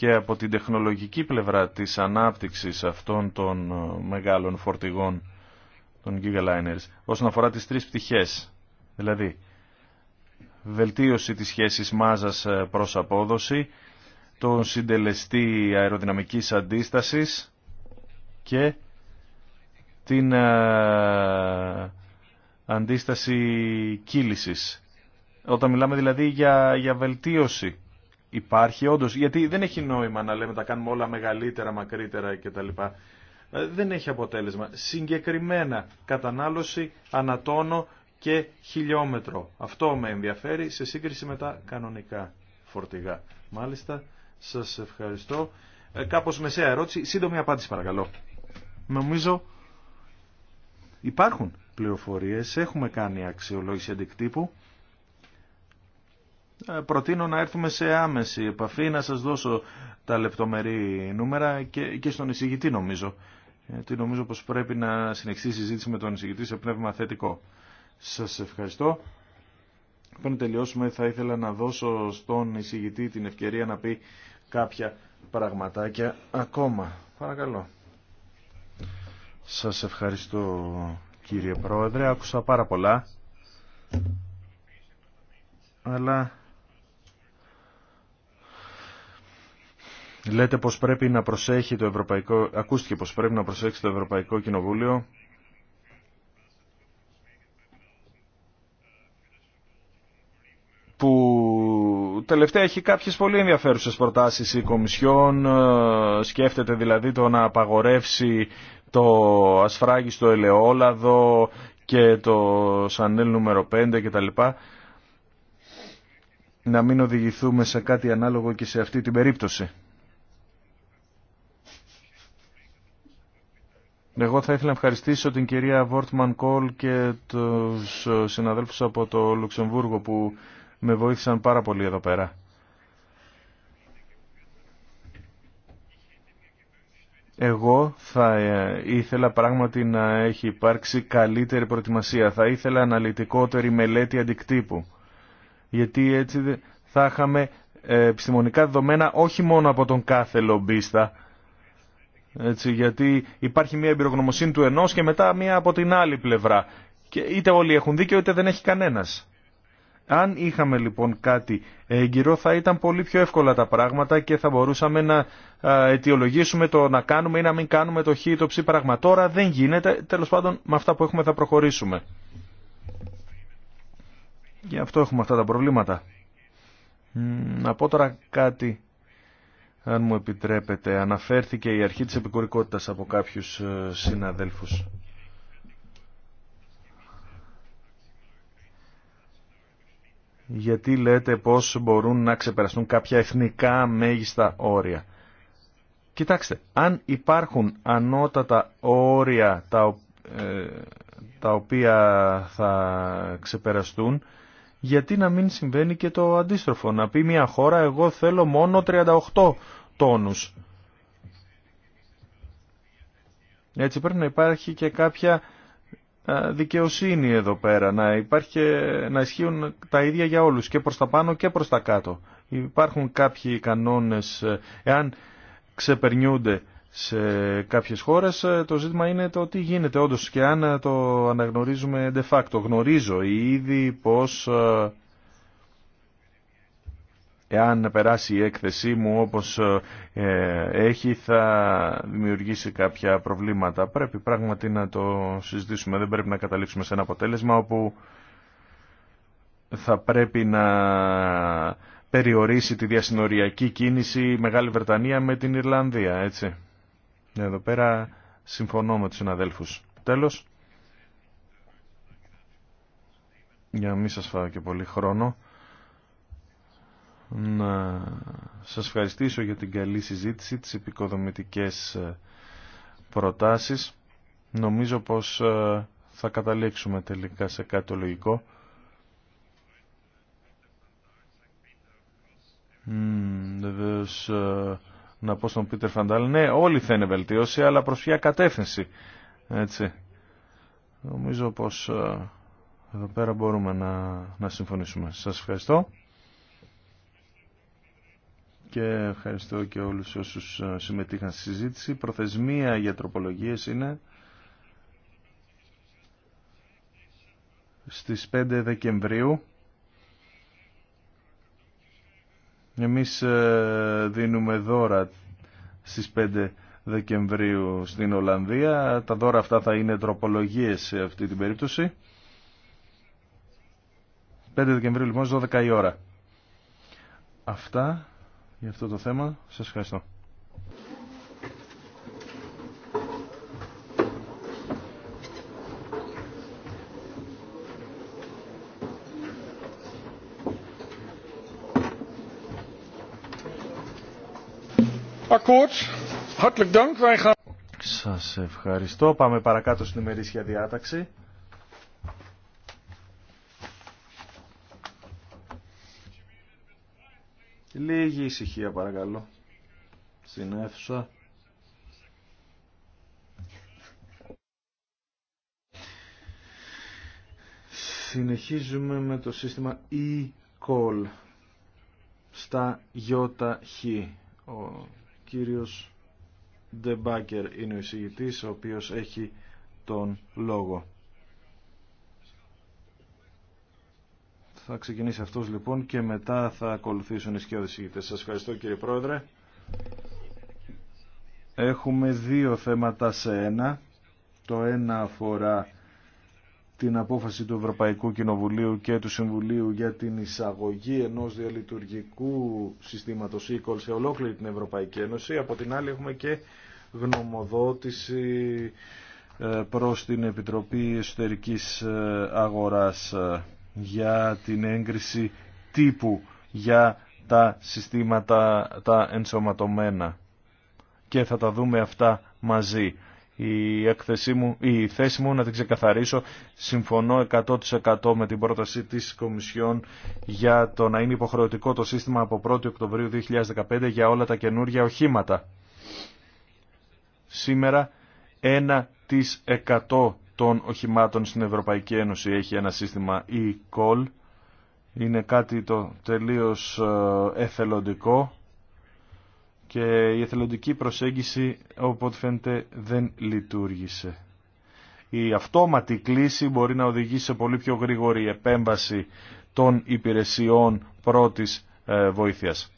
και από την τεχνολογική πλευρά της ανάπτυξης αυτών των ε, μεγάλων φορτηγών των Gigaliners όσον αφορά τις τρεις πτυχές, δηλαδή βελτίωση της σχέσης μάζας ε, προς απόδοση, τον συντελεστή αεροδυναμικής αντίστασης και την ε, αντίσταση κύλησης. Όταν μιλάμε δηλαδή για, για βελτίωση υπάρχει όντω. Γιατί δεν έχει νόημα να λέμε τα κάνουμε όλα μεγαλύτερα, μακρύτερα κτλ. Ε, δεν έχει αποτέλεσμα. Συγκεκριμένα κατανάλωση ανατόνο και χιλιόμετρο. Αυτό με ενδιαφέρει σε σύγκριση με τα κανονικά φορτηγά. Μάλιστα, σας ευχαριστώ. Ε, κάπως μεσαία ερώτηση. Σύντομη απάντηση παρακαλώ. Νομίζω υπάρχουν πληροφορίες, έχουμε κάνει αξιολόγηση αντικτύπου ε, προτείνω να έρθουμε σε άμεση επαφή, να σας δώσω τα λεπτομερή νούμερα και, και στον εισηγητή νομίζω. Γιατί ε, νομίζω πως πρέπει να συνεχίσει η συζήτηση με τον εισηγητή σε πνεύμα θετικό. Σας ευχαριστώ. Πριν τελειώσουμε θα ήθελα να δώσω στον εισηγητή την ευκαιρία να πει κάποια πραγματάκια ακόμα. Παρακαλώ. Σας ευχαριστώ κύριε Πρόεδρε. Άκουσα πάρα πολλά. Αλλά Λέτε πως πρέπει να προσέχει το Ευρωπαϊκό... Ακούστηκε πως πρέπει να προσέξει το Ευρωπαϊκό Κοινοβούλιο. Που τελευταία έχει κάποιες πολύ ενδιαφέρουσες προτάσεις η Κομισιόν. Ε, σκέφτεται δηλαδή το να απαγορεύσει το ασφράγιστο ελαιόλαδο και το σανέλ νούμερο 5 κτλ. Να μην οδηγηθούμε σε κάτι ανάλογο και σε αυτή την περίπτωση. Εγώ θα ήθελα να ευχαριστήσω την κυρία Βόρτμαν Κόλ και τους συναδέλφους από το Λουξεμβούργο που με βοήθησαν πάρα πολύ εδώ πέρα. Εγώ θα ε, ήθελα πράγματι να έχει υπάρξει καλύτερη προετοιμασία. Θα ήθελα αναλυτικότερη μελέτη αντικτύπου. Γιατί έτσι θα είχαμε ε, επιστημονικά δεδομένα όχι μόνο από τον κάθε λομπίστα, έτσι, γιατί υπάρχει μια εμπειρογνωμοσύνη του ενός και μετά μια από την άλλη πλευρά. Και είτε όλοι έχουν δίκιο είτε δεν έχει κανένας. Αν είχαμε λοιπόν κάτι έγκυρο θα ήταν πολύ πιο εύκολα τα πράγματα και θα μπορούσαμε να αιτιολογήσουμε το να κάνουμε ή να μην κάνουμε το χ ή το ψ πράγμα. Τώρα δεν γίνεται, τέλος πάντων με αυτά που έχουμε θα προχωρήσουμε. Γι' αυτό έχουμε αυτά τα προβλήματα. Να πω τώρα κάτι αν μου επιτρέπετε, αναφέρθηκε η αρχή της επικουρικότητας από κάποιους ε, συναδέλφους. Γιατί λέτε πώς μπορούν να ξεπεραστούν κάποια εθνικά μέγιστα όρια. Κοιτάξτε, αν υπάρχουν ανώτατα όρια τα, ε, τα οποία θα ξεπεραστούν, γιατί να μην συμβαίνει και το αντίστροφο. Να πει μια χώρα εγώ θέλω μόνο 38 τόνους. Έτσι πρέπει να υπάρχει και κάποια δικαιοσύνη εδώ πέρα, να, υπάρχει να ισχύουν τα ίδια για όλους και προς τα πάνω και προς τα κάτω. Υπάρχουν κάποιοι κανόνες, ε, εάν ξεπερνιούνται σε κάποιες χώρες ε, το ζήτημα είναι το τι γίνεται όντως και αν ε, το αναγνωρίζουμε de facto. Γνωρίζω ήδη πως ε, εάν περάσει η έκθεσή μου όπως έχει θα δημιουργήσει κάποια προβλήματα. Πρέπει πράγματι να το συζητήσουμε, δεν πρέπει να καταλήξουμε σε ένα αποτέλεσμα όπου θα πρέπει να περιορίσει τη διασυνοριακή κίνηση η Μεγάλη Βρετανία με την Ιρλανδία, έτσι. Εδώ πέρα συμφωνώ με τους συναδέλφους. Τέλος, για να μην σας φάω και πολύ χρόνο, να σας ευχαριστήσω για την καλή συζήτηση, τις επικοδομητικές ε, προτάσεις. Νομίζω πως ε, θα καταλήξουμε τελικά σε κάτι λογικό. Mm, να πω στον Πίτερ Φαντάλ, ναι, όλοι θέλουν βελτίωση, αλλά προς ποια κατεύθυνση. Έτσι. Νομίζω πως ε, εδώ πέρα μπορούμε να, συμφωνήσουμε. Σας ευχαριστώ. Και ευχαριστώ και όλους όσους ε, συμμετείχαν στη συζήτηση. Προθεσμία για τροπολογίες είναι στις 5 Δεκεμβρίου Εμείς ε, δίνουμε δώρα στις 5 Δεκεμβρίου στην Ολλανδία. Τα δώρα αυτά θα είναι τροπολογίες σε αυτή την περίπτωση. 5 Δεκεμβρίου λοιπόν, 12 η ώρα. Αυτά για αυτό το θέμα. Σας ευχαριστώ. akkoord. Σας ευχαριστώ. Πάμε παρακάτω στην ημερήσια διάταξη. Λίγη ησυχία παρακαλώ. Στην αίθουσα. Συνεχίζουμε με το σύστημα e-call στα ΙΧ. Ο κύριος Ντεμπάκερ είναι ο εισηγητής ο οποίος έχει τον λόγο. Θα ξεκινήσει αυτός λοιπόν και μετά θα ακολουθήσουν οι σκιώδες εισηγητές. Σας ευχαριστώ κύριε Πρόεδρε. Έχουμε δύο θέματα σε ένα. Το ένα αφορά την απόφαση του Ευρωπαϊκού Κοινοβουλίου και του Συμβουλίου για την εισαγωγή ενός διαλειτουργικού συστήματος e σε ολόκληρη την Ευρωπαϊκή Ένωση. Από την άλλη έχουμε και γνωμοδότηση ε, προς την Επιτροπή Εσωτερικής ε, Αγοράς ε, για την έγκριση τύπου για τα συστήματα τα ενσωματωμένα και θα τα δούμε αυτά μαζί η, έκθεσή μου, η θέση μου να την ξεκαθαρίσω. Συμφωνώ 100% με την πρόταση της Κομισιόν για το να είναι υποχρεωτικό το σύστημα από 1η Οκτωβρίου 2015 για όλα τα καινούργια οχήματα. Σήμερα 1% των οχημάτων στην Ευρωπαϊκή Ένωση έχει ένα σύστημα e-call. Είναι κάτι το τελείως ε, εθελοντικό και η εθελοντική προσέγγιση οπότε φαίνεται δεν λειτουργήσε. Η αυτόματη κλίση μπορεί να οδηγήσει σε πολύ πιο γρήγορη επέμβαση των υπηρεσιών πρώτης ε, βοήθειας.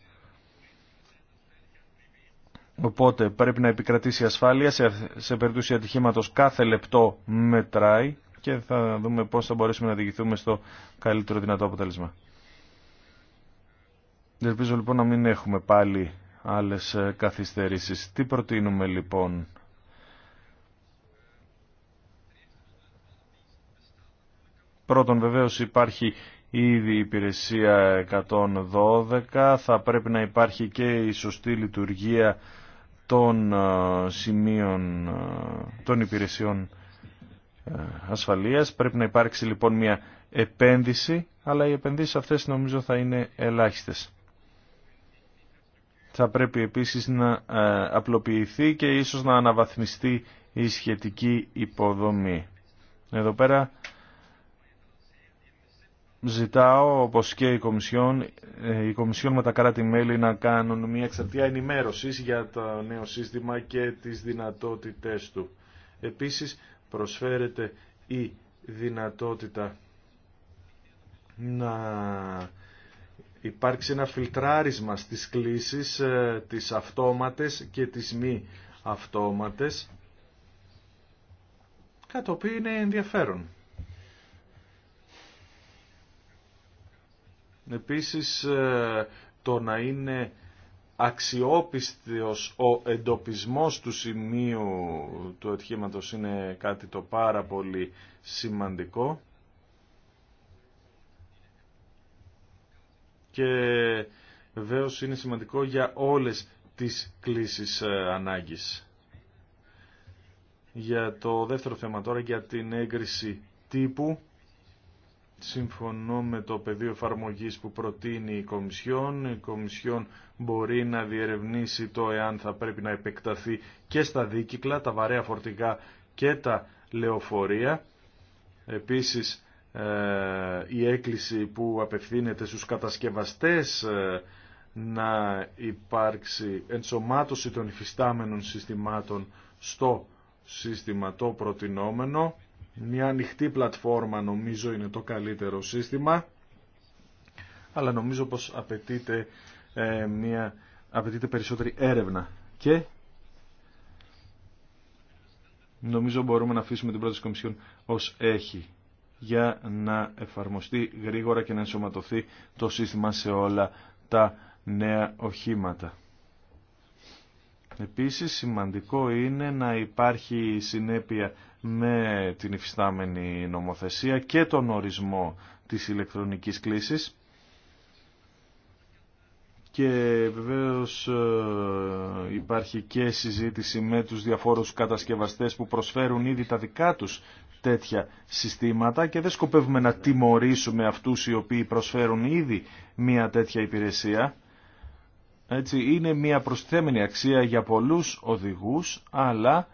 Οπότε πρέπει να επικρατήσει ασφάλεια σε, σε περίπτωση ατυχήματος κάθε λεπτό μετράει και θα δούμε πώς θα μπορέσουμε να διηγηθούμε στο καλύτερο δυνατό αποτέλεσμα. Ελπίζω λοιπόν να μην έχουμε πάλι άλλες ε, καθυστερήσεις. Τι προτείνουμε λοιπόν Πρώτον βεβαίως υπάρχει ήδη η υπηρεσία 112, θα πρέπει να υπάρχει και η σωστή λειτουργία των ε, σημείων ε, των υπηρεσιών ασφαλείας. Πρέπει να υπάρξει λοιπόν μια επένδυση, αλλά οι επενδύσεις αυτές νομίζω θα είναι ελάχιστες. Θα πρέπει επίσης να ε, απλοποιηθεί και ίσως να αναβαθμιστεί η σχετική υποδομή. Εδώ πέρα ζητάω, όπως και η Κομισιόν, ε, η Κομισιόν με τα κράτη-μέλη να κάνουν μια εξαρτία ενημέρωσης για το νέο σύστημα και τις δυνατότητές του. Επίσης προσφέρεται η δυνατότητα να υπάρξει ένα φιλτράρισμα στις κλήσεις ε, τις αυτόματες και τις μη αυτόματες κάτι το οποίο είναι ενδιαφέρον. Επίσης ε, το να είναι αξιόπιστος ο εντοπισμός του σημείου του ατυχήματος είναι κάτι το πάρα πολύ σημαντικό. και βεβαίω είναι σημαντικό για όλες τις κλήσεις ε, ανάγκης. Για το δεύτερο θέμα τώρα, για την έγκριση τύπου, συμφωνώ με το πεδίο εφαρμογή που προτείνει η Κομισιόν. Η Κομισιόν μπορεί να διερευνήσει το εάν θα πρέπει να επεκταθεί και στα δίκυκλα, τα βαρέα φορτηγά και τα λεωφορεία. Επίσης, ε, η έκκληση που απευθύνεται στους κατασκευαστές ε, να υπάρξει ενσωμάτωση των υφιστάμενων συστημάτων στο σύστημα το προτινόμενο. Μια ανοιχτή πλατφόρμα νομίζω είναι το καλύτερο σύστημα, αλλά νομίζω πως απαιτείται, ε, μια, απαιτείται περισσότερη έρευνα. Και νομίζω μπορούμε να αφήσουμε την πρόταση Κομισιόν ως έχει για να εφαρμοστεί γρήγορα και να ενσωματωθεί το σύστημα σε όλα τα νέα οχήματα. Επίσης σημαντικό είναι να υπάρχει συνέπεια με την υφιστάμενη νομοθεσία και τον ορισμό της ηλεκτρονικής κλίσης και βεβαίως ε, υπάρχει και συζήτηση με τους διαφόρους κατασκευαστές που προσφέρουν ήδη τα δικά τους τέτοια συστήματα και δεν σκοπεύουμε να τιμωρήσουμε αυτούς οι οποίοι προσφέρουν ήδη μια τέτοια υπηρεσία. Έτσι, είναι μια προσθέμενη αξία για πολλούς οδηγούς, αλλά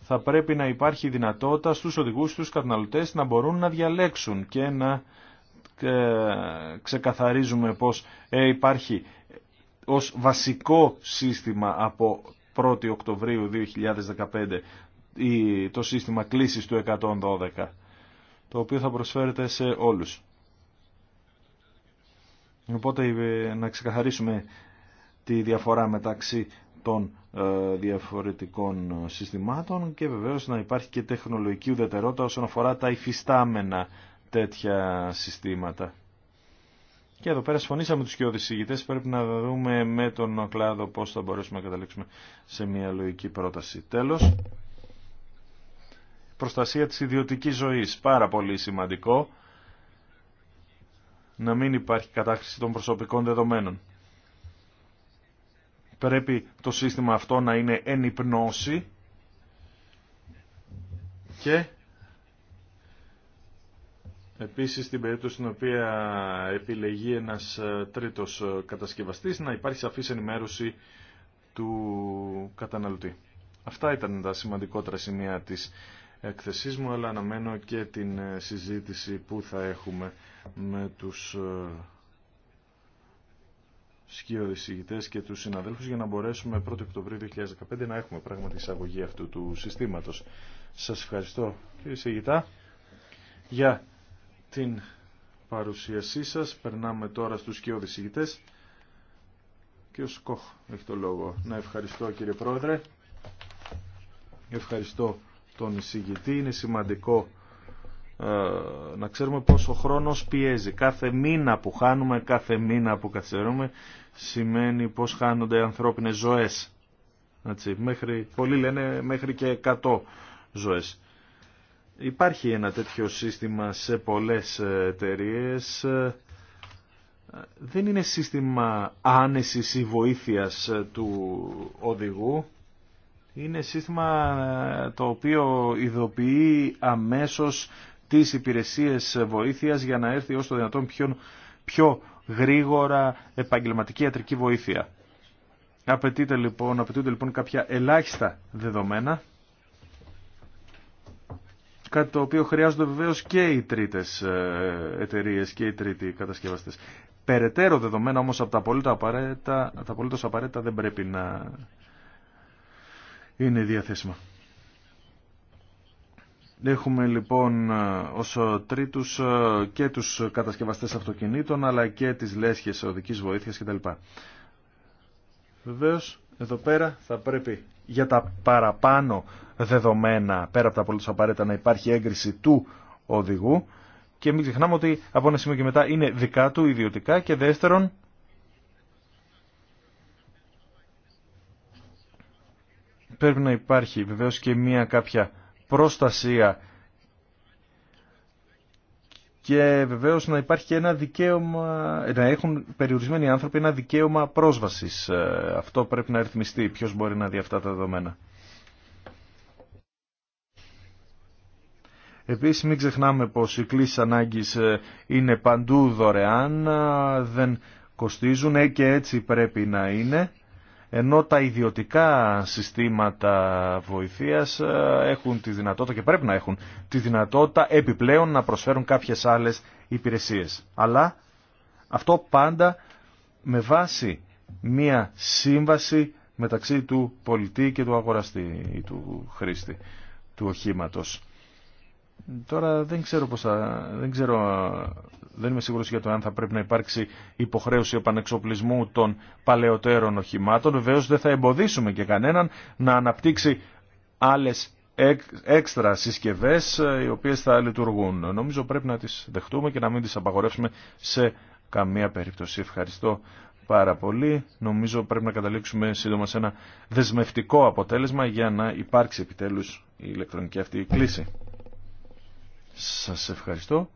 θα πρέπει να υπάρχει δυνατότητα στους οδηγούς, στους καταναλωτές να μπορούν να διαλέξουν και να ε, ξεκαθαρίζουμε πως ε, υπάρχει ως βασικό σύστημα από 1η Οκτωβρίου 2015 το σύστημα κλήσης του 112 το οποίο θα προσφέρεται σε όλους. Οπότε ε, να ξεκαθαρίσουμε τη διαφορά μεταξύ των ε, διαφορετικών συστημάτων και βεβαίως να υπάρχει και τεχνολογική ουδετερότητα όσον αφορά τα υφιστάμενα τέτοια συστήματα. Και εδώ πέρα συμφωνήσαμε τους κοιόδης ηγητές, πρέπει να δούμε με τον κλάδο πώς θα μπορέσουμε να καταλήξουμε σε μια λογική πρόταση. Τέλος, προστασία της ιδιωτικής ζωής, πάρα πολύ σημαντικό, να μην υπάρχει κατάχρηση των προσωπικών δεδομένων. Πρέπει το σύστημα αυτό να είναι ενυπνώση και Επίσης, στην περίπτωση στην οποία επιλεγεί ένας ε, τρίτος ε, κατασκευαστής, να υπάρχει σαφής ενημέρωση του καταναλωτή. Αυτά ήταν τα σημαντικότερα σημεία της εκθεσής μου, αλλά αναμένω και την ε, συζήτηση που θα έχουμε με τους σκιοδησηγητές και τους συναδέλφους για να μπορέσουμε 1 Οκτωβρίου 2015 να έχουμε πράγματι εισαγωγή αυτού του συστήματος. Σας ευχαριστώ κύριε Σιγητά για την παρουσίασή σας. Περνάμε τώρα στους και ηγητές. Και ο Σκόχ έχει το λόγο. Να ευχαριστώ κύριε Πρόεδρε. Ευχαριστώ τον εισηγητή. Είναι σημαντικό ε, να ξέρουμε πόσο χρόνος πιέζει. Κάθε μήνα που χάνουμε, κάθε μήνα που καθυστερούμε, σημαίνει πως χάνονται οι ανθρώπινες ζωές. Έτσι, μέχρι, πολλοί λένε μέχρι και 100 ζωές. Υπάρχει ένα τέτοιο σύστημα σε πολλές ε, εταιρείε. Ε, δεν είναι σύστημα άνεσης ή βοήθειας ε, του οδηγού. Είναι σύστημα το οποίο ειδοποιεί αμέσως τις υπηρεσίες βοήθειας για να έρθει ως το δυνατόν πιο, πιο γρήγορα επαγγελματική ιατρική βοήθεια. Απαιτείται λοιπόν, απαιτούνται λοιπόν κάποια ελάχιστα δεδομένα κάτι το οποίο χρειάζονται βεβαίως και οι τρίτες ε, εταιρείες και οι τρίτοι κατασκευαστές. Περαιτέρω δεδομένα όμως από τα απολύτω απαραίτητα, απαραίτητα δεν πρέπει να είναι διαθέσιμα. Έχουμε λοιπόν ε, ως τρίτους ε, και τους κατασκευαστές αυτοκινήτων αλλά και τις λέσχες οδικής βοήθειας κτλ. Βεβαίως εδώ πέρα θα πρέπει για τα παραπάνω δεδομένα, πέρα από τα πολύ απαραίτητα, να υπάρχει έγκριση του οδηγού και μην ξεχνάμε ότι από ένα σημείο και μετά είναι δικά του ιδιωτικά και δεύτερον πρέπει να υπάρχει βεβαίως και μία κάποια προστασία και βεβαίω να υπάρχει ένα δικαίωμα, να έχουν περιορισμένοι άνθρωποι ένα δικαίωμα πρόσβασης. Ε, αυτό πρέπει να ρυθμιστεί, Ποιο μπορεί να δει αυτά τα δεδομένα. Επίσης μην ξεχνάμε πως οι κλήσεις ανάγκης ε, είναι παντού δωρεάν, ε, δεν κοστίζουν και έτσι πρέπει να είναι ενώ τα ιδιωτικά συστήματα βοηθείας ε, έχουν τη δυνατότητα και πρέπει να έχουν τη δυνατότητα επιπλέον να προσφέρουν κάποιες άλλες υπηρεσίες. Αλλά αυτό πάντα με βάση μία σύμβαση μεταξύ του πολιτή και του αγοραστή ή του χρήστη του οχήματος. Τώρα δεν ξέρω, πώς δεν ξέρω δεν είμαι σίγουρος για το αν θα πρέπει να υπάρξει υποχρέωση επανεξοπλισμού των παλαιότερων οχημάτων. Βεβαίω δεν θα εμποδίσουμε και κανέναν να αναπτύξει άλλες έξτρα συσκευές ε, οι οποίες θα λειτουργούν. Νομίζω πρέπει να τις δεχτούμε και να μην τις απαγορεύσουμε σε καμία περίπτωση. Ευχαριστώ πάρα πολύ. Νομίζω πρέπει να καταλήξουμε σύντομα σε ένα δεσμευτικό αποτέλεσμα για να υπάρξει επιτέλους η ηλεκτρονική αυτή κλίση. Σας ευχαριστώ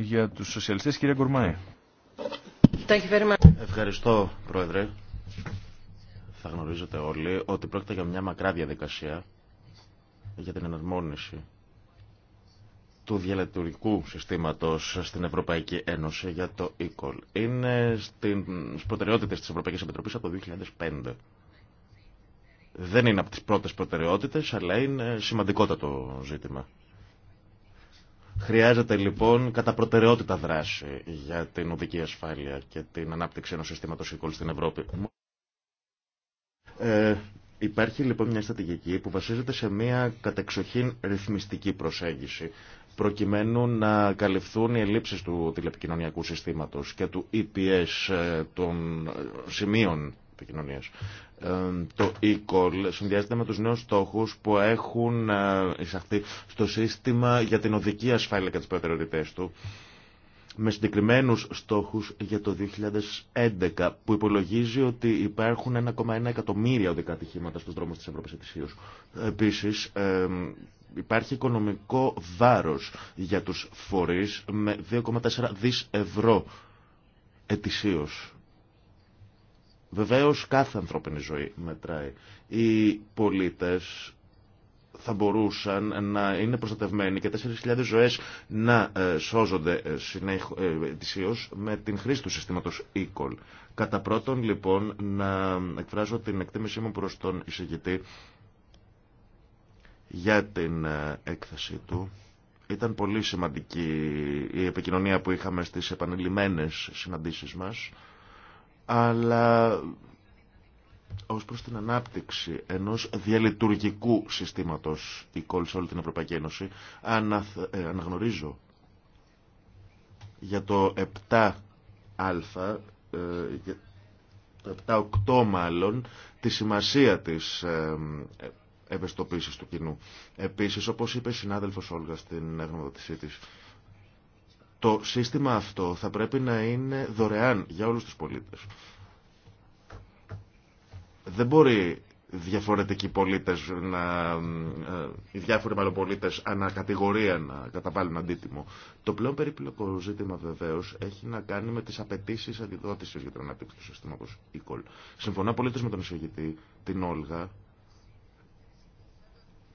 για τους σοσιαλιστές, κυρία Γκουρμάη. Ευχαριστώ, Πρόεδρε. Θα γνωρίζετε όλοι ότι πρόκειται για μια μακρά διαδικασία για την εναρμόνιση του διαλειτουργικού συστήματος στην Ευρωπαϊκή Ένωση για το e Είναι στις προτεραιότητες της Ευρωπαϊκής Επιτροπής από το 2005. Δεν είναι από τις πρώτες προτεραιότητες, αλλά είναι σημαντικότατο ζήτημα. Χρειάζεται λοιπόν κατά προτεραιότητα δράση για την οδική ασφάλεια και την ανάπτυξη ενός συστήματος e στην Ευρώπη. Ε, υπάρχει λοιπόν μια στρατηγική που βασίζεται σε μια κατεξοχήν ρυθμιστική προσέγγιση προκειμένου να καλυφθούν οι ελλείψεις του τηλεπικοινωνιακού συστήματος και του EPS ε, των ε, σημείων ε, το e-call συνδυάζεται με τους νέους στόχους που έχουν ε, εισαχθεί στο σύστημα για την οδική ασφάλεια και τις προτεραιότητές του με συγκεκριμένους στόχους για το 2011 που υπολογίζει ότι υπάρχουν 1,1 εκατομμύρια οδικά ατυχήματα στους δρόμους της Ευρώπης ετησίως. Επίσης, ε, υπάρχει οικονομικό βάρος για τους φορείς με 2,4 δις ευρώ ετησίως Βεβαίως κάθε ανθρώπινη ζωή μετράει. Οι πολίτες θα μπορούσαν να είναι προστατευμένοι και 4.000 ζωές να ε, σώζονται ε, συνέχως ε, με την χρήση του συστήματος Κατά πρώτον, λοιπόν, να εκφράζω την εκτίμησή μου προς τον εισηγητή για την έκθεση του. Ήταν πολύ σημαντική η επικοινωνία που είχαμε στις επανειλημμένες συναντήσεις μας αλλά ως προς την ανάπτυξη ενός διαλειτουργικού συστήματος η κόλλη σε όλη την Ευρωπαϊκή Ένωση αναθ, ε, αναγνωρίζω για το 7α ε, το 7-8 μάλλον τη σημασία της ε, ευαισθητοποίησης του κοινού. Επίσης, όπως είπε η συνάδελφος Όλγα στην γνωμοδοτησή της, το σύστημα αυτό θα πρέπει να είναι δωρεάν για όλους τους πολίτες. Δεν μπορεί διαφορετικοί πολίτες, να, ε, οι διάφοροι μαλλοπολίτες ανακατηγορία να καταβάλουν αντίτιμο. Το πλέον περίπλοκο ζήτημα βεβαίως έχει να κάνει με τις απαιτήσει αντιδότησης για την ανάπτυξη του συστήματος e Συμφωνώ πολίτες με τον εισηγητή, την Όλγα,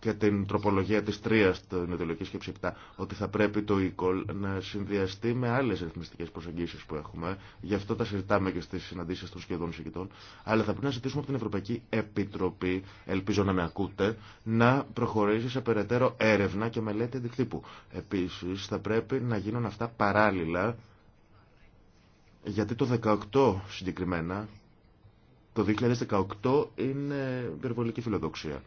και την τροπολογία της 3 των ιδεολογική σκέψη 7, ότι θα πρέπει το e να συνδυαστεί με άλλες ρυθμιστικές προσεγγίσεις που έχουμε, γι' αυτό τα συζητάμε και στις συναντήσεις των σχεδόν συγκητών, αλλά θα πρέπει να ζητήσουμε από την Ευρωπαϊκή Επιτροπή, ελπίζω να με ακούτε, να προχωρήσει σε περαιτέρω έρευνα και μελέτη αντικτύπου. Επίσης θα πρέπει να γίνουν αυτά παράλληλα, γιατί το 18 συγκεκριμένα, το 2018 είναι υπερβολική φιλοδοξία.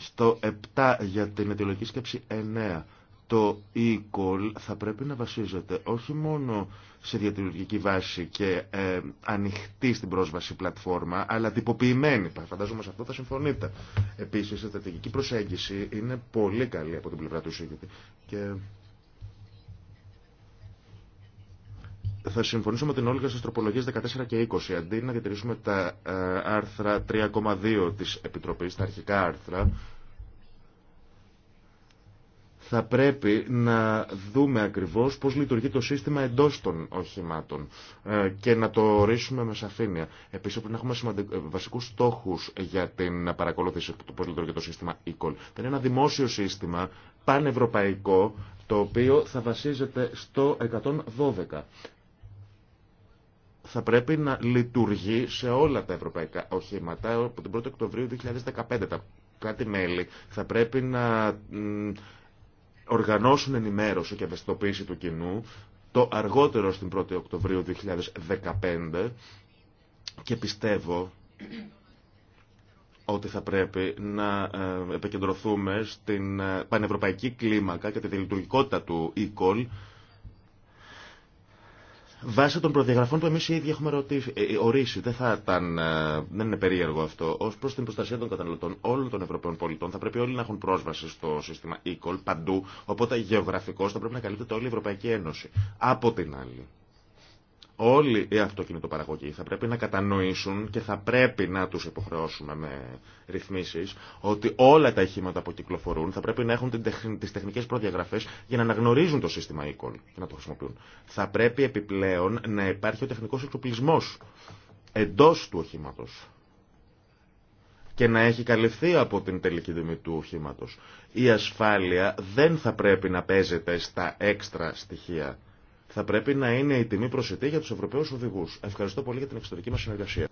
Στο 7 για την αιτιολογική σκέψη 9 το e-call θα πρέπει να βασίζεται όχι μόνο σε διατηρητική βάση και ε, ανοιχτή στην πρόσβαση πλατφόρμα, αλλά τυποποιημένη. Φαντάζομαι σε αυτό θα συμφωνείτε. Επίσης, η στρατηγική προσέγγιση είναι πολύ καλή από την πλευρά του σύγκριτη. Και θα συμφωνήσω με την Όλγα στι τροπολογίες 14 και 20. Αντί να διατηρήσουμε τα ε, άρθρα 3,2 της Επιτροπής, τα αρχικά άρθρα, θα πρέπει να δούμε ακριβώς πώς λειτουργεί το σύστημα εντός των οχημάτων ε, και να το ορίσουμε με σαφήνεια. Επίσης πρέπει να έχουμε σημαντικ... Ε, βασικούς στόχους για την παρακολούθηση του πώς λειτουργεί το συστημα ECOL. είναι ένα δημόσιο σύστημα πανευρωπαϊκό το οποίο θα βασίζεται στο 112 θα πρέπει να λειτουργεί σε όλα τα ευρωπαϊκά οχήματα από την 1η Οκτωβρίου 2015. Τα κάτι μελη θα πρέπει να οργανώσουν ενημέρωση και ευαισθητοποίηση του κοινού το αργότερο στην 1η Οκτωβρίου 2015 και πιστεύω ότι θα πρέπει να ε, επικεντρωθούμε στην ε, πανευρωπαϊκή κλίμακα και τη λειτουργικότητα του e βάσει των προδιαγραφών που εμείς οι ίδιοι έχουμε ε, ε, ορίσει. Δεν, θα ήταν, ε, δεν είναι περίεργο αυτό. ω προς την προστασία των καταναλωτών όλων των Ευρωπαίων πολιτών θα πρέπει όλοι να έχουν πρόσβαση στο σύστημα e παντού, οπότε γεωγραφικώ θα πρέπει να καλύπτεται όλη η Ευρωπαϊκή Ένωση. Από την άλλη, όλοι οι ε, αυτοκινητοπαραγωγοί θα πρέπει να κατανοήσουν και θα πρέπει να τους υποχρεώσουμε με ρυθμίσεις ότι όλα τα οχήματα που κυκλοφορούν θα πρέπει να έχουν τις τεχνικές προδιαγραφές για να αναγνωρίζουν το σύστημα οίκων και να το χρησιμοποιούν. Θα πρέπει επιπλέον να υπάρχει ο τεχνικός εξοπλισμός εντός του οχήματος και να έχει καλυφθεί από την τελική τιμή του οχήματο. Η ασφάλεια δεν θα πρέπει να παίζεται στα έξτρα στοιχεία θα πρέπει να είναι η τιμή προσιτή για τους Ευρωπαίους οδηγούς. Ευχαριστώ πολύ για την εξωτερική μας συνεργασία.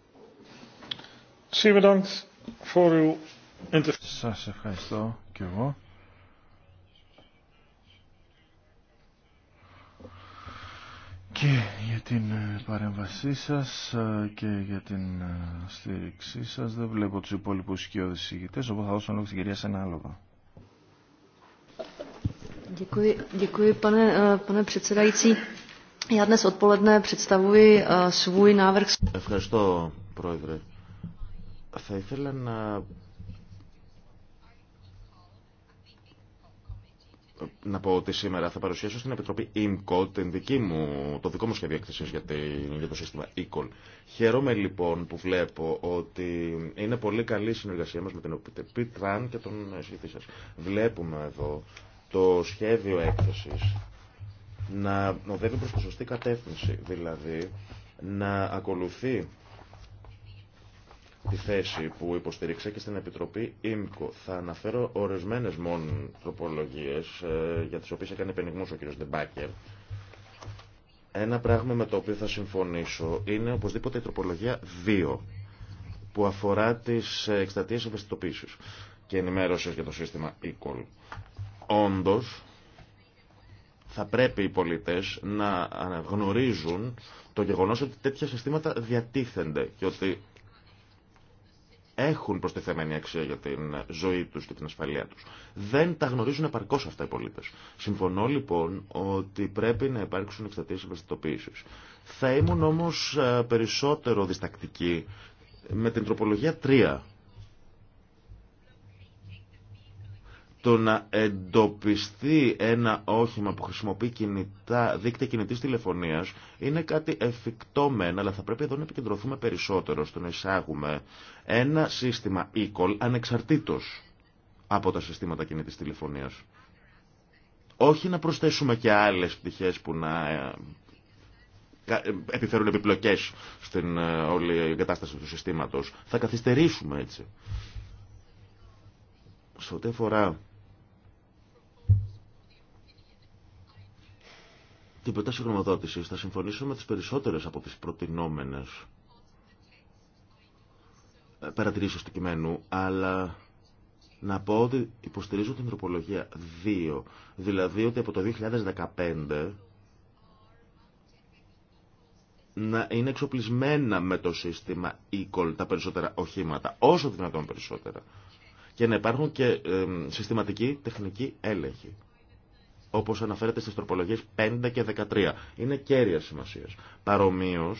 Σας ευχαριστώ και εγώ. και για την ε, παρέμβασή σας ε, και για την ε, στήριξή σας. Δεν βλέπω τους υπόλοιπους οικειώδες ηγητές, οπότε θα δώσω λόγο στην κυρία Σενάλοβα. Děkuji, eh, pane předsedající. Já dnes eh, Ευχαριστώ, Πρόεδρε. Θα ήθελα να να πω ότι σήμερα θα παρουσιάσω στην Επιτροπή IMCO την δική μου, το δικό μου σχέδιο έκθεση για, για το σύστημα ECOL. Χαίρομαι λοιπόν που βλέπω ότι είναι πολύ καλή η συνεργασία μα με την ΟΠΤΕΠΗ, ΤΡΑΝ και τον ΕΣΥΤΗ σα. Βλέπουμε εδώ το σχέδιο έκθεσης να οδεύει προς τη σωστή κατεύθυνση, δηλαδή να ακολουθεί τη θέση που υποστηρίξα και στην Επιτροπή ΙΜΚΟ. Θα αναφέρω ορισμένες μόνο τροπολογίες ε, για τις οποίες έκανε επενιγμούς ο κ. Ντεμπάκερ. Ένα πράγμα με το οποίο θα συμφωνήσω είναι οπωσδήποτε η τροπολογία 2 που αφορά τις ε, εκστατείες ευαισθητοποίησης και ενημέρωση για το σύστημα Όντως, θα πρέπει οι πολίτες να γνωρίζουν το γεγονός ότι τέτοια συστήματα διατίθενται και ότι έχουν προστιθεμένη αξία για την ζωή τους και την ασφαλεία τους. Δεν τα γνωρίζουν επαρκώς αυτά οι πολίτες. Συμφωνώ λοιπόν ότι πρέπει να υπάρξουν εξτατείες ευαισθητοποίησης. Θα ήμουν όμως ε, περισσότερο διστακτική με την τροπολογία 3 το να εντοπιστεί ένα όχημα που χρησιμοποιεί κινητά, δίκτυα κινητής τηλεφωνίας είναι κάτι εφικτό μεν, αλλά θα πρέπει εδώ να επικεντρωθούμε περισσότερο στο να εισάγουμε ένα σύστημα e-call ανεξαρτήτως από τα συστήματα κινητής τηλεφωνίας. Όχι να προσθέσουμε και άλλες πτυχέ που να ε, ε, επιφέρουν επιπλοκές στην ε, όλη κατάσταση του συστήματος. Θα καθυστερήσουμε έτσι. Σε ό,τι αφορά την προτάση γνωμοδότηση θα συμφωνήσω με τις περισσότερες από τις προτινόμενες παρατηρήσει του κειμένου, αλλά να πω ότι υποστηρίζω την τροπολογία 2, δηλαδή ότι από το 2015 να είναι εξοπλισμένα με το σύστημα e τα περισσότερα οχήματα, όσο δυνατόν περισσότερα, και να υπάρχουν και συστηματικοί τεχνικοί έλεγχοι όπως αναφέρεται στι τροπολογίε 5 και 13. Είναι κέρια σημασία. Παρομοίω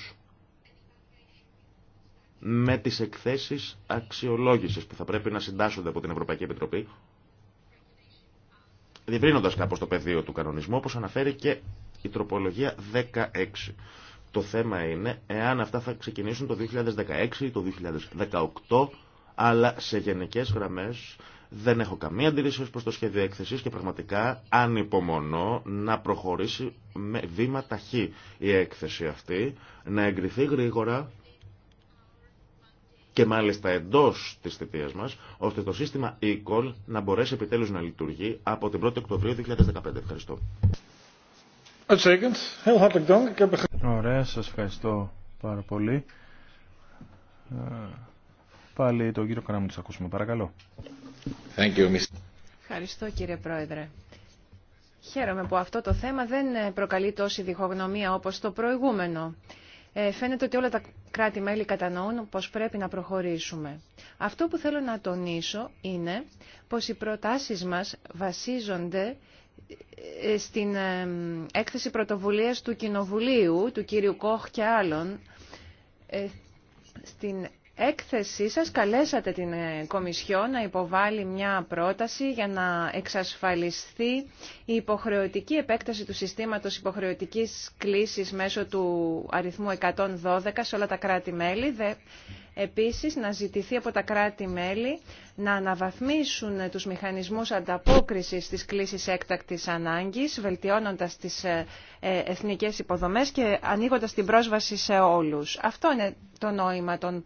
με τις εκθέσεις αξιολόγηση που θα πρέπει να συντάσσονται από την Ευρωπαϊκή Επιτροπή διευρύνοντα κάπως το πεδίο του κανονισμού όπως αναφέρει και η τροπολογία 16. Το θέμα είναι εάν αυτά θα ξεκινήσουν το 2016 ή το 2018 αλλά σε γενικές γραμμές δεν έχω καμία αντίρρηση ως προς το σχέδιο έκθεσης και πραγματικά ανυπομονώ να προχωρήσει με βήμα ταχύ η έκθεση αυτή, να εγκριθεί γρήγορα και μάλιστα εντός της θητείας μας, ώστε το σύστημα e-call να μπορέσει επιτέλους να λειτουργεί από την 1η Οκτωβρίου 2015. Ευχαριστώ. Ωραία, σας ευχαριστώ πάρα πολύ. Ε, πάλι τον κύριο Καράμου ακούσουμε, παρακαλώ. Ευχαριστώ κύριε Πρόεδρε. Χαίρομαι που αυτό το θέμα δεν προκαλεί τόση διχογνωμία όπως το προηγούμενο. Ε, φαίνεται ότι όλα τα κράτη-μέλη κατανοούν πως πρέπει να προχωρήσουμε. Αυτό που θέλω να τονίσω είναι πως οι προτάσεις μας βασίζονται ε, στην ε, έκθεση πρωτοβουλίας του Κοινοβουλίου, του κύριου Κόχ και άλλων, στην έκθεσή σας καλέσατε την ε, Κομισιό να υποβάλει μια πρόταση για να εξασφαλιστεί η υποχρεωτική επέκταση του συστήματος υποχρεωτικής κλήσης μέσω του αριθμού 112 σε όλα τα κράτη-μέλη. Επίσης, να ζητηθεί από τα κράτη-μέλη να αναβαθμίσουν τους μηχανισμούς ανταπόκρισης της κλήσης έκτακτης ανάγκης, βελτιώνοντας τις ε, ε, εθνικές υποδομές και ανοίγοντας την πρόσβαση σε όλους. Αυτό είναι το νόημα των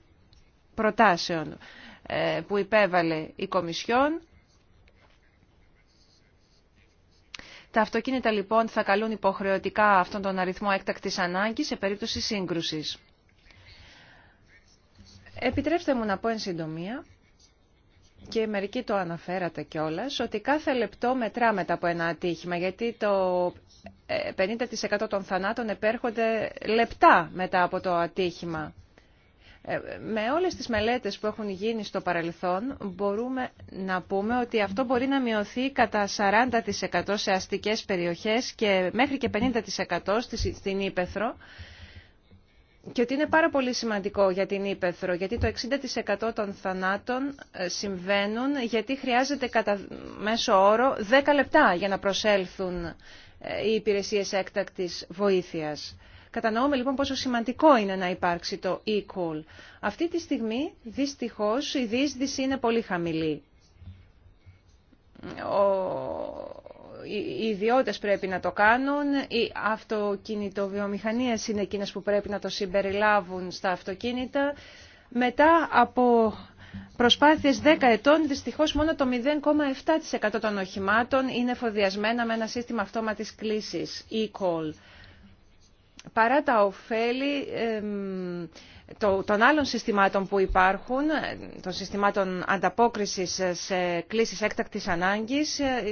προτάσεων ε, που υπέβαλε η Κομισιόν. Τα αυτοκίνητα λοιπόν θα καλούν υποχρεωτικά αυτόν τον αριθμό έκτακτης ανάγκης σε περίπτωση σύγκρουσης. Επιτρέψτε μου να πω εν συντομία, και μερικοί το αναφέρατε κιόλα, ότι κάθε λεπτό μετά από ένα ατύχημα, γιατί το 50% ε, των θανάτων επέρχονται λεπτά μετά από το ατύχημα. Ε, με όλες τις μελέτες που έχουν γίνει στο παρελθόν μπορούμε να πούμε ότι αυτό μπορεί να μειωθεί κατά 40% σε αστικές περιοχές και μέχρι και 50% στην Ήπεθρο και ότι είναι πάρα πολύ σημαντικό για την Ήπεθρο γιατί το 60% των θανάτων ε, συμβαίνουν γιατί χρειάζεται κατά μέσο όρο 10 λεπτά για να προσέλθουν ε, οι υπηρεσίες έκτακτης βοήθειας. Κατανοούμε λοιπόν πόσο σημαντικό είναι να υπάρξει το e Αυτή τη στιγμή δυστυχώς η δίσδυση είναι πολύ χαμηλή. Οι ιδιώτες πρέπει να το κάνουν, οι αυτοκινητοβιομηχανίες είναι εκείνες που πρέπει να το συμπεριλάβουν στα αυτοκίνητα. Μετά από προσπάθειες 10 ετών, δυστυχώς μόνο το 0,7% των οχημάτων είναι φοδιασμένα με ένα σύστημα αυτόματης κλήσης, e-call παρά τα ωφέλη των άλλων συστημάτων που υπάρχουν, των συστημάτων ανταπόκρισης σε κλήσεις έκτακτης ανάγκης, ε,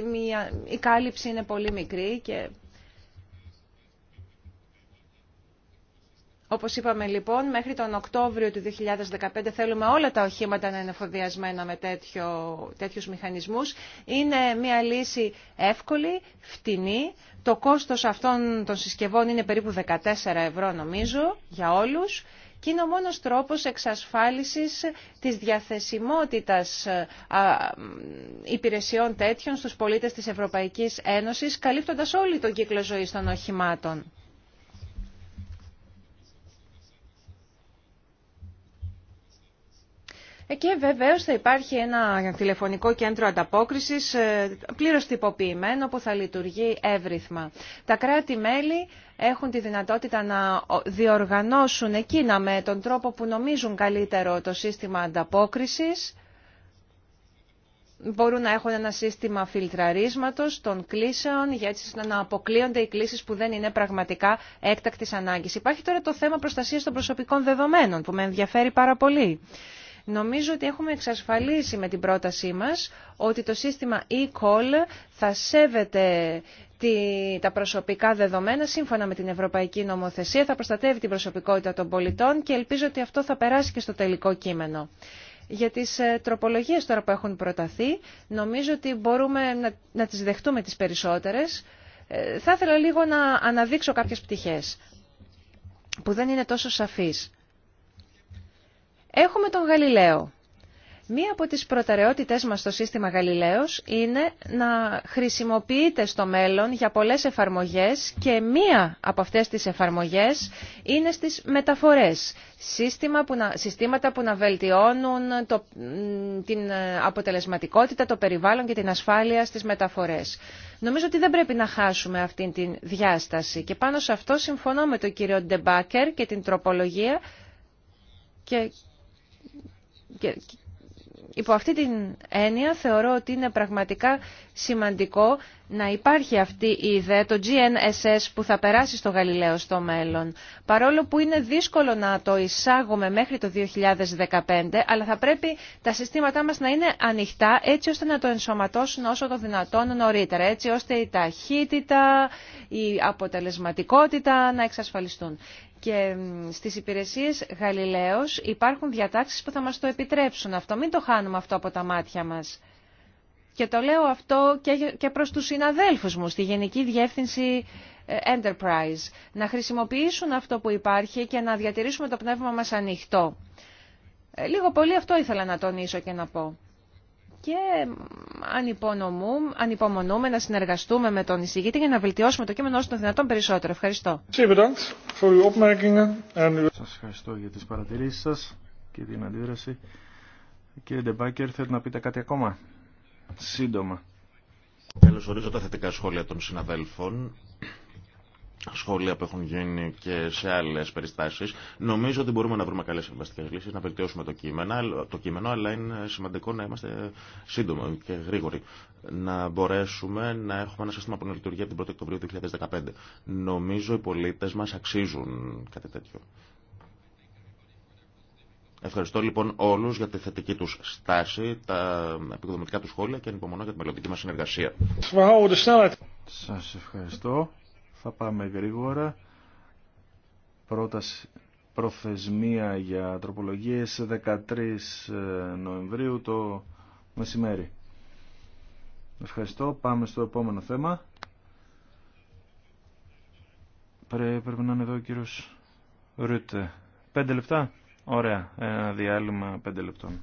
η κάλυψη είναι πολύ μικρή και Όπως είπαμε λοιπόν, μέχρι τον Οκτώβριο του 2015 θέλουμε όλα τα οχήματα να είναι εφοδιασμένα με τέτοιο, τέτοιους μηχανισμούς. Είναι μια λύση εύκολη, φτηνή. Το κόστος αυτών των συσκευών είναι περίπου 14 ευρώ νομίζω για όλους και είναι ο μόνος τρόπος εξασφάλισης της διαθεσιμότητας υπηρεσιών τέτοιων στους πολίτες της Ευρωπαϊκής Ένωσης, καλύπτοντας όλη τον κύκλο ζωής των οχημάτων. Ε, και βεβαίω θα υπάρχει ένα τηλεφωνικό κέντρο ανταπόκριση, ε, πλήρω τυποποιημένο που θα λειτουργεί εύρυθμα. Τα κράτη-μέλη έχουν τη δυνατότητα να διοργανώσουν εκείνα με τον τρόπο που νομίζουν καλύτερο το σύστημα ανταπόκριση. Μπορούν να έχουν ένα σύστημα φιλτραρίσματος των κλήσεων για έτσι να αποκλείονται οι κλήσεις που δεν είναι πραγματικά έκτακτης ανάγκης. Υπάρχει τώρα το θέμα προστασίας των προσωπικών δεδομένων που με ενδιαφέρει πάρα πολύ. Νομίζω ότι έχουμε εξασφαλίσει με την πρότασή μας ότι το σύστημα e-call θα σέβεται τα προσωπικά δεδομένα σύμφωνα με την Ευρωπαϊκή Νομοθεσία, θα προστατεύει την προσωπικότητα των πολιτών και ελπίζω ότι αυτό θα περάσει και στο τελικό κείμενο. Για τις ε, τροπολογίες τώρα που έχουν προταθεί, νομίζω ότι μπορούμε να, να τις δεχτούμε τις περισσότερες. Ε, θα ήθελα λίγο να αναδείξω κάποιες πτυχές που δεν είναι τόσο σαφείς. Έχουμε τον Γαλιλαίο. Μία από τις προτεραιότητες μας στο σύστημα Γαλιλαίος είναι να χρησιμοποιείται στο μέλλον για πολλές εφαρμογές και μία από αυτές τις εφαρμογές είναι στις μεταφορές. Σύστημα που να, συστήματα που να βελτιώνουν την ε, αποτελεσματικότητα, το περιβάλλον και την ασφάλεια στις μεταφορές. Νομίζω ότι δεν πρέπει να χάσουμε αυτή την διάσταση και πάνω σε αυτό συμφωνώ με τον κύριο Ντεμπάκερ και την τροπολογία και υπό αυτή την έννοια θεωρώ ότι είναι πραγματικά σημαντικό να υπάρχει αυτή η ιδέα, το GNSS που θα περάσει στο Γαλιλαίο στο μέλλον. Παρόλο που είναι δύσκολο να το εισάγουμε μέχρι το 2015, αλλά θα πρέπει τα συστήματά μας να είναι ανοιχτά έτσι ώστε να το ενσωματώσουν όσο το δυνατόν νωρίτερα, έτσι ώστε η ταχύτητα, η αποτελεσματικότητα να εξασφαλιστούν. Και στις υπηρεσίες Γαλιλαίος υπάρχουν διατάξεις που θα μας το επιτρέψουν αυτό. Μην το χάνουμε αυτό από τα μάτια μας. Και το λέω αυτό και προς τους συναδέλφους μου στη Γενική Διεύθυνση ε, Enterprise. Να χρησιμοποιήσουν αυτό που υπάρχει και να διατηρήσουμε το πνεύμα μας ανοιχτό. Ε, λίγο πολύ αυτό ήθελα να τονίσω και να πω και ανυπομονούμε να συνεργαστούμε με τον εισηγήτη για να βελτιώσουμε το κείμενο όσο το δυνατόν περισσότερο. Ευχαριστώ. Σας ευχαριστώ για τις παρατηρήσεις σα και την αντίδραση. Κύριε Ντεμπάκερ, θέλετε να πείτε κάτι ακόμα. Σύντομα. ορίζω τα θετικά σχόλια των συναδέλφων σχόλια που έχουν γίνει και σε άλλε περιστάσει. Νομίζω ότι μπορούμε να βρούμε καλέ συμβαστικέ λύσει, να βελτιώσουμε το κείμενο, αλλά είναι σημαντικό να είμαστε σύντομοι και γρήγοροι. Να μπορέσουμε να έχουμε ένα σύστημα που να λειτουργεί από την 1η Οκτωβρίου 2015. Νομίζω οι πολίτε μα αξίζουν κάτι τέτοιο. Ευχαριστώ λοιπόν όλους για τη θετική τους στάση, τα επικοδομητικά του σχόλια και ανυπομονώ για τη μελλοντική μας συνεργασία. Σας ευχαριστώ. Θα πάμε γρήγορα. Πρόταση, προθεσμία για τροπολογίες 13 ε, Νοεμβρίου το μεσημέρι. Ευχαριστώ. Πάμε στο επόμενο θέμα. πρέπει να είναι εδώ ο κύριος Ρούτε. Πέντε λεπτά. Ωραία. Ένα διάλειμμα πέντε λεπτών.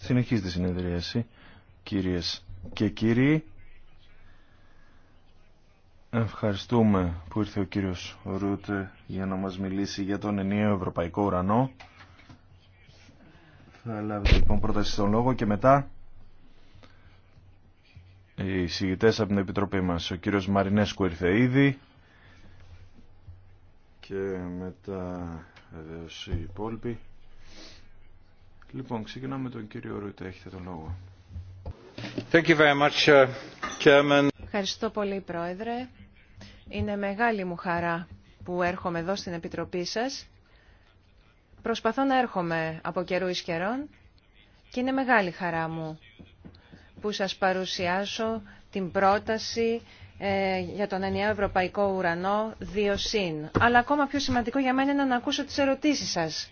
Συνεχίζεται η συνεδρίαση, κυρίες και κύριοι. Ευχαριστούμε που ήρθε ο κύριος Ρούτε για να μας μιλήσει για τον ενιαίο ευρωπαϊκό ουρανό. Θα λάβετε λοιπόν πρόταση στον λόγο και μετά οι συγητές από την Επιτροπή μας. Ο κύριος Μαρινέσκου ήρθε ήδη και μετά βεβαίως οι υπόλοιποι. Λοιπόν, ξεκινάμε με τον κύριο Ρούτε. Έχετε τον λόγο. Thank you very much, uh, Chairman. Ευχαριστώ πολύ, Πρόεδρε. Είναι μεγάλη μου χαρά που έρχομαι εδώ στην Επιτροπή σας. Προσπαθώ να έρχομαι από καιρού εις καιρών και είναι μεγάλη χαρά μου που σας παρουσιάσω την πρόταση ε, για τον ενιαίο ευρωπαϊκό ουρανό 2 συν. Αλλά ακόμα πιο σημαντικό για μένα είναι να ακούσω τις ερωτήσεις σας,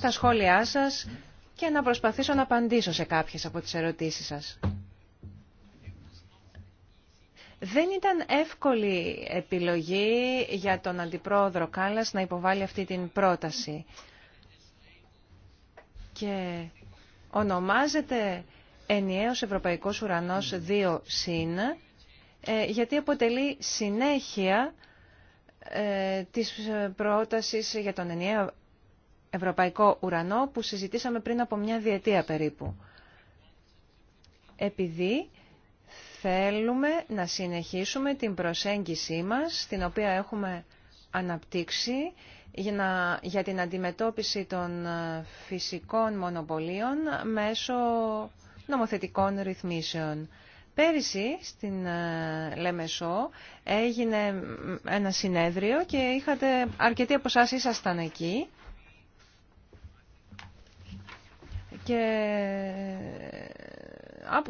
τα σχόλιά σας, και να προσπαθήσω να απαντήσω σε κάποιες από τις ερωτήσεις σας. Δεν ήταν εύκολη επιλογή για τον Αντιπρόεδρο Κάλλας να υποβάλει αυτή την πρόταση. Και ονομάζεται ενιαίος Ευρωπαϊκός Ουρανός 2 συν, ε, γιατί αποτελεί συνέχεια ε, της πρότασης για τον ενιαίο Ευρωπαϊκό Ουρανό που συζητήσαμε πριν από μια διετία περίπου. Επειδή θέλουμε να συνεχίσουμε την προσέγγιση μας, την οποία έχουμε αναπτύξει, για, να, για την αντιμετώπιση των ε, φυσικών μονοπωλίων μέσω νομοθετικών ρυθμίσεων. Πέρυσι στην ε, Λέμεσό έγινε ένα συνέδριο και είχατε αρκετοί από εσάς ήσασταν εκεί. και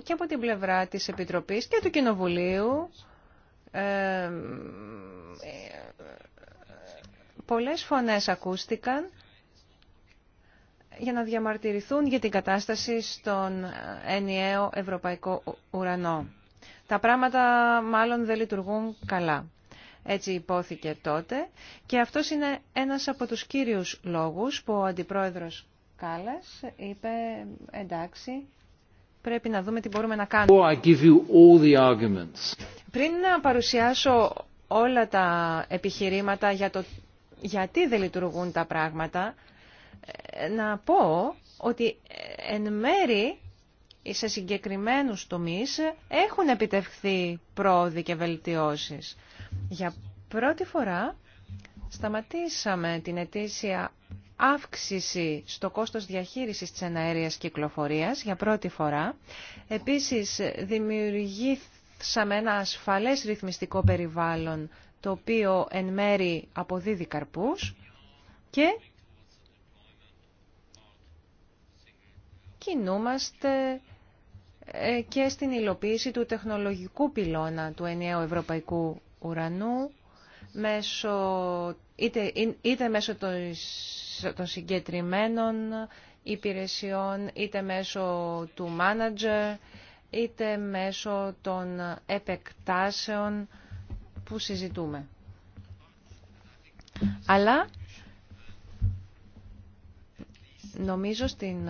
και από την πλευρά της Επιτροπής και του Κοινοβουλίου ε, πολλές φωνές ακούστηκαν για να διαμαρτυρηθούν για την κατάσταση στον ενιαίο ευρωπαϊκό ουρανό. Τα πράγματα μάλλον δεν λειτουργούν καλά. Έτσι υπόθηκε τότε και αυτός είναι ένας από τους κύριους λόγους που ο Αντιπρόεδρος είπε εντάξει πρέπει να δούμε τι μπορούμε να κάνουμε. Πριν να παρουσιάσω όλα τα επιχειρήματα για το γιατί δεν λειτουργούν τα πράγματα, ε, να πω ότι ε, εν μέρη σε συγκεκριμένους τομείς έχουν επιτευχθεί πρόοδοι και βελτιώσεις. Για πρώτη φορά σταματήσαμε την ετήσια αύξηση στο κόστος διαχείρισης της εναέριας κυκλοφορίας για πρώτη φορά. Επίσης, δημιουργήσαμε ένα ασφαλές ρυθμιστικό περιβάλλον, το οποίο εν μέρη αποδίδει καρπούς και κινούμαστε ε, και στην υλοποίηση του τεχνολογικού πυλώνα του ενιαίου ευρωπαϊκού ουρανού μέσω, είτε, είτε μέσω των συγκεκριμένων υπηρεσιών, είτε μέσω του manager, είτε μέσω των επεκτάσεων που συζητούμε. Αλλά νομίζω στην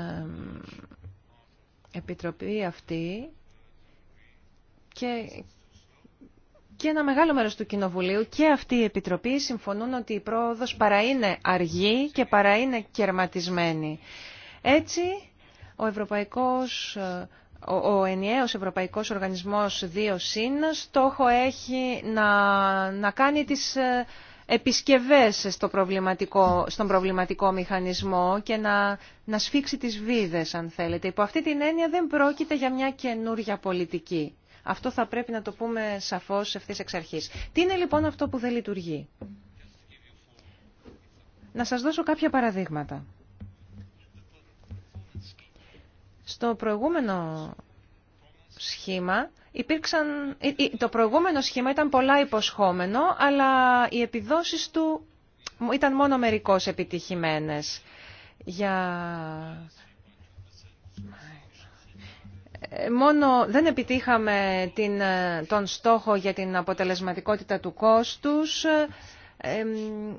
επιτροπή αυτή και και ένα μεγάλο μέρος του Κοινοβουλίου και αυτή η Επιτροπή συμφωνούν ότι η πρόοδος παρά είναι αργή και παρά είναι κερματισμένη. Έτσι, ο Ευρωπαϊκός ο, ο ενιαίος Ευρωπαϊκός Οργανισμός 2 ΣΥΝ στόχο έχει να, να κάνει τις ε, επισκευές στο προβληματικό, στον προβληματικό μηχανισμό και να, να σφίξει τις βίδες, αν θέλετε. Υπό αυτή την έννοια δεν πρόκειται για μια καινούρια πολιτική. Αυτό θα πρέπει να το πούμε σαφώς ευθύς εξ αρχής. Τι είναι λοιπόν αυτό που δεν λειτουργεί. Να σας δώσω κάποια παραδείγματα. Στο προηγούμενο σχήμα ε, ε, Το προηγούμενο σχήμα ήταν πολλά υποσχόμενο, αλλά οι επιδόσεις του ήταν μόνο μερικώς επιτυχημένες. Για μόνο δεν επιτύχαμε την, ε, τον στόχο για την αποτελεσματικότητα του κόστους.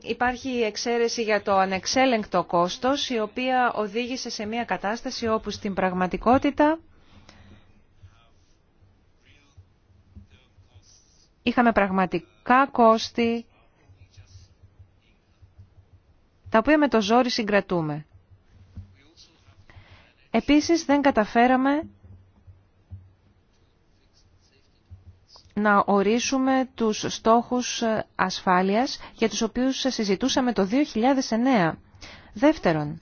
υπάρχει η εξαίρεση για το ανεξέλεγκτο κόστος, η οποία οδήγησε σε μια κατάσταση όπου στην πραγματικότητα είχαμε πραγματικά κόστη τα οποία με το ζόρι συγκρατούμε. Επίσης δεν καταφέραμε να ορίσουμε τους στόχους ασφάλειας για τους οποίους συζητούσαμε το 2009. Δεύτερον,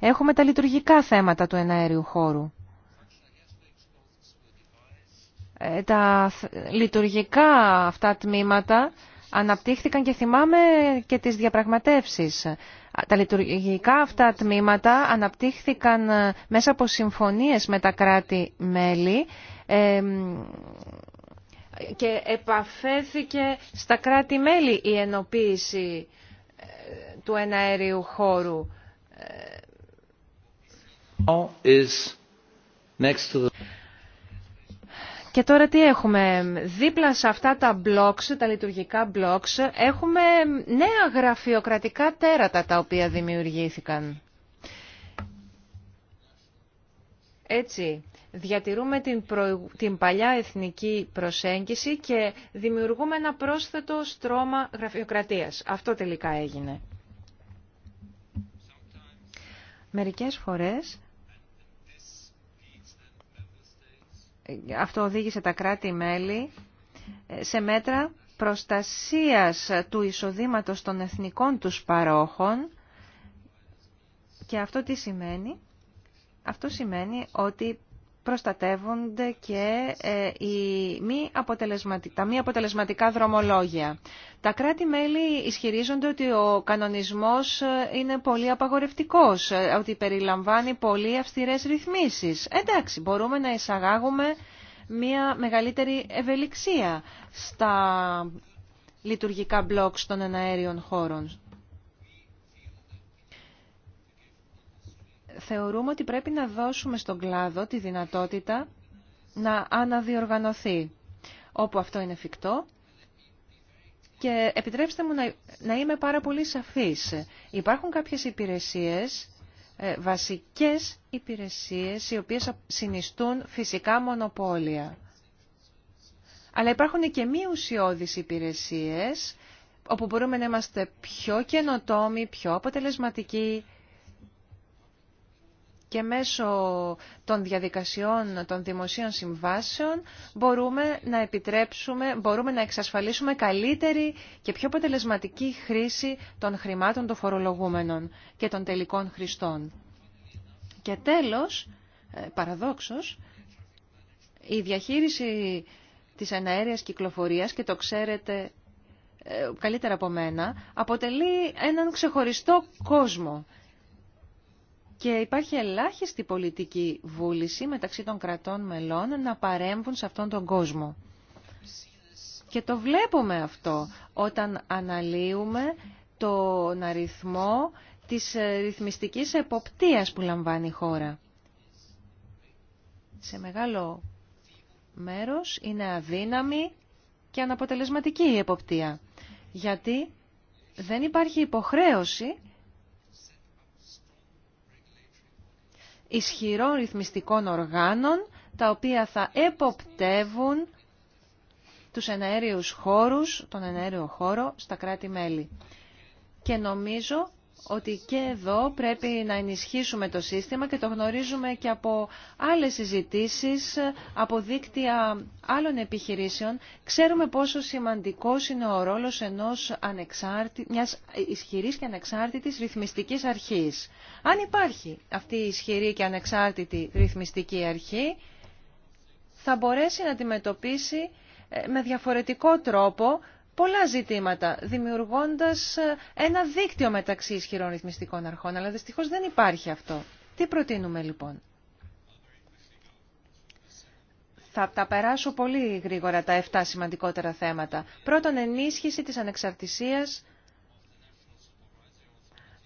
έχουμε τα λειτουργικά θέματα του εναέριου χώρου. Ε, τα λειτουργικά αυτά τμήματα αναπτύχθηκαν και θυμάμαι και τις διαπραγματεύσεις. Τα λειτουργικά αυτά τμήματα αναπτύχθηκαν ε, μέσα από συμφωνίες με τα κράτη-μέλη και επαφέθηκε στα κράτη-μέλη η ενοποίηση ε, του εναέριου χώρου. Ε, και τώρα τι έχουμε. Δίπλα σε αυτά τα blocks, τα λειτουργικά blocks, έχουμε νέα γραφειοκρατικά τέρατα τα οποία δημιουργήθηκαν. Έτσι, Διατηρούμε την, την παλιά εθνική προσέγγιση και δημιουργούμε ένα πρόσθετο στρώμα γραφειοκρατίας. Αυτό τελικά έγινε. Μερικές φορές αυτό οδήγησε τα κράτη-μέλη ε, σε μέτρα προστασίας του εισοδήματος των εθνικών τους παρόχων και αυτό τι σημαίνει. Αυτό σημαίνει ότι προστατεύονται και ε, τα μη αποτελεσματικά δρομολόγια. Τα κράτη-μέλη ισχυρίζονται ότι ο κανονισμός ε, είναι πολύ απαγορευτικός, ε, ότι περιλαμβάνει πολύ αυστηρές ρυθμίσεις. Εντάξει, μπορούμε να εισαγάγουμε μια μεγαλύτερη ευελιξία στα λειτουργικά μπλοκ των εναέριων χώρων. θεωρούμε ότι πρέπει να δώσουμε στον κλάδο τη δυνατότητα να αναδιοργανωθεί όπου αυτό είναι εφικτό. Και επιτρέψτε μου να, να είμαι πάρα πολύ σαφής. Υπάρχουν κάποιες υπηρεσίες, ε, βασικές υπηρεσίες, οι οποίες συνιστούν φυσικά μονοπόλια. Αλλά υπάρχουν και μη ουσιώδεις υπηρεσίες, όπου μπορούμε να είμαστε πιο καινοτόμοι, πιο αποτελεσματικοί, και μέσω των διαδικασιών των δημοσίων συμβάσεων μπορούμε να επιτρέψουμε, μπορούμε να εξασφαλίσουμε καλύτερη και πιο αποτελεσματική χρήση των χρημάτων των φορολογούμενων και των τελικών χρηστών. Και τέλος, ε, παραδόξως, η διαχείριση της αναέρειας κυκλοφορίας, και το ξέρετε ε, καλύτερα από μένα, αποτελεί έναν ξεχωριστό κόσμο και υπάρχει ελάχιστη πολιτική βούληση μεταξύ των κρατών μελών να παρέμβουν σε αυτόν τον κόσμο. Και το βλέπουμε αυτό όταν αναλύουμε τον αριθμό της ε, ρυθμιστικής εποπτείας που λαμβάνει η χώρα. Σε μεγάλο μέρος είναι αδύναμη και αναποτελεσματική η εποπτεία. Γιατί δεν υπάρχει υποχρέωση ισχυρών ρυθμιστικών οργάνων τα οποία θα εποπτεύουν τους εναέριους χώρους, τον εναέριο χώρο στα κράτη-μέλη. Και νομίζω ότι και εδώ πρέπει να ενισχύσουμε το σύστημα και το γνωρίζουμε και από άλλες συζητήσεις, από δίκτυα άλλων επιχειρήσεων. Ξέρουμε πόσο σημαντικός είναι ο ρόλος ενός ανεξάρτη... μιας ισχυρής και ανεξάρτητης ρυθμιστικής αρχής. Αν υπάρχει αυτή η ισχυρή και ανεξάρτητη ρυθμιστική αρχή, θα μπορέσει να αντιμετωπίσει ε, με διαφορετικό τρόπο πολλά ζητήματα, δημιουργώντας ε, ένα δίκτυο μεταξύ ισχυρών ρυθμιστικών αρχών, αλλά δυστυχώς δεν υπάρχει αυτό. Τι προτείνουμε λοιπόν. Θα τα περάσω πολύ γρήγορα τα 7 σημαντικότερα θέματα. Πρώτον, ενίσχυση της ανεξαρτησίας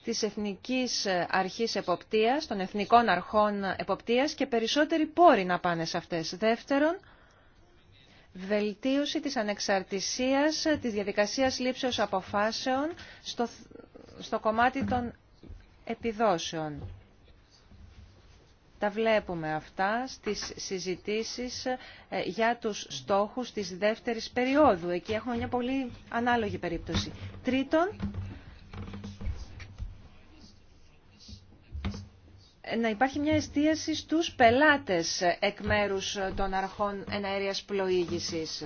της Εθνικής Αρχής Εποπτείας, των Εθνικών Αρχών Εποπτείας και περισσότεροι πόροι να πάνε σε αυτές. Δεύτερον, βελτίωση της ανεξαρτησίας της διαδικασίας λήψεως αποφάσεων στο, στο κομμάτι των επιδόσεων. Τα βλέπουμε αυτά στις συζητήσεις ε, για τους στόχους της δεύτερης περίοδου. Εκεί έχουμε μια πολύ ανάλογη περίπτωση. Τρίτον, να υπάρχει μια εστίαση στους πελάτες εκ μέρους των αρχών εναέριας πλοήγησης,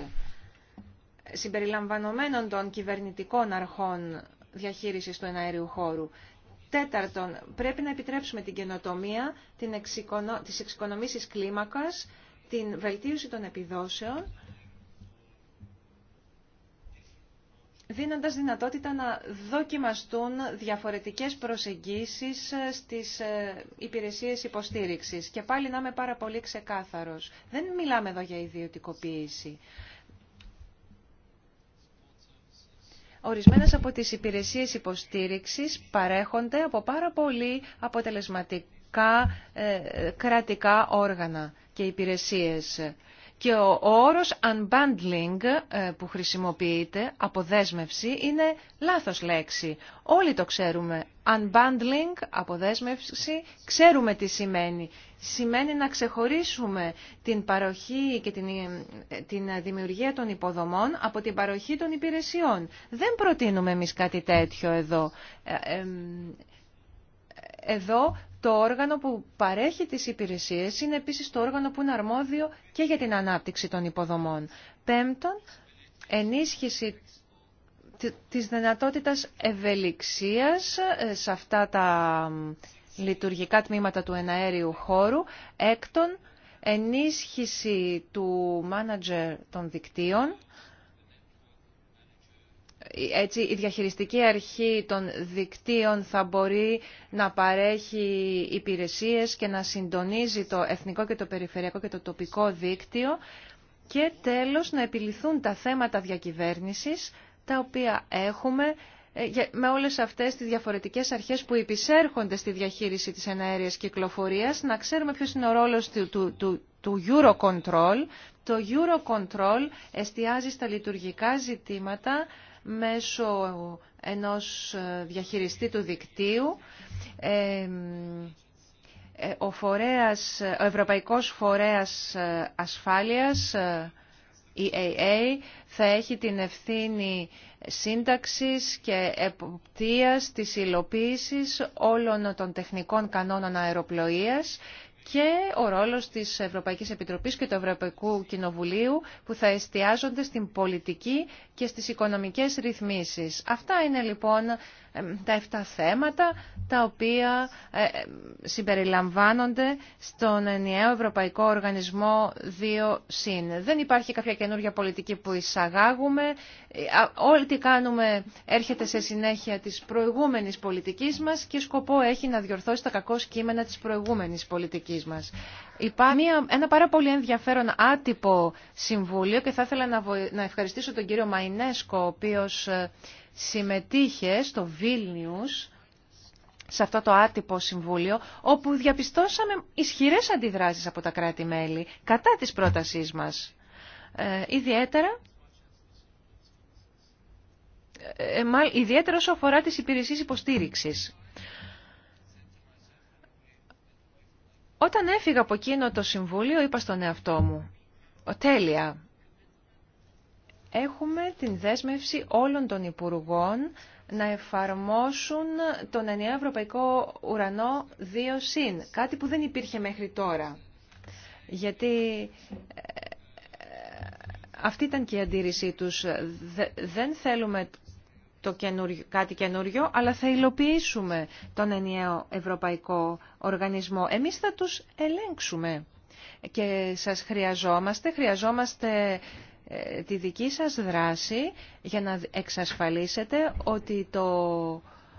συμπεριλαμβανομένων των κυβερνητικών αρχών διαχείρισης του εναέριου χώρου. Τέταρτον, πρέπει να επιτρέψουμε την καινοτομία, την εξοικονο... τις εξοικονομήσεις κλίμακας, την βελτίωση των επιδόσεων δίνοντας δυνατότητα να δοκιμαστούν διαφορετικές προσεγγίσεις ε, στις ε, υπηρεσίες υποστήριξης. Και πάλι να είμαι πάρα πολύ ξεκάθαρος. Δεν μιλάμε εδώ για ιδιωτικοποίηση. Ορισμένες από τις υπηρεσίες υποστήριξης παρέχονται από πάρα πολύ αποτελεσματικά ε, κρατικά όργανα και υπηρεσίες. Και ο όρος unbundling ε, που χρησιμοποιείται, αποδέσμευση, είναι λάθος λέξη. Όλοι το ξέρουμε. Unbundling, αποδέσμευση, ξέρουμε τι σημαίνει. Σημαίνει να ξεχωρίσουμε την παροχή και την, ε, την δημιουργία των υποδομών από την παροχή των υπηρεσιών. Δεν προτείνουμε εμείς κάτι τέτοιο εδώ. Ε, εδώ το όργανο που παρέχει τις υπηρεσίες είναι επίσης το όργανο που είναι αρμόδιο και για την ανάπτυξη των υποδομών. Πέμπτον, ενίσχυση της δυνατότητας ευελιξίας ε, σε αυτά τα λειτουργικά τμήματα του εναέριου χώρου. Έκτον, ενίσχυση του μάνατζερ των δικτύων έτσι η διαχειριστική αρχή των δικτύων θα μπορεί να παρέχει υπηρεσίες και να συντονίζει το εθνικό και το περιφερειακό και το τοπικό δίκτυο και τέλος να επιληθούν τα θέματα διακυβέρνησης τα οποία έχουμε ε, με όλες αυτές τις διαφορετικές αρχές που υπησέρχονται στη διαχείριση της εναέριας κυκλοφορίας, να ξέρουμε ποιος είναι ο ρόλος του, του, του Eurocontrol. Το Eurocontrol εστιάζει στα λειτουργικά ζητήματα μέσω ενός ε, διαχειριστή του δικτύου. Ε, ε, ο, φορέας, ο Ευρωπαϊκός Φορέας Ασφάλειας, EAA, θα έχει την ευθύνη σύνταξης και εποπτείας της υλοποίησης όλων των τεχνικών κανόνων αεροπλοείας και ο ρόλος της Ευρωπαϊκής Επιτροπής και του Ευρωπαϊκού Κοινοβουλίου που θα εστιάζονται στην πολιτική και στις οικονομικές ρυθμίσεις. Αυτά είναι λοιπόν τα 7 θέματα τα οποία ε, ε, συμπεριλαμβάνονται στον ενιαίο Ευρωπαϊκό Οργανισμό 2 ΣΥΝ. Δεν υπάρχει κάποια καινούργια πολιτική που εισαγάγουμε. Ε, Όλοι τι κάνουμε έρχεται σε συνέχεια της προηγούμενης πολιτικής μας και σκοπό έχει να διορθώσει τα κακό κείμενα της προηγούμενης πολιτικής μας. Υπάρχει ένα πάρα πολύ ενδιαφέρον άτυπο συμβούλιο και θα ήθελα να ευχαριστήσω τον κύριο Μαϊνέσκο, ο οποίος συμμετείχε στο Βίλνιους σε αυτό το άτυπο συμβούλιο, όπου διαπιστώσαμε ισχυρές αντιδράσεις από τα κράτη-μέλη κατά της πρότασής μας. Ε, ιδιαίτερα, ε, ε μα, ιδιαίτερα όσο αφορά τις υπηρεσίες υποστήριξης. Όταν έφυγα από εκείνο το συμβούλιο, είπα στον εαυτό μου, τέλεια, έχουμε την δέσμευση όλων των Υπουργών να εφαρμόσουν τον ενιαίο Ευρωπαϊκό Ουρανό 2 συν, κάτι που δεν υπήρχε μέχρι τώρα. Γιατί ε, αυτή ήταν και η αντίρρησή τους. Δεν θέλουμε το κάτι καινούριο, αλλά θα υλοποιήσουμε τον ενιαίο Ευρωπαϊκό Οργανισμό. Εμείς θα τους ελέγξουμε. Και σας χρειαζόμαστε, χρειαζόμαστε ε, τη δική σας δράση για να εξασφαλίσετε ότι, το,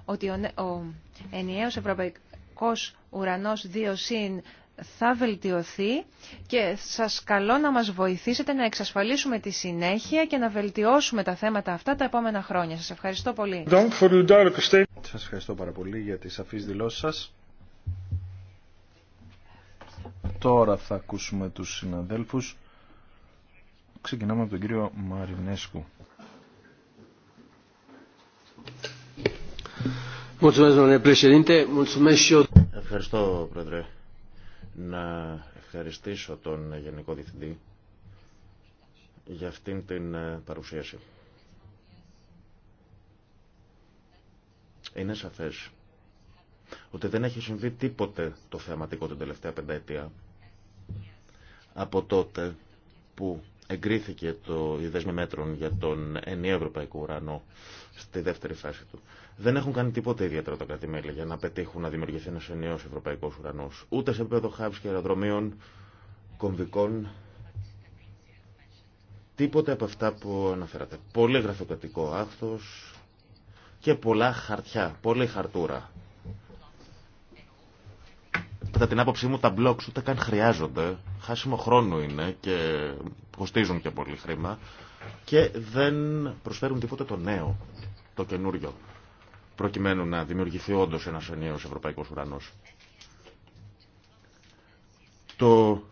ότι ο, ο ενιαίος ευρωπαϊκός ουρανός 2 συν θα βελτιωθεί και σας καλώ να μας βοηθήσετε να εξασφαλίσουμε τη συνέχεια και να βελτιώσουμε τα θέματα αυτά τα επόμενα χρόνια. Σας ευχαριστώ πολύ. Σας ευχαριστώ πάρα πολύ για τις σαφείς δηλώσεις σας. Τώρα θα ακούσουμε τους συναδέλφους. Ξεκινάμε από τον κύριο Μαρινέσκου. Ευχαριστώ, Πρόεδρε. Να ευχαριστήσω τον Γενικό Διευθυντή για αυτήν την ε, παρουσίαση. Είναι σαφές ότι δεν έχει συμβεί τίποτε το θεαματικό την τελευταία πενταετία από τότε που εγκρίθηκε το δέσμη μέτρων για τον ενιαίο ευρωπαϊκό ουρανό στη δεύτερη φάση του. Δεν έχουν κάνει τίποτα ιδιαίτερα τα κράτη-μέλη για να πετύχουν να δημιουργηθεί ένα ενιαίο ευρωπαϊκό ουρανό. Ούτε σε επίπεδο χάβη και αεροδρομίων, κομβικών, τίποτα από αυτά που αναφέρατε. Πολύ γραφειοκρατικό άχθο και πολλά χαρτιά, πολλή χαρτούρα. Κατά την άποψή μου τα μπλοκ ούτε καν χρειάζονται, χάσιμο χρόνο είναι και κοστίζουν και πολύ χρήμα και δεν προσφέρουν τίποτα το νέο, το καινούριο, προκειμένου να δημιουργηθεί όντω ένα ενιαίο Ευρωπαϊκό Ουρανό. Το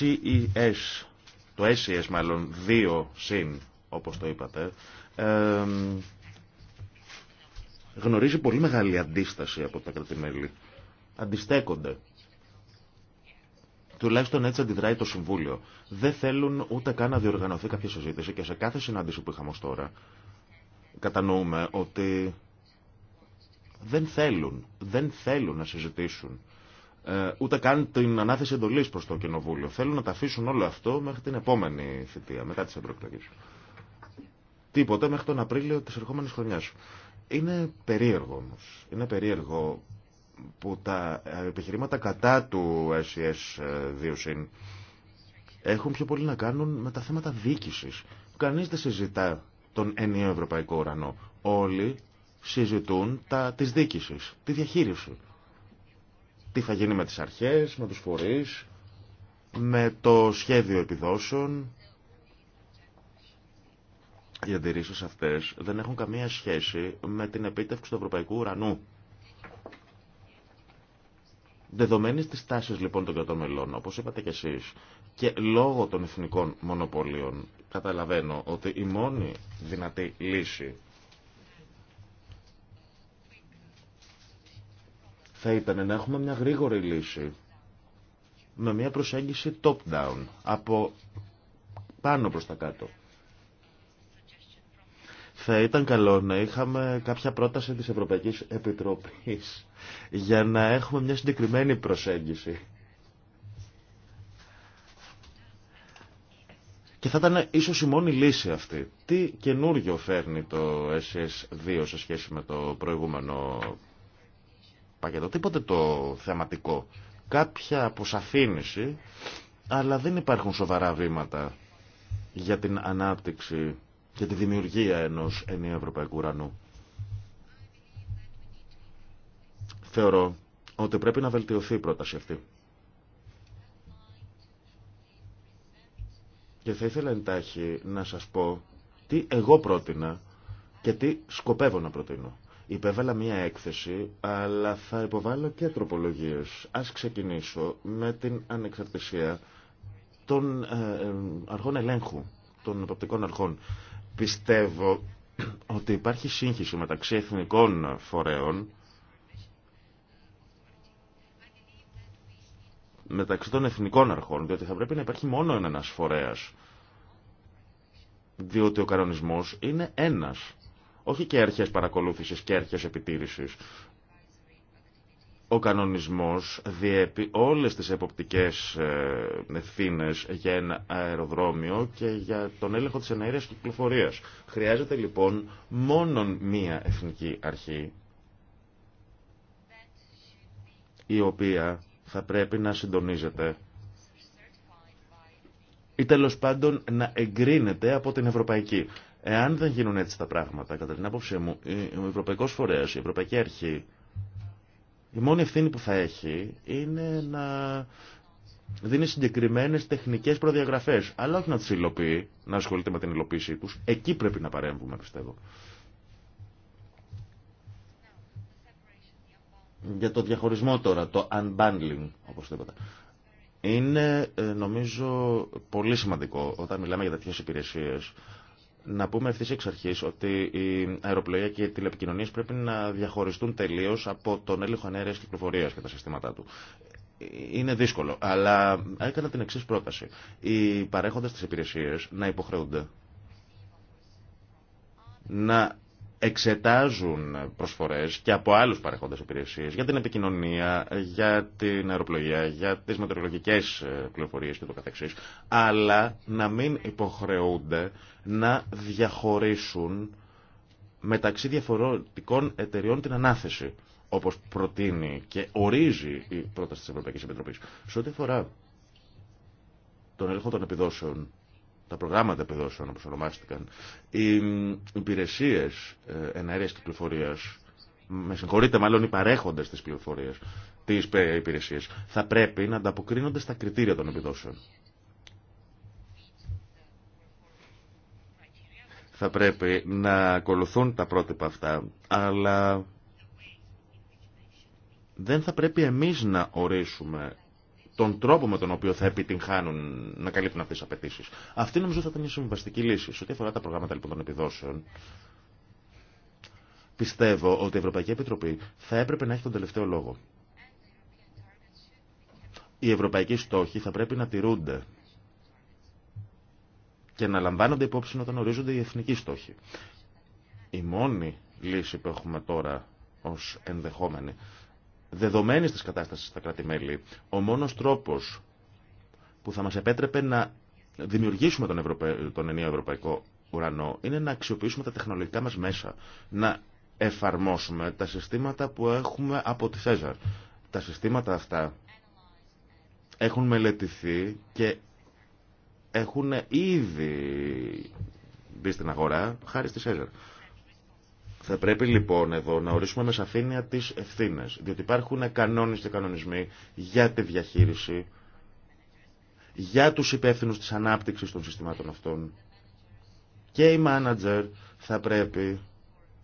CES, το SES e μάλλον, 2 συν, όπως το είπατε, γνωρίζει πολύ μεγάλη αντίσταση από τα κρατημέλη. Αντιστέκονται Τουλάχιστον έτσι αντιδράει το Συμβούλιο. Δεν θέλουν ούτε καν να διοργανωθεί κάποια συζήτηση και σε κάθε συνάντηση που είχαμε ως τώρα κατανοούμε ότι δεν θέλουν, δεν θέλουν να συζητήσουν ε, ούτε καν την ανάθεση εντολής προς το Κοινοβούλιο. Θέλουν να τα αφήσουν όλο αυτό μέχρι την επόμενη θητεία, μετά τις ευρωεκλογές. Τίποτε μέχρι τον Απρίλιο της ερχόμενης χρονιάς. Είναι περίεργο όμως. Είναι περίεργο που τα επιχειρήματα κατά του SES 2 e ε, έχουν πιο πολύ να κάνουν με τα θέματα δίκησης. Κανείς δεν συζητά τον ενιαίο ευρωπαϊκό ουρανό. Όλοι συζητούν τα της τη διαχείριση. Τι θα γίνει με τις αρχές, με τους φορείς, με το σχέδιο επιδόσεων. Οι αντιρρήσεις αυτές δεν έχουν καμία σχέση με την επίτευξη του ευρωπαϊκού ουρανού. Δεδομένης της τάσης λοιπόν των κρατών όπω όπως είπατε κι εσείς, και λόγω των εθνικών μονοπωλίων, καταλαβαίνω ότι η μόνη δυνατή λύση θα ήταν να έχουμε μια γρήγορη λύση με μια προσέγγιση top-down, από πάνω προς τα κάτω. Θα ήταν καλό να είχαμε κάποια πρόταση της Ευρωπαϊκής Επιτροπής για να έχουμε μια συγκεκριμένη προσέγγιση. Και θα ήταν ίσως η μόνη λύση αυτή. Τι καινούργιο φέρνει το SS2 σε σχέση με το προηγούμενο πακέτο. Τίποτε το θεματικό. Κάποια αποσαφήνιση, αλλά δεν υπάρχουν σοβαρά βήματα για την ανάπτυξη και τη δημιουργία ενός ενίου ευρωπαϊκού ουρανού. Θεωρώ ότι πρέπει να βελτιωθεί η πρόταση αυτή. Και θα ήθελα εντάχει να σας πω τι εγώ πρότεινα και τι σκοπεύω να προτείνω. Υπέβαλα μία έκθεση, αλλά θα υποβάλω και τροπολογίες. Ας ξεκινήσω με την ανεξαρτησία των ε, ε, αρχών ελέγχου, των υποπτικών αρχών. Πιστεύω ότι υπάρχει σύγχυση μεταξύ εθνικών φορέων μεταξύ των εθνικών αρχών, διότι θα πρέπει να υπάρχει μόνο ένας φορέας. Διότι ο κανονισμός είναι ένας. Όχι και αρχές παρακολούθησης και αρχές επιτήρησης. Ο κανονισμός διέπει όλες τις εποπτικές ε, ευθύνε για ένα αεροδρόμιο και για τον έλεγχο της εναέρειας κυκλοφορίας. Χρειάζεται λοιπόν μόνον μία εθνική αρχή η οποία θα πρέπει να συντονίζεται ή τέλο πάντων να εγκρίνεται από την Ευρωπαϊκή. Εάν δεν γίνουν έτσι τα πράγματα, κατά την άποψή μου, ο Ευρωπαϊκός Φορέας, η Ευρωπαϊκή Αρχή η μόνη ευθύνη που θα έχει είναι να δίνει συγκεκριμένε τεχνικέ προδιαγραφέ. Αλλά όχι να τι υλοποιεί, να ασχολείται με την υλοποίησή του. Εκεί πρέπει να παρέμβουμε, πιστεύω. Για το διαχωρισμό τώρα, το unbundling, όπως το είπατε. Είναι, ε, νομίζω, πολύ σημαντικό όταν μιλάμε για τέτοιες υπηρεσίες να πούμε ευθύ εξ αρχή ότι η αεροπλοεία και οι τηλεπικοινωνίε πρέπει να διαχωριστούν τελείω από τον έλεγχο ενέργεια κυκλοφορία και τα συστήματά του. Είναι δύσκολο, αλλά έκανα την εξή πρόταση. Οι παρέχοντε τι υπηρεσίε να υποχρεούνται να εξετάζουν προσφορές και από άλλους παρεχόντες υπηρεσίες για την επικοινωνία, για την αεροπλογία, για τις μετεωρολογικές ε, πληροφορίες και το καθεξής, αλλά να μην υποχρεούνται να διαχωρίσουν μεταξύ διαφορετικών εταιριών την ανάθεση, όπως προτείνει και ορίζει η πρόταση της Ευρωπαϊκής Επιτροπής. Σε ό,τι αφορά τον έλεγχο των επιδόσεων τα προγράμματα επιδόσεων όπως ονομάστηκαν, οι υπηρεσίες ε, εναέρειας κυκλοφορίας, με συγχωρείτε μάλλον οι παρέχοντες της πληροφορίας, τις υπηρεσίες, θα πρέπει να ανταποκρίνονται στα κριτήρια των επιδόσεων. Θα πρέπει να ακολουθούν τα πρότυπα αυτά, αλλά δεν θα πρέπει εμείς να ορίσουμε τον τρόπο με τον οποίο θα επιτυγχάνουν να καλύπτουν αυτέ τι απαιτήσει. Αυτή νομίζω θα ήταν μια συμβαστική λύση. Σε ό,τι αφορά τα προγράμματα λοιπόν των επιδόσεων, πιστεύω ότι η Ευρωπαϊκή Επιτροπή θα έπρεπε να έχει τον τελευταίο λόγο. Οι ευρωπαϊκοί στόχοι θα πρέπει να τηρούνται και να λαμβάνονται υπόψη όταν ορίζονται οι εθνικοί στόχοι. Η μόνη λύση που έχουμε τώρα ως ενδεχόμενη Δεδομένη της κατάστασης στα κράτη-μέλη, ο μόνος τρόπος που θα μας επέτρεπε να δημιουργήσουμε τον, τον ενίο ευρωπαϊκό ουρανό είναι να αξιοποιήσουμε τα τεχνολογικά μας μέσα, να εφαρμόσουμε τα συστήματα που έχουμε από τη ΣΕΖΑΡ. Τα συστήματα αυτά έχουν μελετηθεί και έχουν ήδη μπει στην αγορά χάρη στη ΣΕΖΑΡ. Θα πρέπει λοιπόν εδώ να ορίσουμε με σαφήνεια τις ευθύνε, διότι υπάρχουν κανόνες και κανονισμοί για τη διαχείριση, για τους υπεύθυνους της ανάπτυξης των συστημάτων αυτών και οι μάνατζερ θα πρέπει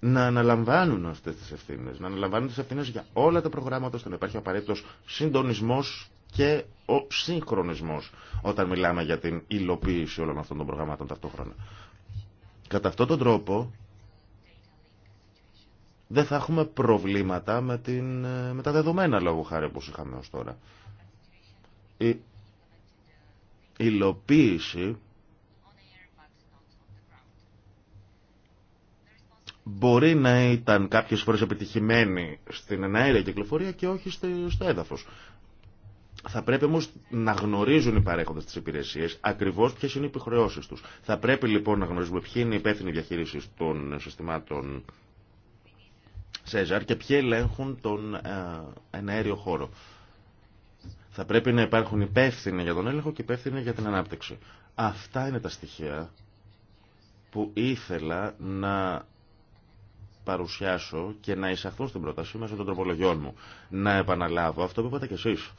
να αναλαμβάνουν αυτές τις ευθύνε, να αναλαμβάνουν τις ευθύνε για όλα τα προγράμματα ώστε να υπάρχει απαραίτητο συντονισμός και ο συγχρονισμός όταν μιλάμε για την υλοποίηση όλων αυτών των προγραμμάτων ταυτόχρονα. Κατά αυτόν τον τρόπο δεν θα έχουμε προβλήματα με, την, ε, τα δεδομένα λόγω χάρη που είχαμε ως τώρα. Η υλοποίηση μπορεί να ήταν κάποιες φορές επιτυχημένη στην εναέρια κυκλοφορία και όχι στο έδαφος. Θα πρέπει όμω να γνωρίζουν οι παρέχοντες τι υπηρεσίε ακριβώ ποιε είναι οι υποχρεώσει του. Θα πρέπει λοιπόν να γνωρίζουμε ποιοι είναι οι υπεύθυνοι διαχείριση των συστημάτων Σέζαρ και ποιοι ελέγχουν τον εναέριο χώρο. Θα πρέπει να υπάρχουν υπεύθυνοι για τον έλεγχο και υπεύθυνοι για την ανάπτυξη. Αυτά είναι τα στοιχεία που ήθελα να παρουσιάσω και να εισαχθώ στην πρότασή μέσα των τροπολογιών μου. Να επαναλάβω αυτό που είπατε κι εσείς,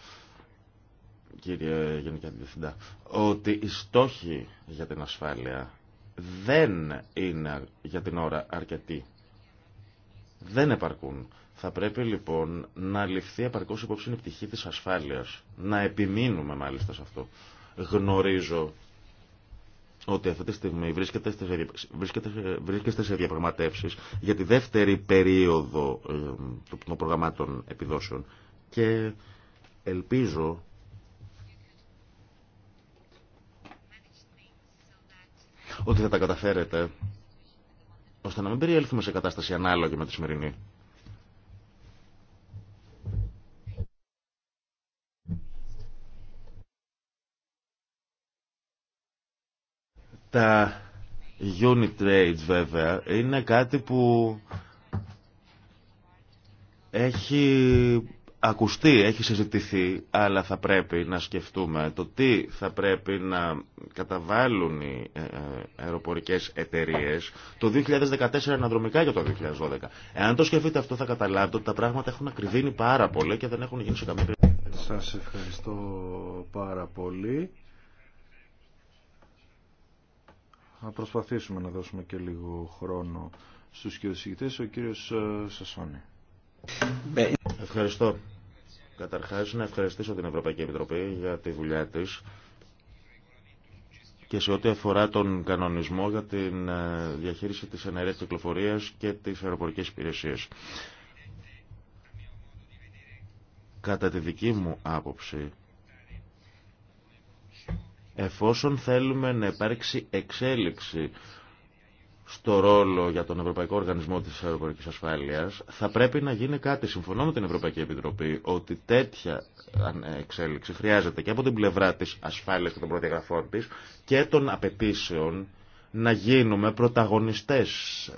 κύριε Γενική Διευθυντά ότι οι στόχοι για την ασφάλεια δεν είναι για την ώρα αρκετοί δεν επαρκούν. Θα πρέπει λοιπόν να ληφθεί επαρκώ υπόψη η πτυχή της ασφάλειας. Να επιμείνουμε μάλιστα σε αυτό. Γνωρίζω ότι αυτή τη στιγμή βρίσκεται σε, βρίσκεται, σε διαπραγματεύσεις για τη δεύτερη περίοδο των προγραμμάτων επιδόσεων και ελπίζω ότι θα τα καταφέρετε ώστε να μην περιέλθουμε σε κατάσταση ανάλογη με τη σημερινή. Τα unit Trades, βέβαια είναι κάτι που έχει ακουστεί, έχει συζητηθεί, αλλά θα πρέπει να σκεφτούμε το τι θα πρέπει να καταβάλουν οι ε, ε, αεροπορικές εταιρείες το 2014 αναδρομικά για το 2012. Εάν το σκεφτείτε αυτό θα καταλάβετε ότι τα πράγματα έχουν ακριβήνει πάρα πολύ και δεν έχουν γίνει σε καμία περίπτωση. Σας ευχαριστώ πάρα πολύ. Θα προσπαθήσουμε να δώσουμε και λίγο χρόνο στους κύριους συγκητές. Ο κύριος ε, Σασόνη. Ευχαριστώ. Καταρχάς να ευχαριστήσω την Ευρωπαϊκή Επιτροπή για τη δουλειά της και σε ό,τι αφορά τον κανονισμό για την ε, διαχείριση της ενέργειας κυκλοφορίας και της αεροπορικής υπηρεσίας. Κατά τη δική μου άποψη, εφόσον θέλουμε να υπάρξει εξέλιξη στο ρόλο για τον Ευρωπαϊκό Οργανισμό της Αεροπορικής Ασφάλειας θα πρέπει να γίνει κάτι. Συμφωνώ με την Ευρωπαϊκή Επιτροπή ότι τέτοια ε, εξέλιξη χρειάζεται και από την πλευρά της ασφάλειας και των προδιαγραφών τη και των απαιτήσεων να γίνουμε πρωταγωνιστές,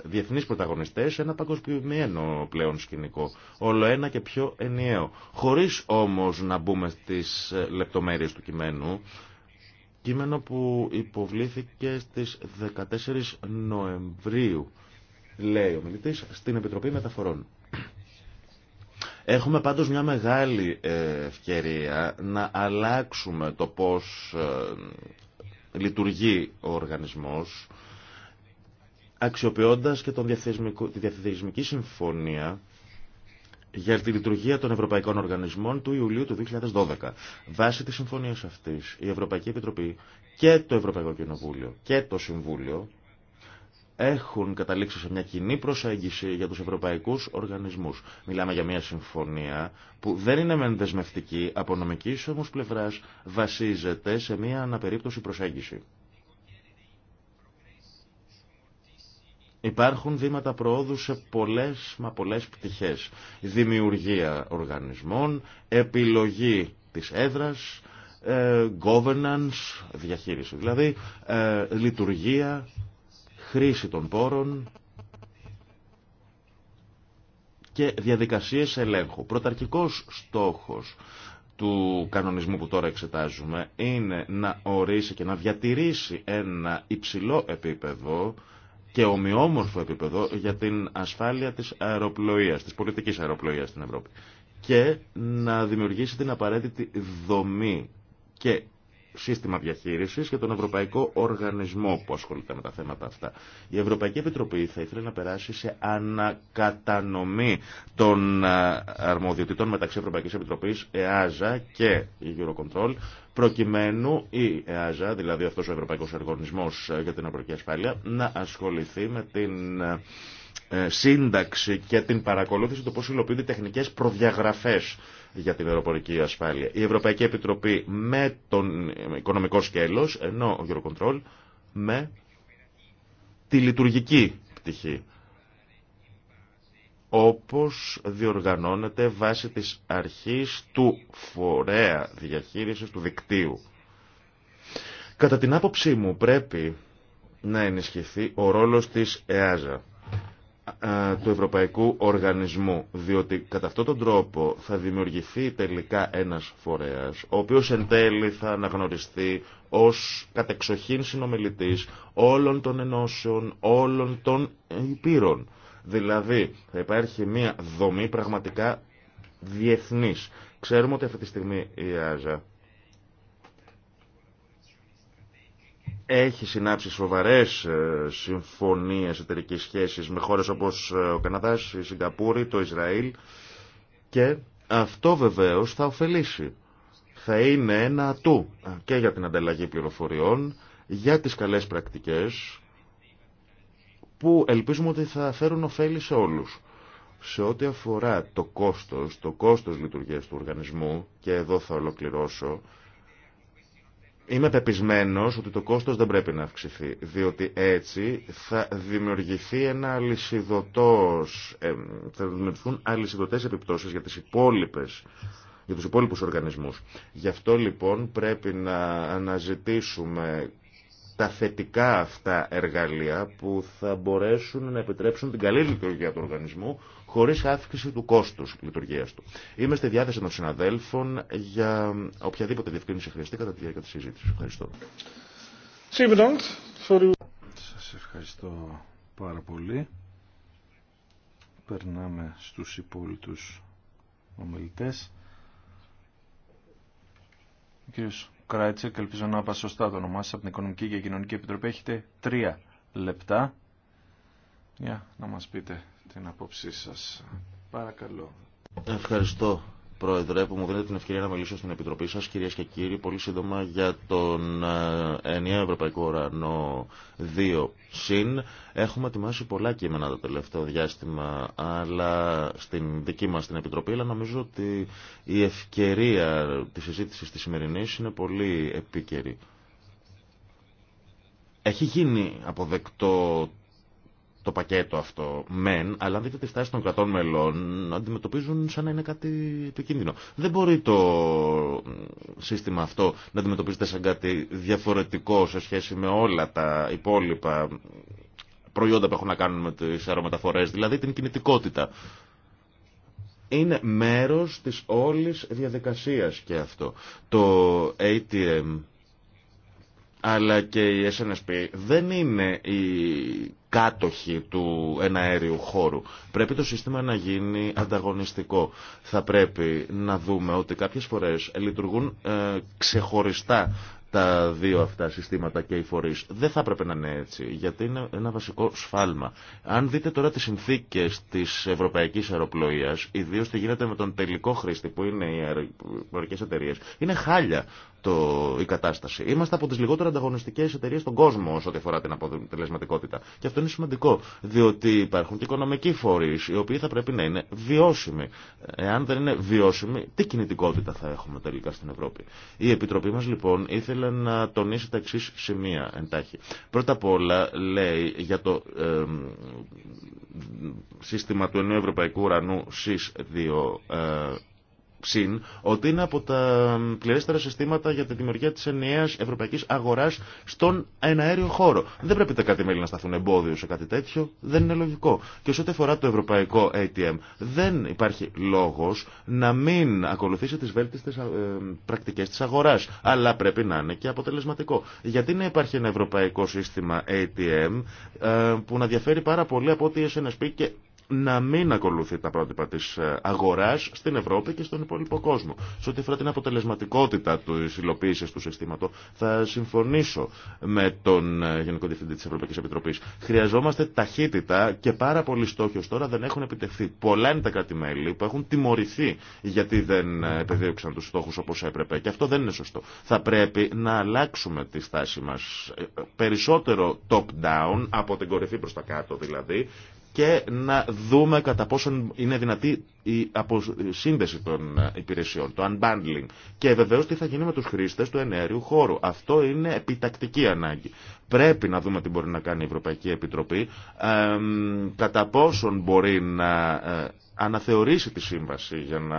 διεθνείς πρωταγωνιστές σε ένα παγκοσμιωμένο πλέον σκηνικό. Όλο ένα και πιο ενιαίο. Χωρίς όμως να μπούμε στις ε, λεπτομέρειες του κειμένου, κείμενο που υποβλήθηκε στις 14 Νοεμβρίου, λέει ο μιλητής, στην Επιτροπή Μεταφορών. Έχουμε πάντως μια μεγάλη ε, ευκαιρία να αλλάξουμε το πώς ε, λειτουργεί ο οργανισμός, αξιοποιώντας και τον τη διαθεσμική συμφωνία για τη λειτουργία των Ευρωπαϊκών Οργανισμών του Ιουλίου του 2012. Βάσει της συμφωνίας αυτής, η Ευρωπαϊκή Επιτροπή και το Ευρωπαϊκό Κοινοβούλιο και το Συμβούλιο έχουν καταλήξει σε μια κοινή προσέγγιση για τους ευρωπαϊκούς οργανισμούς. Μιλάμε για μια συμφωνία που δεν είναι μεν δεσμευτική, από νομικής όμως πλευράς βασίζεται σε μια αναπερίπτωση προσέγγιση. Υπάρχουν βήματα προόδου σε πολλές μα πολλές πτυχές. Δημιουργία οργανισμών, επιλογή της έδρας, ε, governance, διαχείριση δηλαδή, ε, λειτουργία, χρήση των πόρων και διαδικασίες ελέγχου. Πρωταρχικός στόχος του κανονισμού που τώρα εξετάζουμε είναι να ορίσει και να διατηρήσει ένα υψηλό επίπεδο και ομοιόμορφο επίπεδο για την ασφάλεια της αεροπλοείας, της πολιτικής αεροπλοείας στην Ευρώπη και να δημιουργήσει την απαραίτητη δομή και σύστημα διαχείρισης για τον Ευρωπαϊκό Οργανισμό που ασχολείται με τα θέματα αυτά. Η Ευρωπαϊκή Επιτροπή θα ήθελε να περάσει σε ανακατανομή των ε, αρμοδιοτήτων μεταξύ Ευρωπαϊκής Επιτροπής, ΕΑΖΑ και Eurocontrol προκειμένου η ΕΑΖΑ, δηλαδή αυτός ο Ευρωπαϊκός Οργανισμός για την Ευρωπαϊκή Ασφάλεια, να ασχοληθεί με την ε, σύνταξη και την παρακολούθηση του πώς υλοποιούνται τεχνικές προδιαγραφές για την αεροπορική ασφάλεια. Η Ευρωπαϊκή Επιτροπή με τον οικονομικό σκέλος, ενώ ο Eurocontrol με τη λειτουργική πτυχή όπως διοργανώνεται βάσει της αρχής του φορέα διαχείρισης του δικτύου. Κατά την άποψή μου πρέπει να ενισχυθεί ο ρόλος της ΕΑΖΑ του Ευρωπαϊκού Οργανισμού διότι κατά αυτόν τον τρόπο θα δημιουργηθεί τελικά ένας φορέας ο οποίος εν τέλει θα αναγνωριστεί ως κατεξοχήν συνομιλητής όλων των ενώσεων, όλων των υπήρων Δηλαδή θα υπάρχει μια δομή πραγματικά διεθνής. Ξέρουμε ότι αυτή τη στιγμή η ΆΖΑ έχει συνάψει σοβαρές ε, συμφωνίες εταιρικής σχέσης με χώρες όπως ε, ο Καναδάς, η Σιγκαπούρη, το Ισραήλ και αυτό βεβαίως θα ωφελήσει. Θα είναι ένα ατού και για την ανταλλαγή πληροφοριών, για τις καλές πρακτικές που ελπίζουμε ότι θα φέρουν ωφέλη σε όλους. Σε ό,τι αφορά το κόστος, το κόστος λειτουργίας του οργανισμού, και εδώ θα ολοκληρώσω, είμαι πεπισμένος ότι το κόστος δεν πρέπει να αυξηθεί, διότι έτσι θα δημιουργηθεί ένα αλυσιδωτός, θα δημιουργηθούν αλυσιδωτές επιπτώσεις για τις υπόλοιπες για τους υπόλοιπους οργανισμούς. Γι' αυτό λοιπόν πρέπει να αναζητήσουμε τα θετικά αυτά εργαλεία που θα μπορέσουν να επιτρέψουν την καλή λειτουργία του οργανισμού χωρίς αύξηση του κόστους λειτουργίας του. Είμαι στη διάθεση των συναδέλφων για οποιαδήποτε διευκρίνηση χρειαστεί κατά τη διάρκεια της συζήτησης. Ευχαριστώ. Σας ευχαριστώ πάρα πολύ. Περνάμε στους υπόλοιπους ομιλητές. κύριος και ελπίζω να είπα σωστά το όνομά σας, από την Οικονομική και Κοινωνική Επιτροπή. Έχετε τρία λεπτά για να μας πείτε την απόψή σας. Παρακαλώ. Ευχαριστώ Πρόεδρε, που μου δίνετε την ευκαιρία να μιλήσω στην Επιτροπή σας. Κυρίες και κύριοι, πολύ σύντομα για τον ε, ενιαίο Ευρωπαϊκό Ουρανό 2 ΣΥΝ. Έχουμε ετοιμάσει πολλά κείμενα το τελευταίο διάστημα, αλλά στην δική μας την Επιτροπή, αλλά νομίζω ότι η ευκαιρία της συζήτησης της σημερινής είναι πολύ επίκαιρη. Έχει γίνει αποδεκτό το πακέτο αυτό, μεν, αλλά αν δείτε τη στάση των κρατών μελών, αντιμετωπίζουν σαν να είναι κάτι επικίνδυνο. Δεν μπορεί το σύστημα αυτό να αντιμετωπίζεται σαν κάτι διαφορετικό σε σχέση με όλα τα υπόλοιπα προϊόντα που έχουν να κάνουν με τις αερομεταφορές, δηλαδή την κινητικότητα. Είναι μέρος της όλης διαδικασίας και αυτό. Το ATM αλλά και η SNSP δεν είναι η κάτοχοι του εναέριου χώρου. Πρέπει το σύστημα να γίνει ανταγωνιστικό. Θα πρέπει να δούμε ότι κάποιες φορές λειτουργούν ε, ξεχωριστά τα δύο αυτά συστήματα και οι φορείς. Δεν θα έπρεπε να είναι έτσι, γιατί είναι ένα βασικό σφάλμα. Αν δείτε τώρα τις συνθήκες της ευρωπαϊκής αεροπλοείας, ιδίως τι γίνεται με τον τελικό χρήστη που είναι οι αεροπορικές εταιρείες, είναι χάλια η κατάσταση. Είμαστε από τι λιγότερο ανταγωνιστικέ εταιρείε στον κόσμο όσο αφορά την αποτελεσματικότητα. Και αυτό είναι σημαντικό, διότι υπάρχουν και οικονομικοί φορεί οι οποίοι θα πρέπει να είναι βιώσιμοι. Εάν δεν είναι βιώσιμοι, τι κινητικότητα θα έχουμε τελικά στην Ευρώπη. Η Επιτροπή μα λοιπόν ήθελε να τονίσει τα εξή σημεία εντάχει. Πρώτα απ' όλα λέει για το ε, σύστημα του ενίου Ευρωπαϊκού Ουρανού ΣΥΣ 2 συν ότι είναι από τα πληρέστερα συστήματα για τη δημιουργία τη ενιαία ευρωπαϊκή αγορά στον εναέριο χώρο. Δεν πρέπει τα κάτι μέλη να σταθούν εμπόδιο σε κάτι τέτοιο. Δεν είναι λογικό. Και σε ό,τι αφορά το ευρωπαϊκό ATM, δεν υπάρχει λόγο να μην ακολουθήσει τι βέλτιστε πρακτικέ τη αγορά. Αλλά πρέπει να είναι και αποτελεσματικό. Γιατί να υπάρχει ένα ευρωπαϊκό σύστημα ATM ε, που να διαφέρει πάρα πολύ από ό,τι η SNSP και να μην ακολουθεί τα πρότυπα της ε, αγοράς στην Ευρώπη και στον υπόλοιπο κόσμο. Σε ό,τι αφορά την αποτελεσματικότητα της υλοποίησης του συστήματος, θα συμφωνήσω με τον ε, Γενικό Διευθυντή της Ευρωπαϊκής Επιτροπής. Χρειαζόμαστε ταχύτητα και πάρα πολλοί στόχοι τώρα δεν έχουν επιτευχθεί. Πολλά είναι τα κράτη-μέλη που έχουν τιμωρηθεί γιατί δεν ε, επιδίωξαν τους στόχους όπως έπρεπε και αυτό δεν είναι σωστό. Θα πρέπει να αλλάξουμε τη στάση μας περισσότερο top-down, από την κορυφή προς τα κάτω δηλαδή, και να δούμε κατά πόσον είναι δυνατή η αποσύνδεση των υπηρεσιών, το unbundling. Και βεβαίω τι θα γίνει με του χρήστε του ενέργειου χώρου. Αυτό είναι επιτακτική ανάγκη. Πρέπει να δούμε τι μπορεί να κάνει η Ευρωπαϊκή Επιτροπή, κατά πόσον μπορεί να ε, αναθεωρήσει τη σύμβαση για να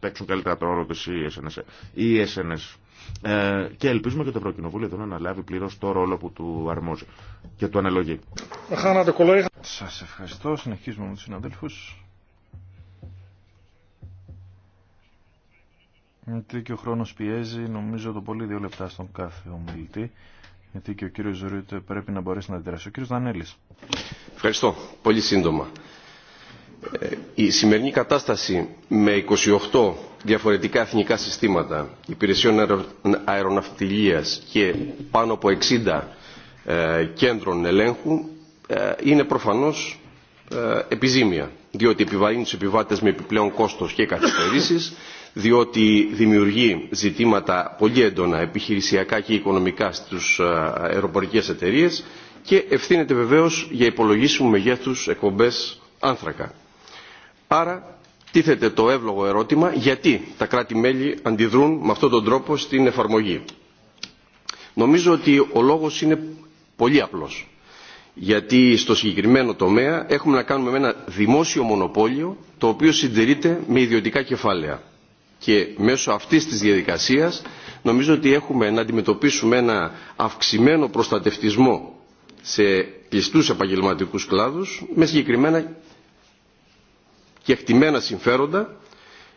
παίξουν καλύτερα το ρόλο τη η ε, και ελπίζουμε και το Ευρωκοινοβούλιο εδώ να αναλάβει πλήρω το ρόλο που του αρμόζει και του αναλογεί. Σα ευχαριστώ. Συνεχίζουμε με του συναδέλφου. Γιατί και ο χρόνος πιέζει, νομίζω το πολύ δύο λεπτά στον κάθε ομιλητή. Γιατί και ο κύριος Ζωρίτ πρέπει να μπορέσει να αντιδράσει. Ο κύριος Δανέλη. Ευχαριστώ. Πολύ σύντομα. Ε, η σημερινή κατάσταση με 28 διαφορετικά εθνικά συστήματα υπηρεσιών αεροναυτιλίας και πάνω από 60 ε, κέντρων ελέγχου ε, είναι προφανώς ε, επιζήμια διότι επιβαρύνει τους επιβάτες με επιπλέον κόστος και καθυστερήσεις διότι δημιουργεί ζητήματα πολύ έντονα επιχειρησιακά και οικονομικά στις αεροπορικές εταιρείες και ευθύνεται βεβαίως για υπολογίσιμου μεγέθους εκπομπές άνθρακα. Άρα τίθεται το εύλογο ερώτημα γιατί τα κράτη μέλη αντιδρούν με αυτόν τον τρόπο στην εφαρμογή. νομίζω ότι ο λόγος είναι πολύ απλός γιατί στο συγκεκριμένο τομέα έχουμε να κάνουμε με ένα δημόσιο μονοπόλιο το οποίο συντηρείται με ιδιωτικά κεφάλαια και μέσω αυτής της διαδικασίας νομίζω ότι έχουμε να αντιμετωπίσουμε ένα αυξημένο προστατευτισμό σε κλειστούς επαγγελματικούς κλάδους με συγκεκριμένα και εκτιμένα συμφέροντα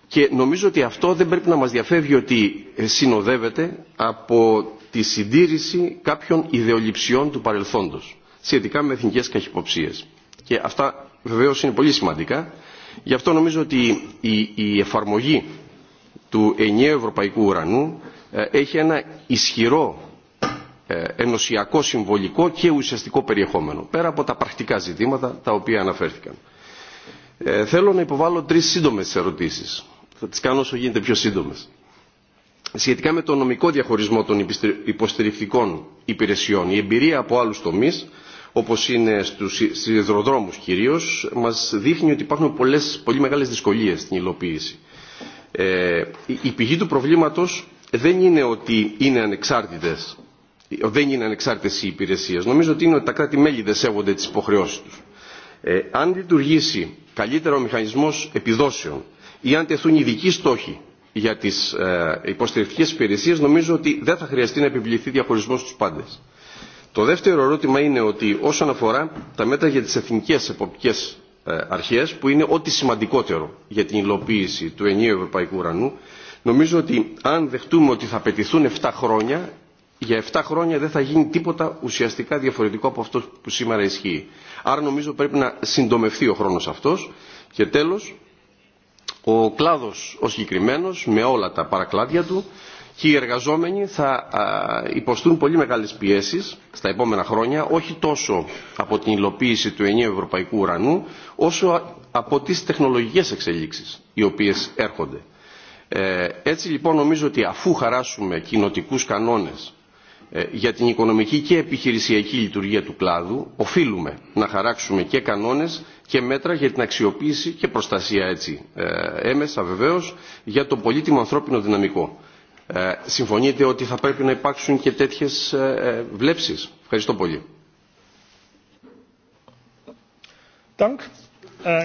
και νομίζω ότι αυτό δεν πρέπει να μας διαφεύγει ότι ε, συνοδεύεται από τη συντήρηση κάποιων ιδεολειψιών του παρελθόντος σχετικά με εθνικές καχυποψίες. Και αυτά βεβαίως είναι πολύ σημαντικά. Γι' αυτό νομίζω ότι η εφαρμογή του ενιαίου ευρωπαϊκού ουρανού ε, έχει ένα ισχυρό ε, ενωσιακό, συμβολικό και ουσιαστικό περιεχόμενο, πέρα από τα πρακτικά ζητήματα τα οποία αναφέρθηκαν. Ε, θέλω να υποβάλω τρεις σύντομες ερωτήσεις. Θα τις κάνω όσο γίνεται πιο σύντομες. Σχετικά με το νομικό διαχωρισμό των υποστηρικτικών υπηρεσιών, η εμπειρία από άλλους τομείς, όπως είναι στους σιδηροδρόμους κυρίως, μας δείχνει ότι υπάρχουν πολλές, πολύ μεγάλες δυσκολίες στην υλοποίηση. Ε, η πηγή του προβλήματος δεν είναι ότι είναι ανεξάρτητες δεν είναι ανεξάρτητε οι υπηρεσίε. Νομίζω ότι είναι ότι τα κράτη-μέλη δεν σέβονται τι υποχρεώσει του. Ε, αν λειτουργήσει καλύτερο μηχανισμός επιδόσεων ή αν τεθούν ειδικοί στόχοι για τις ε, υποστηρικτικές υπηρεσίες, νομίζω ότι δεν θα χρειαστεί να επιβληθεί διαχωρισμός στους πάντες. Το δεύτερο ερώτημα είναι ότι όσον αφορά τα μέτρα για τις εθνικές εποπτικές ε, αρχές, που είναι ό,τι σημαντικότερο για την υλοποίηση του ενίου ευρωπαϊκού ουρανού, νομίζω ότι αν δεχτούμε ότι θα πετηθούν 7 χρόνια, για 7 χρόνια δεν θα γίνει τίποτα ουσιαστικά διαφορετικό από αυτό που σήμερα ισχύει. Άρα νομίζω πρέπει να συντομευθεί ο χρόνος αυτός. Και τέλος, ο κλάδος ο συγκεκριμένο με όλα τα παρακλάδια του και οι εργαζόμενοι θα υποστούν πολύ μεγάλες πιέσεις στα επόμενα χρόνια, όχι τόσο από την υλοποίηση του ενίου ευρωπαϊκού ουρανού, όσο από τις τεχνολογικές εξελίξεις οι οποίες έρχονται. Ε, έτσι λοιπόν νομίζω ότι αφού χαράσουμε κοινοτικούς κανόνες ε, για την οικονομική και επιχειρησιακή λειτουργία του κλάδου, οφείλουμε να χαράξουμε και κανόνες και μέτρα για την αξιοποίηση και προστασία έτσι ε, έμεσα βεβαίως για το πολύτιμο ανθρώπινο δυναμικό. Ε, συμφωνείτε ότι θα πρέπει να υπάρξουν και τέτοιες βλέψεις. Ευχαριστώ πολύ.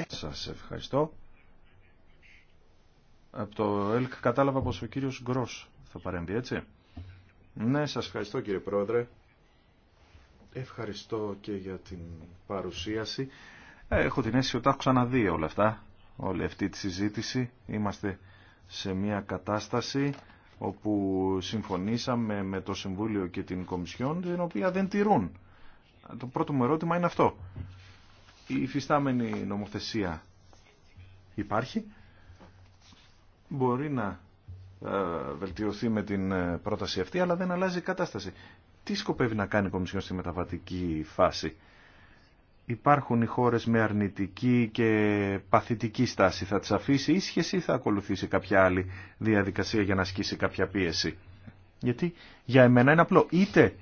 Σας ευχαριστώ. Από το ΕΛΚ κατάλαβα πως ο κύριος Γκρός θα παρέμβει, έτσι. Ναι, σας ευχαριστώ κύριε Πρόεδρε. Ευχαριστώ και για την παρουσίαση. Ε, έχω την αίσθηση ότι τα έχω ξαναδεί όλα αυτά, όλη αυτή τη συζήτηση. Είμαστε σε μια κατάσταση όπου συμφωνήσαμε με το Συμβούλιο και την Κομισιόν, την οποία δεν τηρούν. Το πρώτο μου ερώτημα είναι αυτό. Η υφιστάμενη νομοθεσία υπάρχει. Μπορεί να βελτιωθεί με την ε, πρόταση αυτή, αλλά δεν αλλάζει η κατάσταση. Τι σκοπεύει να κάνει η Κομισιόν στη μεταβατική φάση. Υπάρχουν οι χώρες με αρνητική και παθητική στάση. Θα τις αφήσει ίσχυση ή θα ακολουθήσει κάποια άλλη διαδικασία για να ασκήσει κάποια πίεση. Γιατί για εμένα είναι απλό. Είτε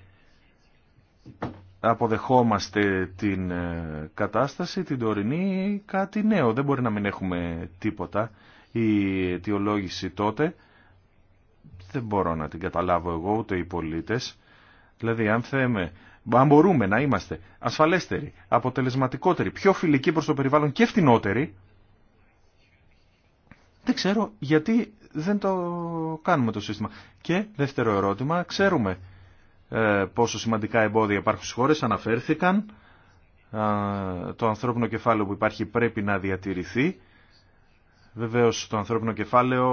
αποδεχόμαστε την ε, κατάσταση, την τωρινή, κάτι νέο. Δεν μπορεί να μην έχουμε τίποτα. Η αιτιολόγηση τότε δεν μπορώ να την καταλάβω εγώ ούτε οι πολίτες. Δηλαδή αν θέμε, αν μπορούμε να είμαστε ασφαλέστεροι, αποτελεσματικότεροι, πιο φιλικοί προς το περιβάλλον και φτηνότεροι, δεν ξέρω γιατί δεν το κάνουμε το σύστημα. Και δεύτερο ερώτημα, ξέρουμε ε, πόσο σημαντικά εμπόδια υπάρχουν στις χώρες, αναφέρθηκαν, το ανθρώπινο κεφάλαιο που υπάρχει πρέπει να διατηρηθεί, Βεβαίω το ανθρώπινο κεφάλαιο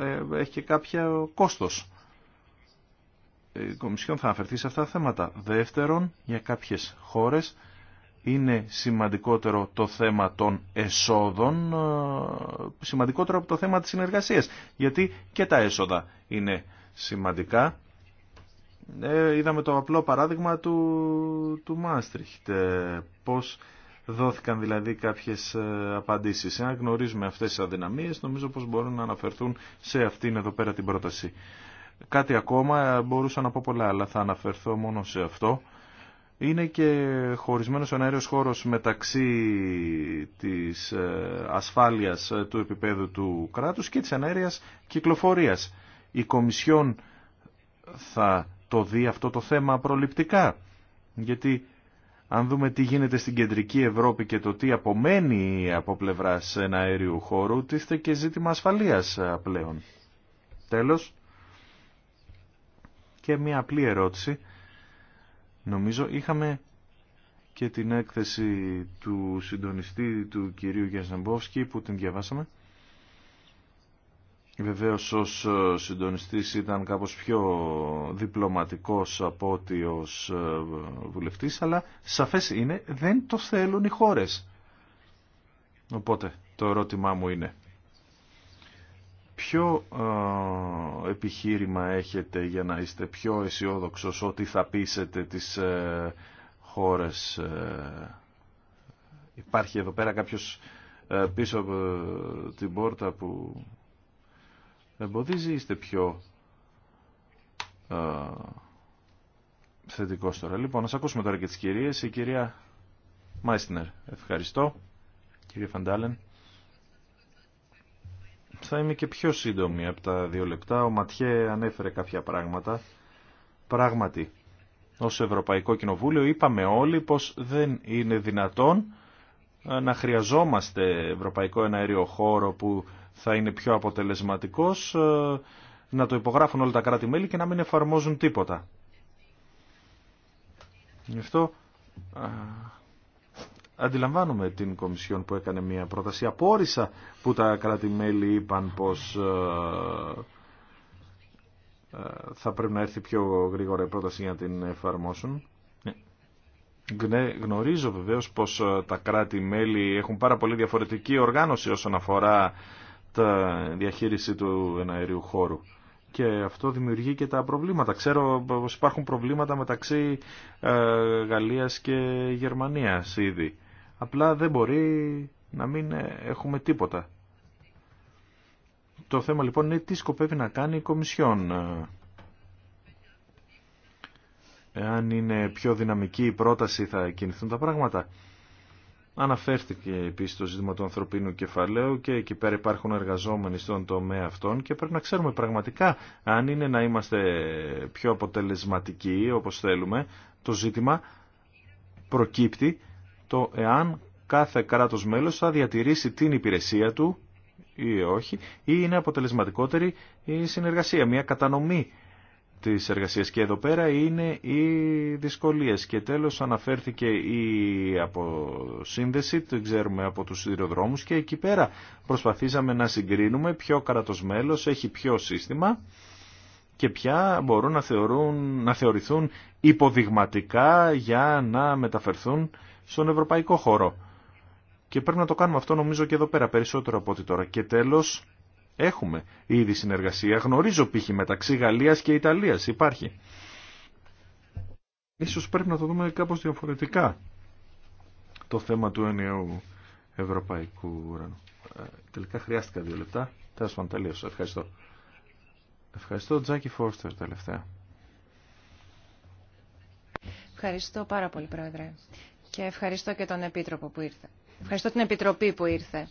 ε, έχει και κάποιο κόστος. Η Κομισιόν θα αναφερθεί σε αυτά τα θέματα. Δεύτερον, για κάποιες χώρες είναι σημαντικότερο το θέμα των εσόδων, ε, σημαντικότερο από το θέμα της συνεργασία. γιατί και τα έσοδα είναι σημαντικά. Ε, είδαμε το απλό παράδειγμα του, του Μάστριχτ, πώς δόθηκαν δηλαδή κάποιες ε, απαντήσεις. Εάν γνωρίζουμε αυτές τις αδυναμίες, νομίζω πως μπορούν να αναφερθούν σε αυτήν εδώ πέρα την πρόταση. Κάτι ακόμα, ε, μπορούσα να πω πολλά, αλλά θα αναφερθώ μόνο σε αυτό. Είναι και χωρισμένος ο αέριος χώρος μεταξύ της ε, ασφάλειας του επίπεδου του κράτους και της ανέρειας κυκλοφορίας. Η Κομισιόν θα το δει αυτό το θέμα προληπτικά, γιατί αν δούμε τι γίνεται στην κεντρική Ευρώπη και το τι απομένει από πλευράς ένα αέριου χώρου, τίθεται και ζήτημα ασφαλείας ε, πλέον. Τέλος, και μια απλή ερώτηση. Νομίζω είχαμε και την έκθεση του συντονιστή του κυρίου Γιάννη που την διαβάσαμε. Βεβαίω ως ε, συντονιστή ήταν κάπως πιο διπλωματικός από ότι ω ε, βουλευτής, αλλά σαφές είναι δεν το θέλουν οι χώρες. Οπότε το ερώτημά μου είναι, ποιο ε, επιχείρημα έχετε για να είστε πιο αισιόδοξο ότι θα πείσετε τις ε, χώρες. Ε, υπάρχει εδώ πέρα κάποιος πίσω από την πόρτα που εμποδίζει, είστε πιο ε, θετικός τώρα. Λοιπόν, ας ακούσουμε τώρα και τις κυρίες. Η κυρία Μάισνερ, ευχαριστώ. Κύριε Φαντάλεν. Θα είμαι και πιο σύντομη από τα δύο λεπτά. Ο Ματιέ ανέφερε κάποια πράγματα. Πράγματι, ως Ευρωπαϊκό Κοινοβούλιο είπαμε όλοι πως δεν είναι δυνατόν να χρειαζόμαστε ευρωπαϊκό εναέριο χώρο που θα είναι πιο αποτελεσματικός, ε, να το υπογράφουν όλα τα κράτη-μέλη και να μην εφαρμόζουν τίποτα. Γι' αυτό α, αντιλαμβάνομαι την Κομισιόν που έκανε μια πρόταση απόρρισα που τα κράτη-μέλη είπαν πως ε, ε, θα πρέπει να έρθει πιο γρήγορα η πρόταση για να την εφαρμόσουν. Γνωρίζω βεβαίω πω ε, τα κράτη-μέλη έχουν πάρα πολύ διαφορετική οργάνωση όσον αφορά τη διαχείριση του εναερίου χώρου. Και αυτό δημιουργεί και τα προβλήματα. Ξέρω πώ υπάρχουν προβλήματα μεταξύ ε, Γαλλίας και Γερμανία ήδη. Απλά δεν μπορεί να μην ε, έχουμε τίποτα. Το θέμα λοιπόν είναι τι σκοπεύει να κάνει η Κομισιόν εάν είναι πιο δυναμική η πρόταση θα κινηθούν τα πράγματα. Αναφέρθηκε επίσης το ζήτημα του ανθρωπίνου κεφαλαίου και εκεί πέρα υπάρχουν εργαζόμενοι στον τομέα αυτών και πρέπει να ξέρουμε πραγματικά αν είναι να είμαστε πιο αποτελεσματικοί όπως θέλουμε το ζήτημα προκύπτει το εάν κάθε κράτος μέλος θα διατηρήσει την υπηρεσία του ή όχι ή είναι αποτελεσματικότερη η συνεργασία, μια κατανομή της εργασίας και εδώ πέρα είναι οι δυσκολίες και τέλος αναφέρθηκε η αποσύνδεση το ξέρουμε από τους σιδηροδρόμους και εκεί πέρα προσπαθήσαμε να συγκρίνουμε ποιο κράτος μέλος έχει ποιο σύστημα και ποια μπορούν να, θεωρούν, να θεωρηθούν υποδειγματικά για να μεταφερθούν στον ευρωπαϊκό χώρο και πρέπει να το κάνουμε αυτό νομίζω και εδώ πέρα περισσότερο από ό,τι τώρα και τέλος Έχουμε ήδη συνεργασία. Γνωρίζω π.χ. μεταξύ Γαλλίας και Ιταλίας. Υπάρχει. Ίσως πρέπει να το δούμε κάπως διαφορετικά το θέμα του ενιαίου ευρωπαϊκού ουρανού. Ε, τελικά χρειάστηκα δύο λεπτά. Τέλος πάντων τελείωσα. Ευχαριστώ. Ευχαριστώ Τζάκι Φόρστερ τελευταία. Ευχαριστώ πάρα πολύ Πρόεδρε και ευχαριστώ και τον Επίτροπο που ήρθε. Ευχαριστώ την Επιτροπή που ήρθε.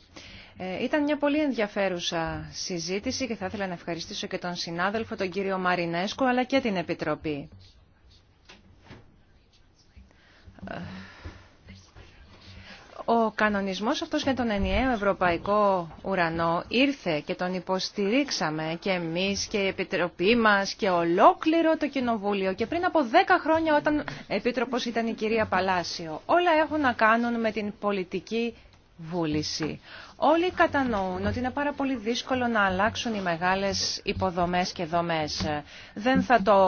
Ε, ήταν μια πολύ ενδιαφέρουσα συζήτηση και θα ήθελα να ευχαριστήσω και τον συνάδελφο, τον κύριο Μαρινέσκο, αλλά και την Επιτροπή. Ε, ο κανονισμός αυτός για τον ενιαίο ευρωπαϊκό ουρανό ήρθε και τον υποστηρίξαμε και εμείς και η Επιτροπή μας και ολόκληρο το Κοινοβούλιο και πριν από δέκα χρόνια όταν Επίτροπος ήταν η κυρία Παλάσιο. Όλα έχουν να κάνουν με την πολιτική βούληση. Όλοι κατανοούν ότι είναι πάρα πολύ δύσκολο να αλλάξουν οι μεγάλες υποδομές και δομές. Δεν θα το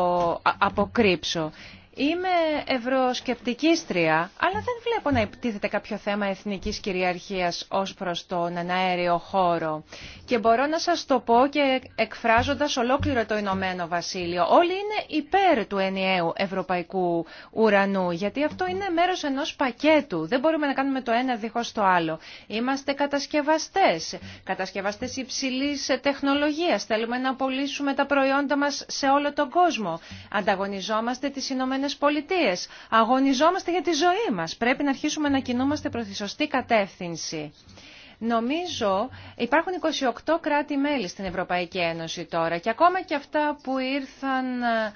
αποκρύψω. Είμαι ευρωσκεπτικίστρια, αλλά δεν βλέπω να υπτίθεται κάποιο θέμα εθνικής κυριαρχίας ως προς τον αέριο χώρο. Και μπορώ να σας το πω και εκφράζοντας ολόκληρο το Ηνωμένο Βασίλειο. Όλοι είναι υπέρ του ενιαίου ευρωπαϊκού ουρανού, γιατί αυτό είναι μέρος ενός πακέτου. Δεν μπορούμε να κάνουμε το ένα δίχως το άλλο. Είμαστε κατασκευαστές, κατασκευαστές υψηλής τεχνολογίας. Θέλουμε να απολύσουμε τα προϊόντα μας σε όλο τον κόσμο. Ανταγωνιζόμαστε τις Ηνωμένε Πολιτείε. Αγωνιζόμαστε για τη ζωή μα. Πρέπει να αρχίσουμε να κινούμαστε προ τη σωστή κατεύθυνση. Νομίζω υπάρχουν 28 κράτη-μέλη στην Ευρωπαϊκή Ένωση τώρα και ακόμα και αυτά που ήρθαν ε,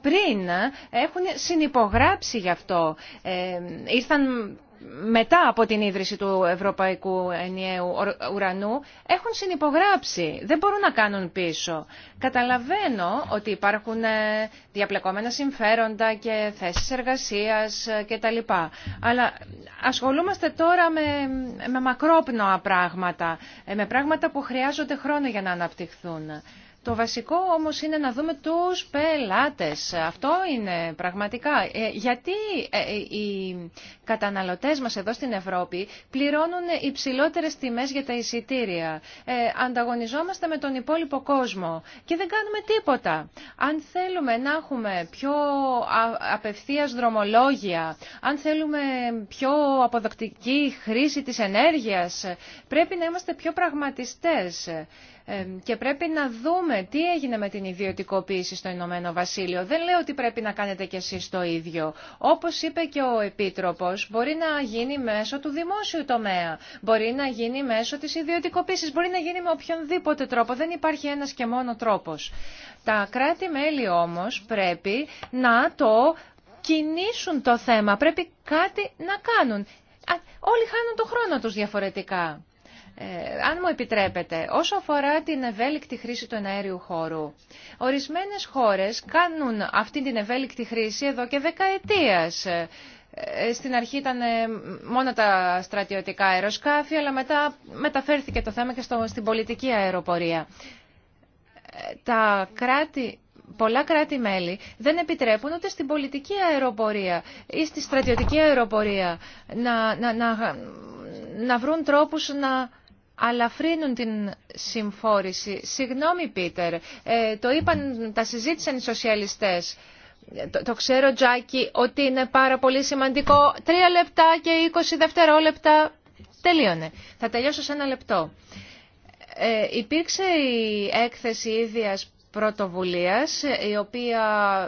πριν έχουν συνυπογράψει γι' αυτό. Ε, ήρθαν μετά από την ίδρυση του Ευρωπαϊκού Ενιαίου Ουρανού έχουν συνυπογράψει, δεν μπορούν να κάνουν πίσω. Καταλαβαίνω ότι υπάρχουν ε, διαπλεκόμενα συμφέροντα και θέσεις εργασίας ε, κτλ. Αλλά ασχολούμαστε τώρα με, με μακρόπνοα πράγματα, ε, με πράγματα που χρειάζονται χρόνο για να αναπτυχθούν. Το βασικό όμως είναι να δούμε τους πελάτες. Αυτό είναι πραγματικά. Ε, γιατί ε, οι καταναλωτές μας εδώ στην Ευρώπη πληρώνουν υψηλότερες τιμές για τα εισιτήρια. Ε, ανταγωνιζόμαστε με τον υπόλοιπο κόσμο και δεν κάνουμε τίποτα. Αν θέλουμε να έχουμε πιο απευθείας δρομολόγια, αν θέλουμε πιο αποδοκτική χρήση της ενέργειας, πρέπει να είμαστε πιο πραγματιστές και πρέπει να δούμε τι έγινε με την ιδιωτικοποίηση στο Ηνωμένο Βασίλειο. Δεν λέω ότι πρέπει να κάνετε κι εσείς το ίδιο. Όπως είπε και ο Επίτροπος, μπορεί να γίνει μέσω του δημόσιου τομέα, μπορεί να γίνει μέσω της ιδιωτικοποίησης, μπορεί να γίνει με οποιονδήποτε τρόπο. Δεν υπάρχει ένας και μόνο τρόπος. Τα κράτη-μέλη όμως πρέπει να το κινήσουν το θέμα. Πρέπει κάτι να κάνουν. Όλοι χάνουν το χρόνο τους διαφορετικά. Ε, αν μου επιτρέπετε, όσο αφορά την ευέλικτη χρήση του εναέριου χώρου, ορισμένες χώρες κάνουν αυτή την ευέλικτη χρήση εδώ και δεκαετίας. Ε, στην αρχή ήταν ε, μόνο τα στρατιωτικά αεροσκάφη, αλλά μετά μεταφέρθηκε το θέμα και στο, στην πολιτική αεροπορία. Τα κράτη, πολλά κράτη-μέλη δεν επιτρέπουν ούτε στην πολιτική αεροπορία ή στη στρατιωτική αεροπορία να, να, βρουν τρόπους να αλαφρύνουν την συμφόρηση. Συγγνώμη, Πίτερ, ε, το είπαν, τα συζήτησαν οι σοσιαλιστές. Το, ξέρω, Τζάκι, ότι είναι πάρα πολύ σημαντικό. Τρία λεπτά και είκοσι δευτερόλεπτα τελείωνε. Θα τελειώσω σε ένα λεπτό. Ε, υπήρξε η έκθεση ίδιας πρωτοβουλίας, η οποία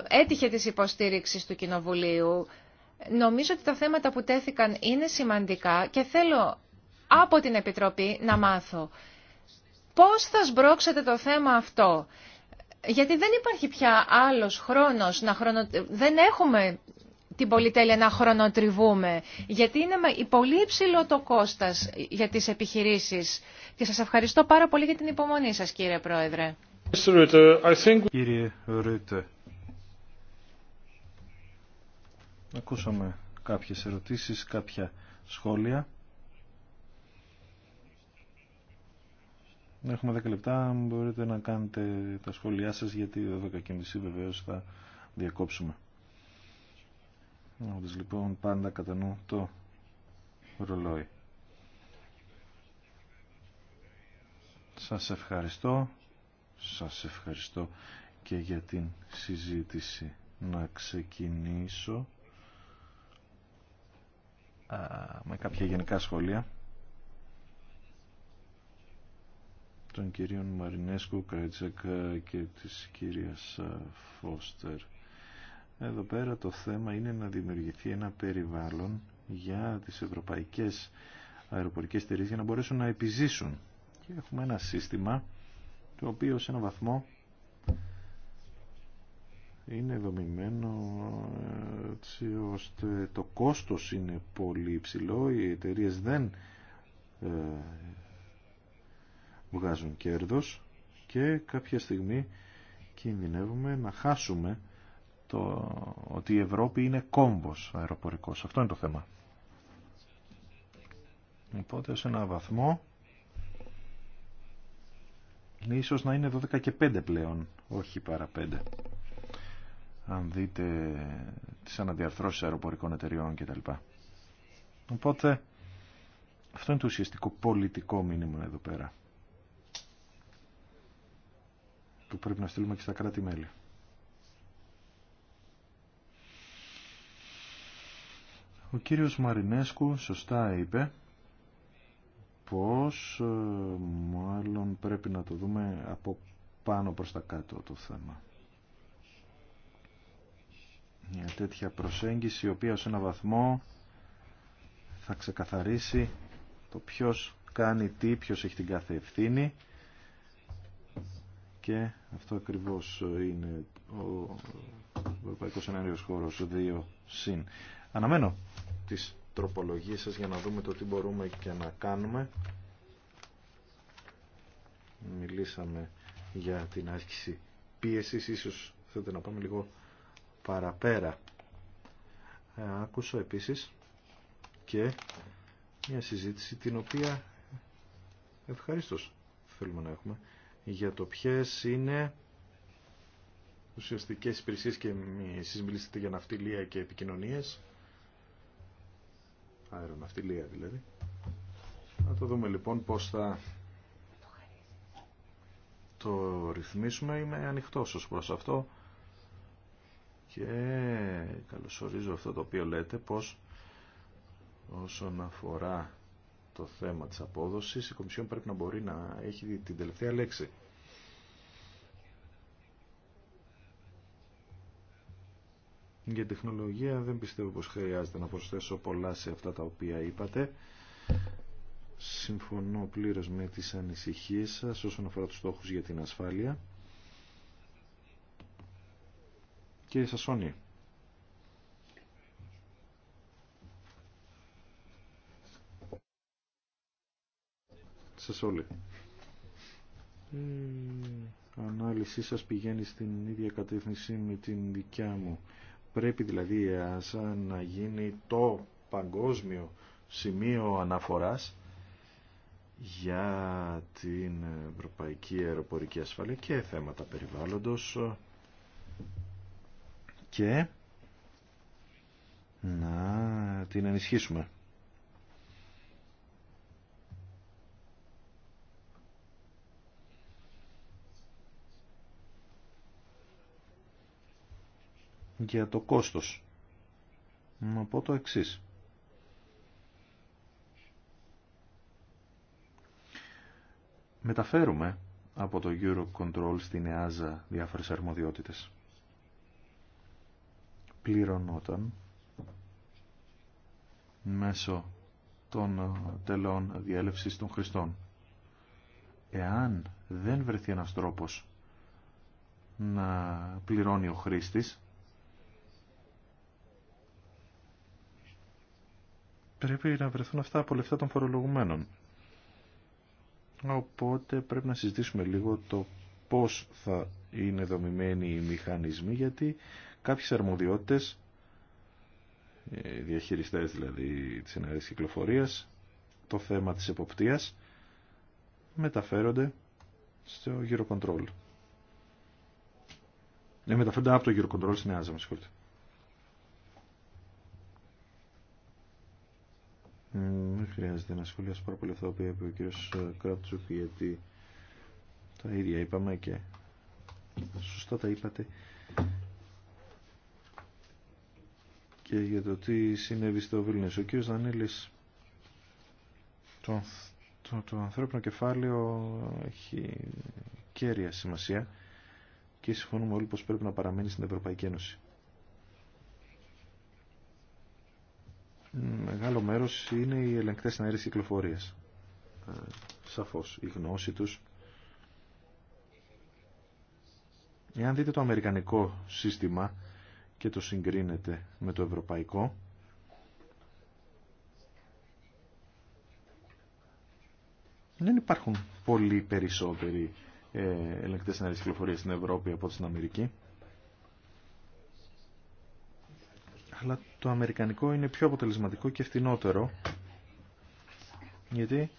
έτυχε της υποστήριξης του Κοινοβουλίου. Νομίζω ότι τα θέματα που τέθηκαν είναι σημαντικά και θέλω από την Επιτροπή να μάθω πώς θα σμπρώξετε το θέμα αυτό. Γιατί δεν υπάρχει πια άλλος χρόνος, να χρονο... δεν έχουμε την πολυτέλεια να χρονοτριβούμε, γιατί είναι πολύ υψηλό το κόστας για τις επιχειρήσεις. Και σας ευχαριστώ πάρα πολύ για την υπομονή σας, κύριε Πρόεδρε. Κύριε Ρούτε, ακούσαμε κάποιες ερωτήσεις, κάποια σχόλια. Έχουμε 10 λεπτά, μπορείτε να κάνετε τα σχόλιά σας γιατί 12.30 βεβαίω θα διακόψουμε. λοιπόν πάντα κατά νου το ρολόι. Σας ευχαριστώ. Σας ευχαριστώ και για την συζήτηση. Να ξεκινήσω με κάποια γενικά σχόλια. των κυρίων Μαρινέσκου, Καϊτζακά και της κυρίας Φώστερ. Εδώ πέρα το θέμα είναι να δημιουργηθεί ένα περιβάλλον για τις ευρωπαϊκές αεροπορικές εταιρείε για να μπορέσουν να επιζήσουν. Και έχουμε ένα σύστημα το οποίο σε ένα βαθμό είναι δομημένο ε, έτσι ώστε το κόστος είναι πολύ υψηλό, οι εταιρείε δεν ε, βγάζουν κέρδος και κάποια στιγμή κινδυνεύουμε να χάσουμε το ότι η Ευρώπη είναι κόμβος αεροπορικός. Αυτό είναι το θέμα. Οπότε σε ένα βαθμό ίσως να είναι 12 και 5 πλέον, όχι παρά 5. Αν δείτε τις αναδιαρθρώσεις αεροπορικών εταιριών κτλ. Οπότε αυτό είναι το ουσιαστικό πολιτικό μήνυμα εδώ πέρα. που πρέπει να στείλουμε και στα κράτη-μέλη. Ο κύριος Μαρινέσκου σωστά είπε πως ε, μάλλον πρέπει να το δούμε από πάνω προς τα κάτω το θέμα. Μια τέτοια προσέγγιση η οποία σε ένα βαθμό θα ξεκαθαρίσει το ποιος κάνει τι, ποιος έχει την κάθε ευθύνη και αυτό ακριβώς είναι ο Ευρωπαϊκός Ενέργειος Χώρος 2 συν. Αναμένω τις τροπολογίες σας για να δούμε το τι μπορούμε και να κάνουμε. Μιλήσαμε για την άσκηση πίεσης, ίσως θέλετε να πάμε λίγο παραπέρα. Ε, άκουσα επίσης και μια συζήτηση την οποία ευχαρίστως θέλουμε να έχουμε για το ποιες είναι ουσιαστικές υπηρεσίες και εσείς μιλήσετε για ναυτιλία και επικοινωνίες. Αεροναυτιλία δηλαδή. Να το δούμε λοιπόν πώς θα το ρυθμίσουμε. Είμαι ανοιχτός ως προς αυτό και καλωσορίζω αυτό το οποίο λέτε πως όσον αφορά το θέμα της απόδοσης, η Κομισιόν πρέπει να μπορεί να έχει την τελευταία λέξη. Για τεχνολογία δεν πιστεύω πως χρειάζεται να προσθέσω πολλά σε αυτά τα οποία είπατε. Συμφωνώ πλήρως με τις ανησυχίες σας όσον αφορά τους στόχους για την ασφάλεια. Κύριε Σασόνη, σας όλοι. Η ανάλυση σας πηγαίνει στην ίδια κατεύθυνση με την δικιά μου. Πρέπει δηλαδή η ΕΑΣΑ να γίνει το παγκόσμιο σημείο αναφοράς για την Ευρωπαϊκή Αεροπορική Ασφάλεια και θέματα περιβάλλοντος και να την ενισχύσουμε. για το κόστος. Να πω το εξής. Μεταφέρουμε από το Eurocontrol στην ΕΑΖΑ διάφορες αρμοδιότητες. Πληρωνόταν μέσω των τελών διέλευση των χρηστών. Εάν δεν βρεθεί ένας τρόπος να πληρώνει ο χρήστης, πρέπει να βρεθούν αυτά από λεφτά των φορολογουμένων. Οπότε πρέπει να συζητήσουμε λίγο το πώς θα είναι δομημένοι οι μηχανισμοί, γιατί κάποιες αρμοδιότητες, ε, διαχειριστές δηλαδή της ενέργειας κυκλοφορίας, το θέμα της εποπτείας, μεταφέρονται στο control. Ε, μεταφέρονται από το Control στην ΕΑΖΑ, με συγχωρείτε. Δεν χρειάζεται να σχολιάσω πάρα πολύ αυτά που είπε ο κύριος Κράτσουκ γιατί τα ίδια είπαμε και σωστά τα είπατε και για το τι συνέβη στο Βίλνες. Ο κύριος Δανίλης, το, το, το ανθρώπινο κεφάλαιο έχει κέρια σημασία και συμφωνούμε όλοι πως πρέπει να παραμείνει στην Ευρωπαϊκή Ένωση. μεγάλο μέρος είναι οι ελεγκτές συναέρης κυκλοφορίας. Ε, σαφώς, η γνώση τους. Εάν δείτε το αμερικανικό σύστημα και το συγκρίνετε με το ευρωπαϊκό, δεν υπάρχουν πολύ περισσότεροι ε, ελεγκτές συναέρης κυκλοφορίας στην Ευρώπη από στην Αμερική. αλλά το αμερικανικό είναι πιο αποτελεσματικό και φτηνότερο γιατί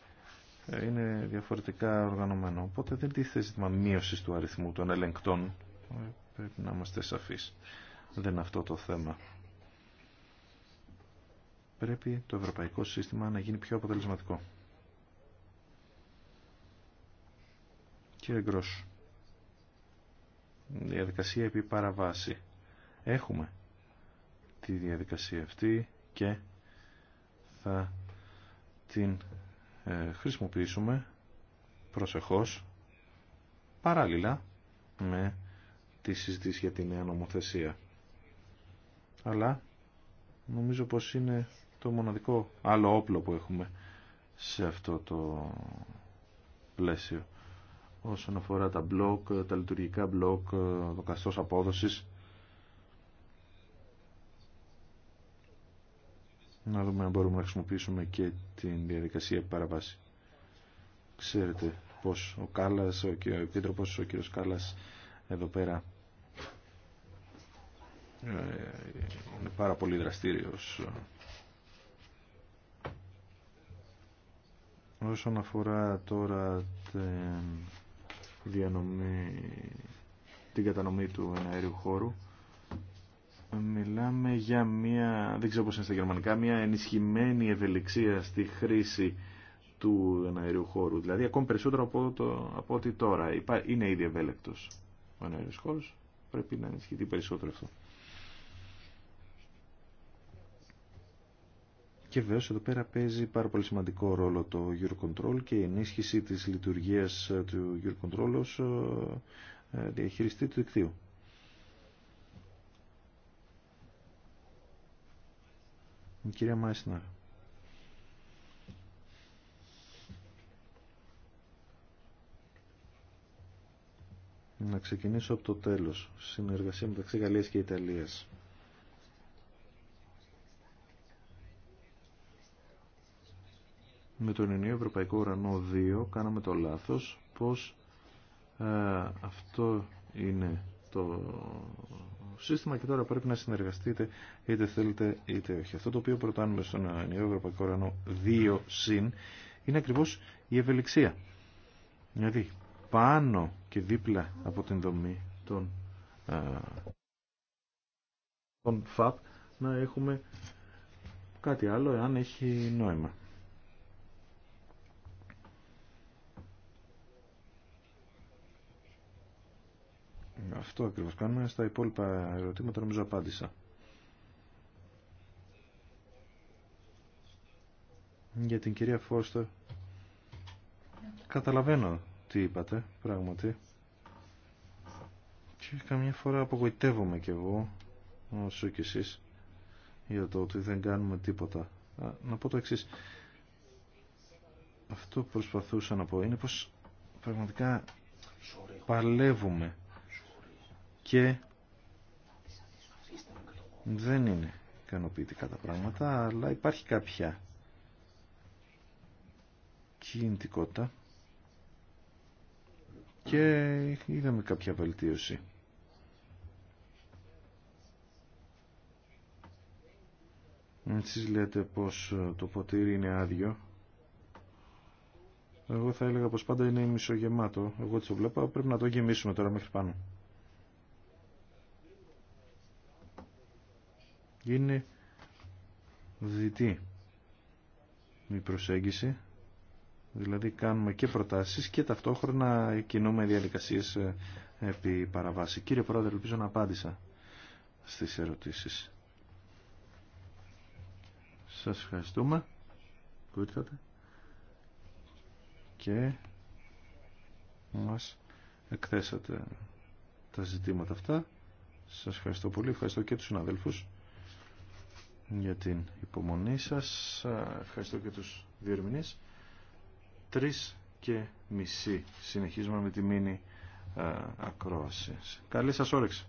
ε, είναι διαφορετικά οργανωμένο. Οπότε δεν τίθεται ζήτημα μείωση του αριθμού των ελεγκτών. Ε, πρέπει να είμαστε σαφείς. Δεν είναι αυτό το θέμα. Πρέπει το ευρωπαϊκό σύστημα να γίνει πιο αποτελεσματικό. Κύριε Γκρός, διαδικασία επί παραβάση. Έχουμε τη διαδικασία αυτή και θα την ε, χρησιμοποιήσουμε προσεχώς παράλληλα με τη συζήτηση για τη νέα νομοθεσία. Αλλά νομίζω πως είναι το μοναδικό άλλο όπλο που έχουμε σε αυτό το πλαίσιο όσον αφορά τα μπλοκ, τα λειτουργικά μπλοκ, το καστό απόδοσης να δούμε αν μπορούμε να χρησιμοποιήσουμε και την διαδικασία παραβάση. Ξέρετε πως ο Κάλλας, ο, ο Επίτροπος, ο κύριος Κάλλας εδώ πέρα ε, είναι πάρα πολύ δραστήριος ε, όσον αφορά τώρα την διανομή κατανομή του αέριου χώρου Μιλάμε για μια, δεν ξέρω πώς είναι στα γερμανικά, μια ενισχυμένη ευελιξία στη χρήση του εναερίου χώρου. Δηλαδή ακόμη περισσότερο από, το, από ό,τι τώρα. Είναι ήδη ευέλεκτος ο αέριο χώρος. Πρέπει να ενισχυθεί περισσότερο αυτό. Και βέβαια εδώ πέρα παίζει πάρα πολύ σημαντικό ρόλο το Eurocontrol και η ενίσχυση της λειτουργίας του Eurocontrol ως ε, ε, διαχειριστή του δικτύου. Η κυρία Να ξεκινήσω από το τέλος. Συνεργασία μεταξύ Γαλλίας και Ιταλίας. Με τον ενίο Ευρωπαϊκό Ουρανό 2 κάναμε το λάθος πως ε, αυτό είναι το σύστημα και τώρα πρέπει να συνεργαστείτε είτε θέλετε είτε όχι. Αυτό το οποίο προτάνουμε στον Ιερό Ευρωπαϊκό Ουρανό 2 συν είναι ακριβώς η ευελιξία. Δηλαδή πάνω και δίπλα από την δομή των, α, των ΦΑΠ να έχουμε κάτι άλλο εάν έχει νόημα. Ναι, αυτό ακριβώς κάνουμε. Στα υπόλοιπα ερωτήματα νομίζω απάντησα. Για την κυρία Φώστερ. Καταλαβαίνω τι είπατε, πράγματι. Και καμιά φορά απογοητεύομαι κι εγώ, όσο κι εσείς, για το ότι δεν κάνουμε τίποτα. Να πω το εξή. Αυτό που προσπαθούσα να πω είναι πως πραγματικά παλεύουμε και δεν είναι ικανοποιητικά τα πράγματα, αλλά υπάρχει κάποια κινητικότητα και είδαμε κάποια βελτίωση. Εσείς λέτε πως το ποτήρι είναι άδειο. Εγώ θα έλεγα πως πάντα είναι μισογεμάτο. Εγώ το βλέπω, πρέπει να το γεμίσουμε τώρα μέχρι πάνω. είναι δυτή η προσέγγιση δηλαδή κάνουμε και προτάσεις και ταυτόχρονα κινούμε διαδικασίες ε, επί παραβάση. Κύριε Πρόεδρε, ελπίζω να απάντησα στις ερωτήσεις. Σας ευχαριστούμε που ήρθατε και μας εκθέσατε τα ζητήματα αυτά. Σας ευχαριστώ πολύ. Ευχαριστώ και τους συναδέλφους για την υπομονή σας. Ευχαριστώ και τους διερμηνείς. Τρεις και μισή. Συνεχίζουμε με τη μήνυ ακρόαση. Καλή σας όρεξη.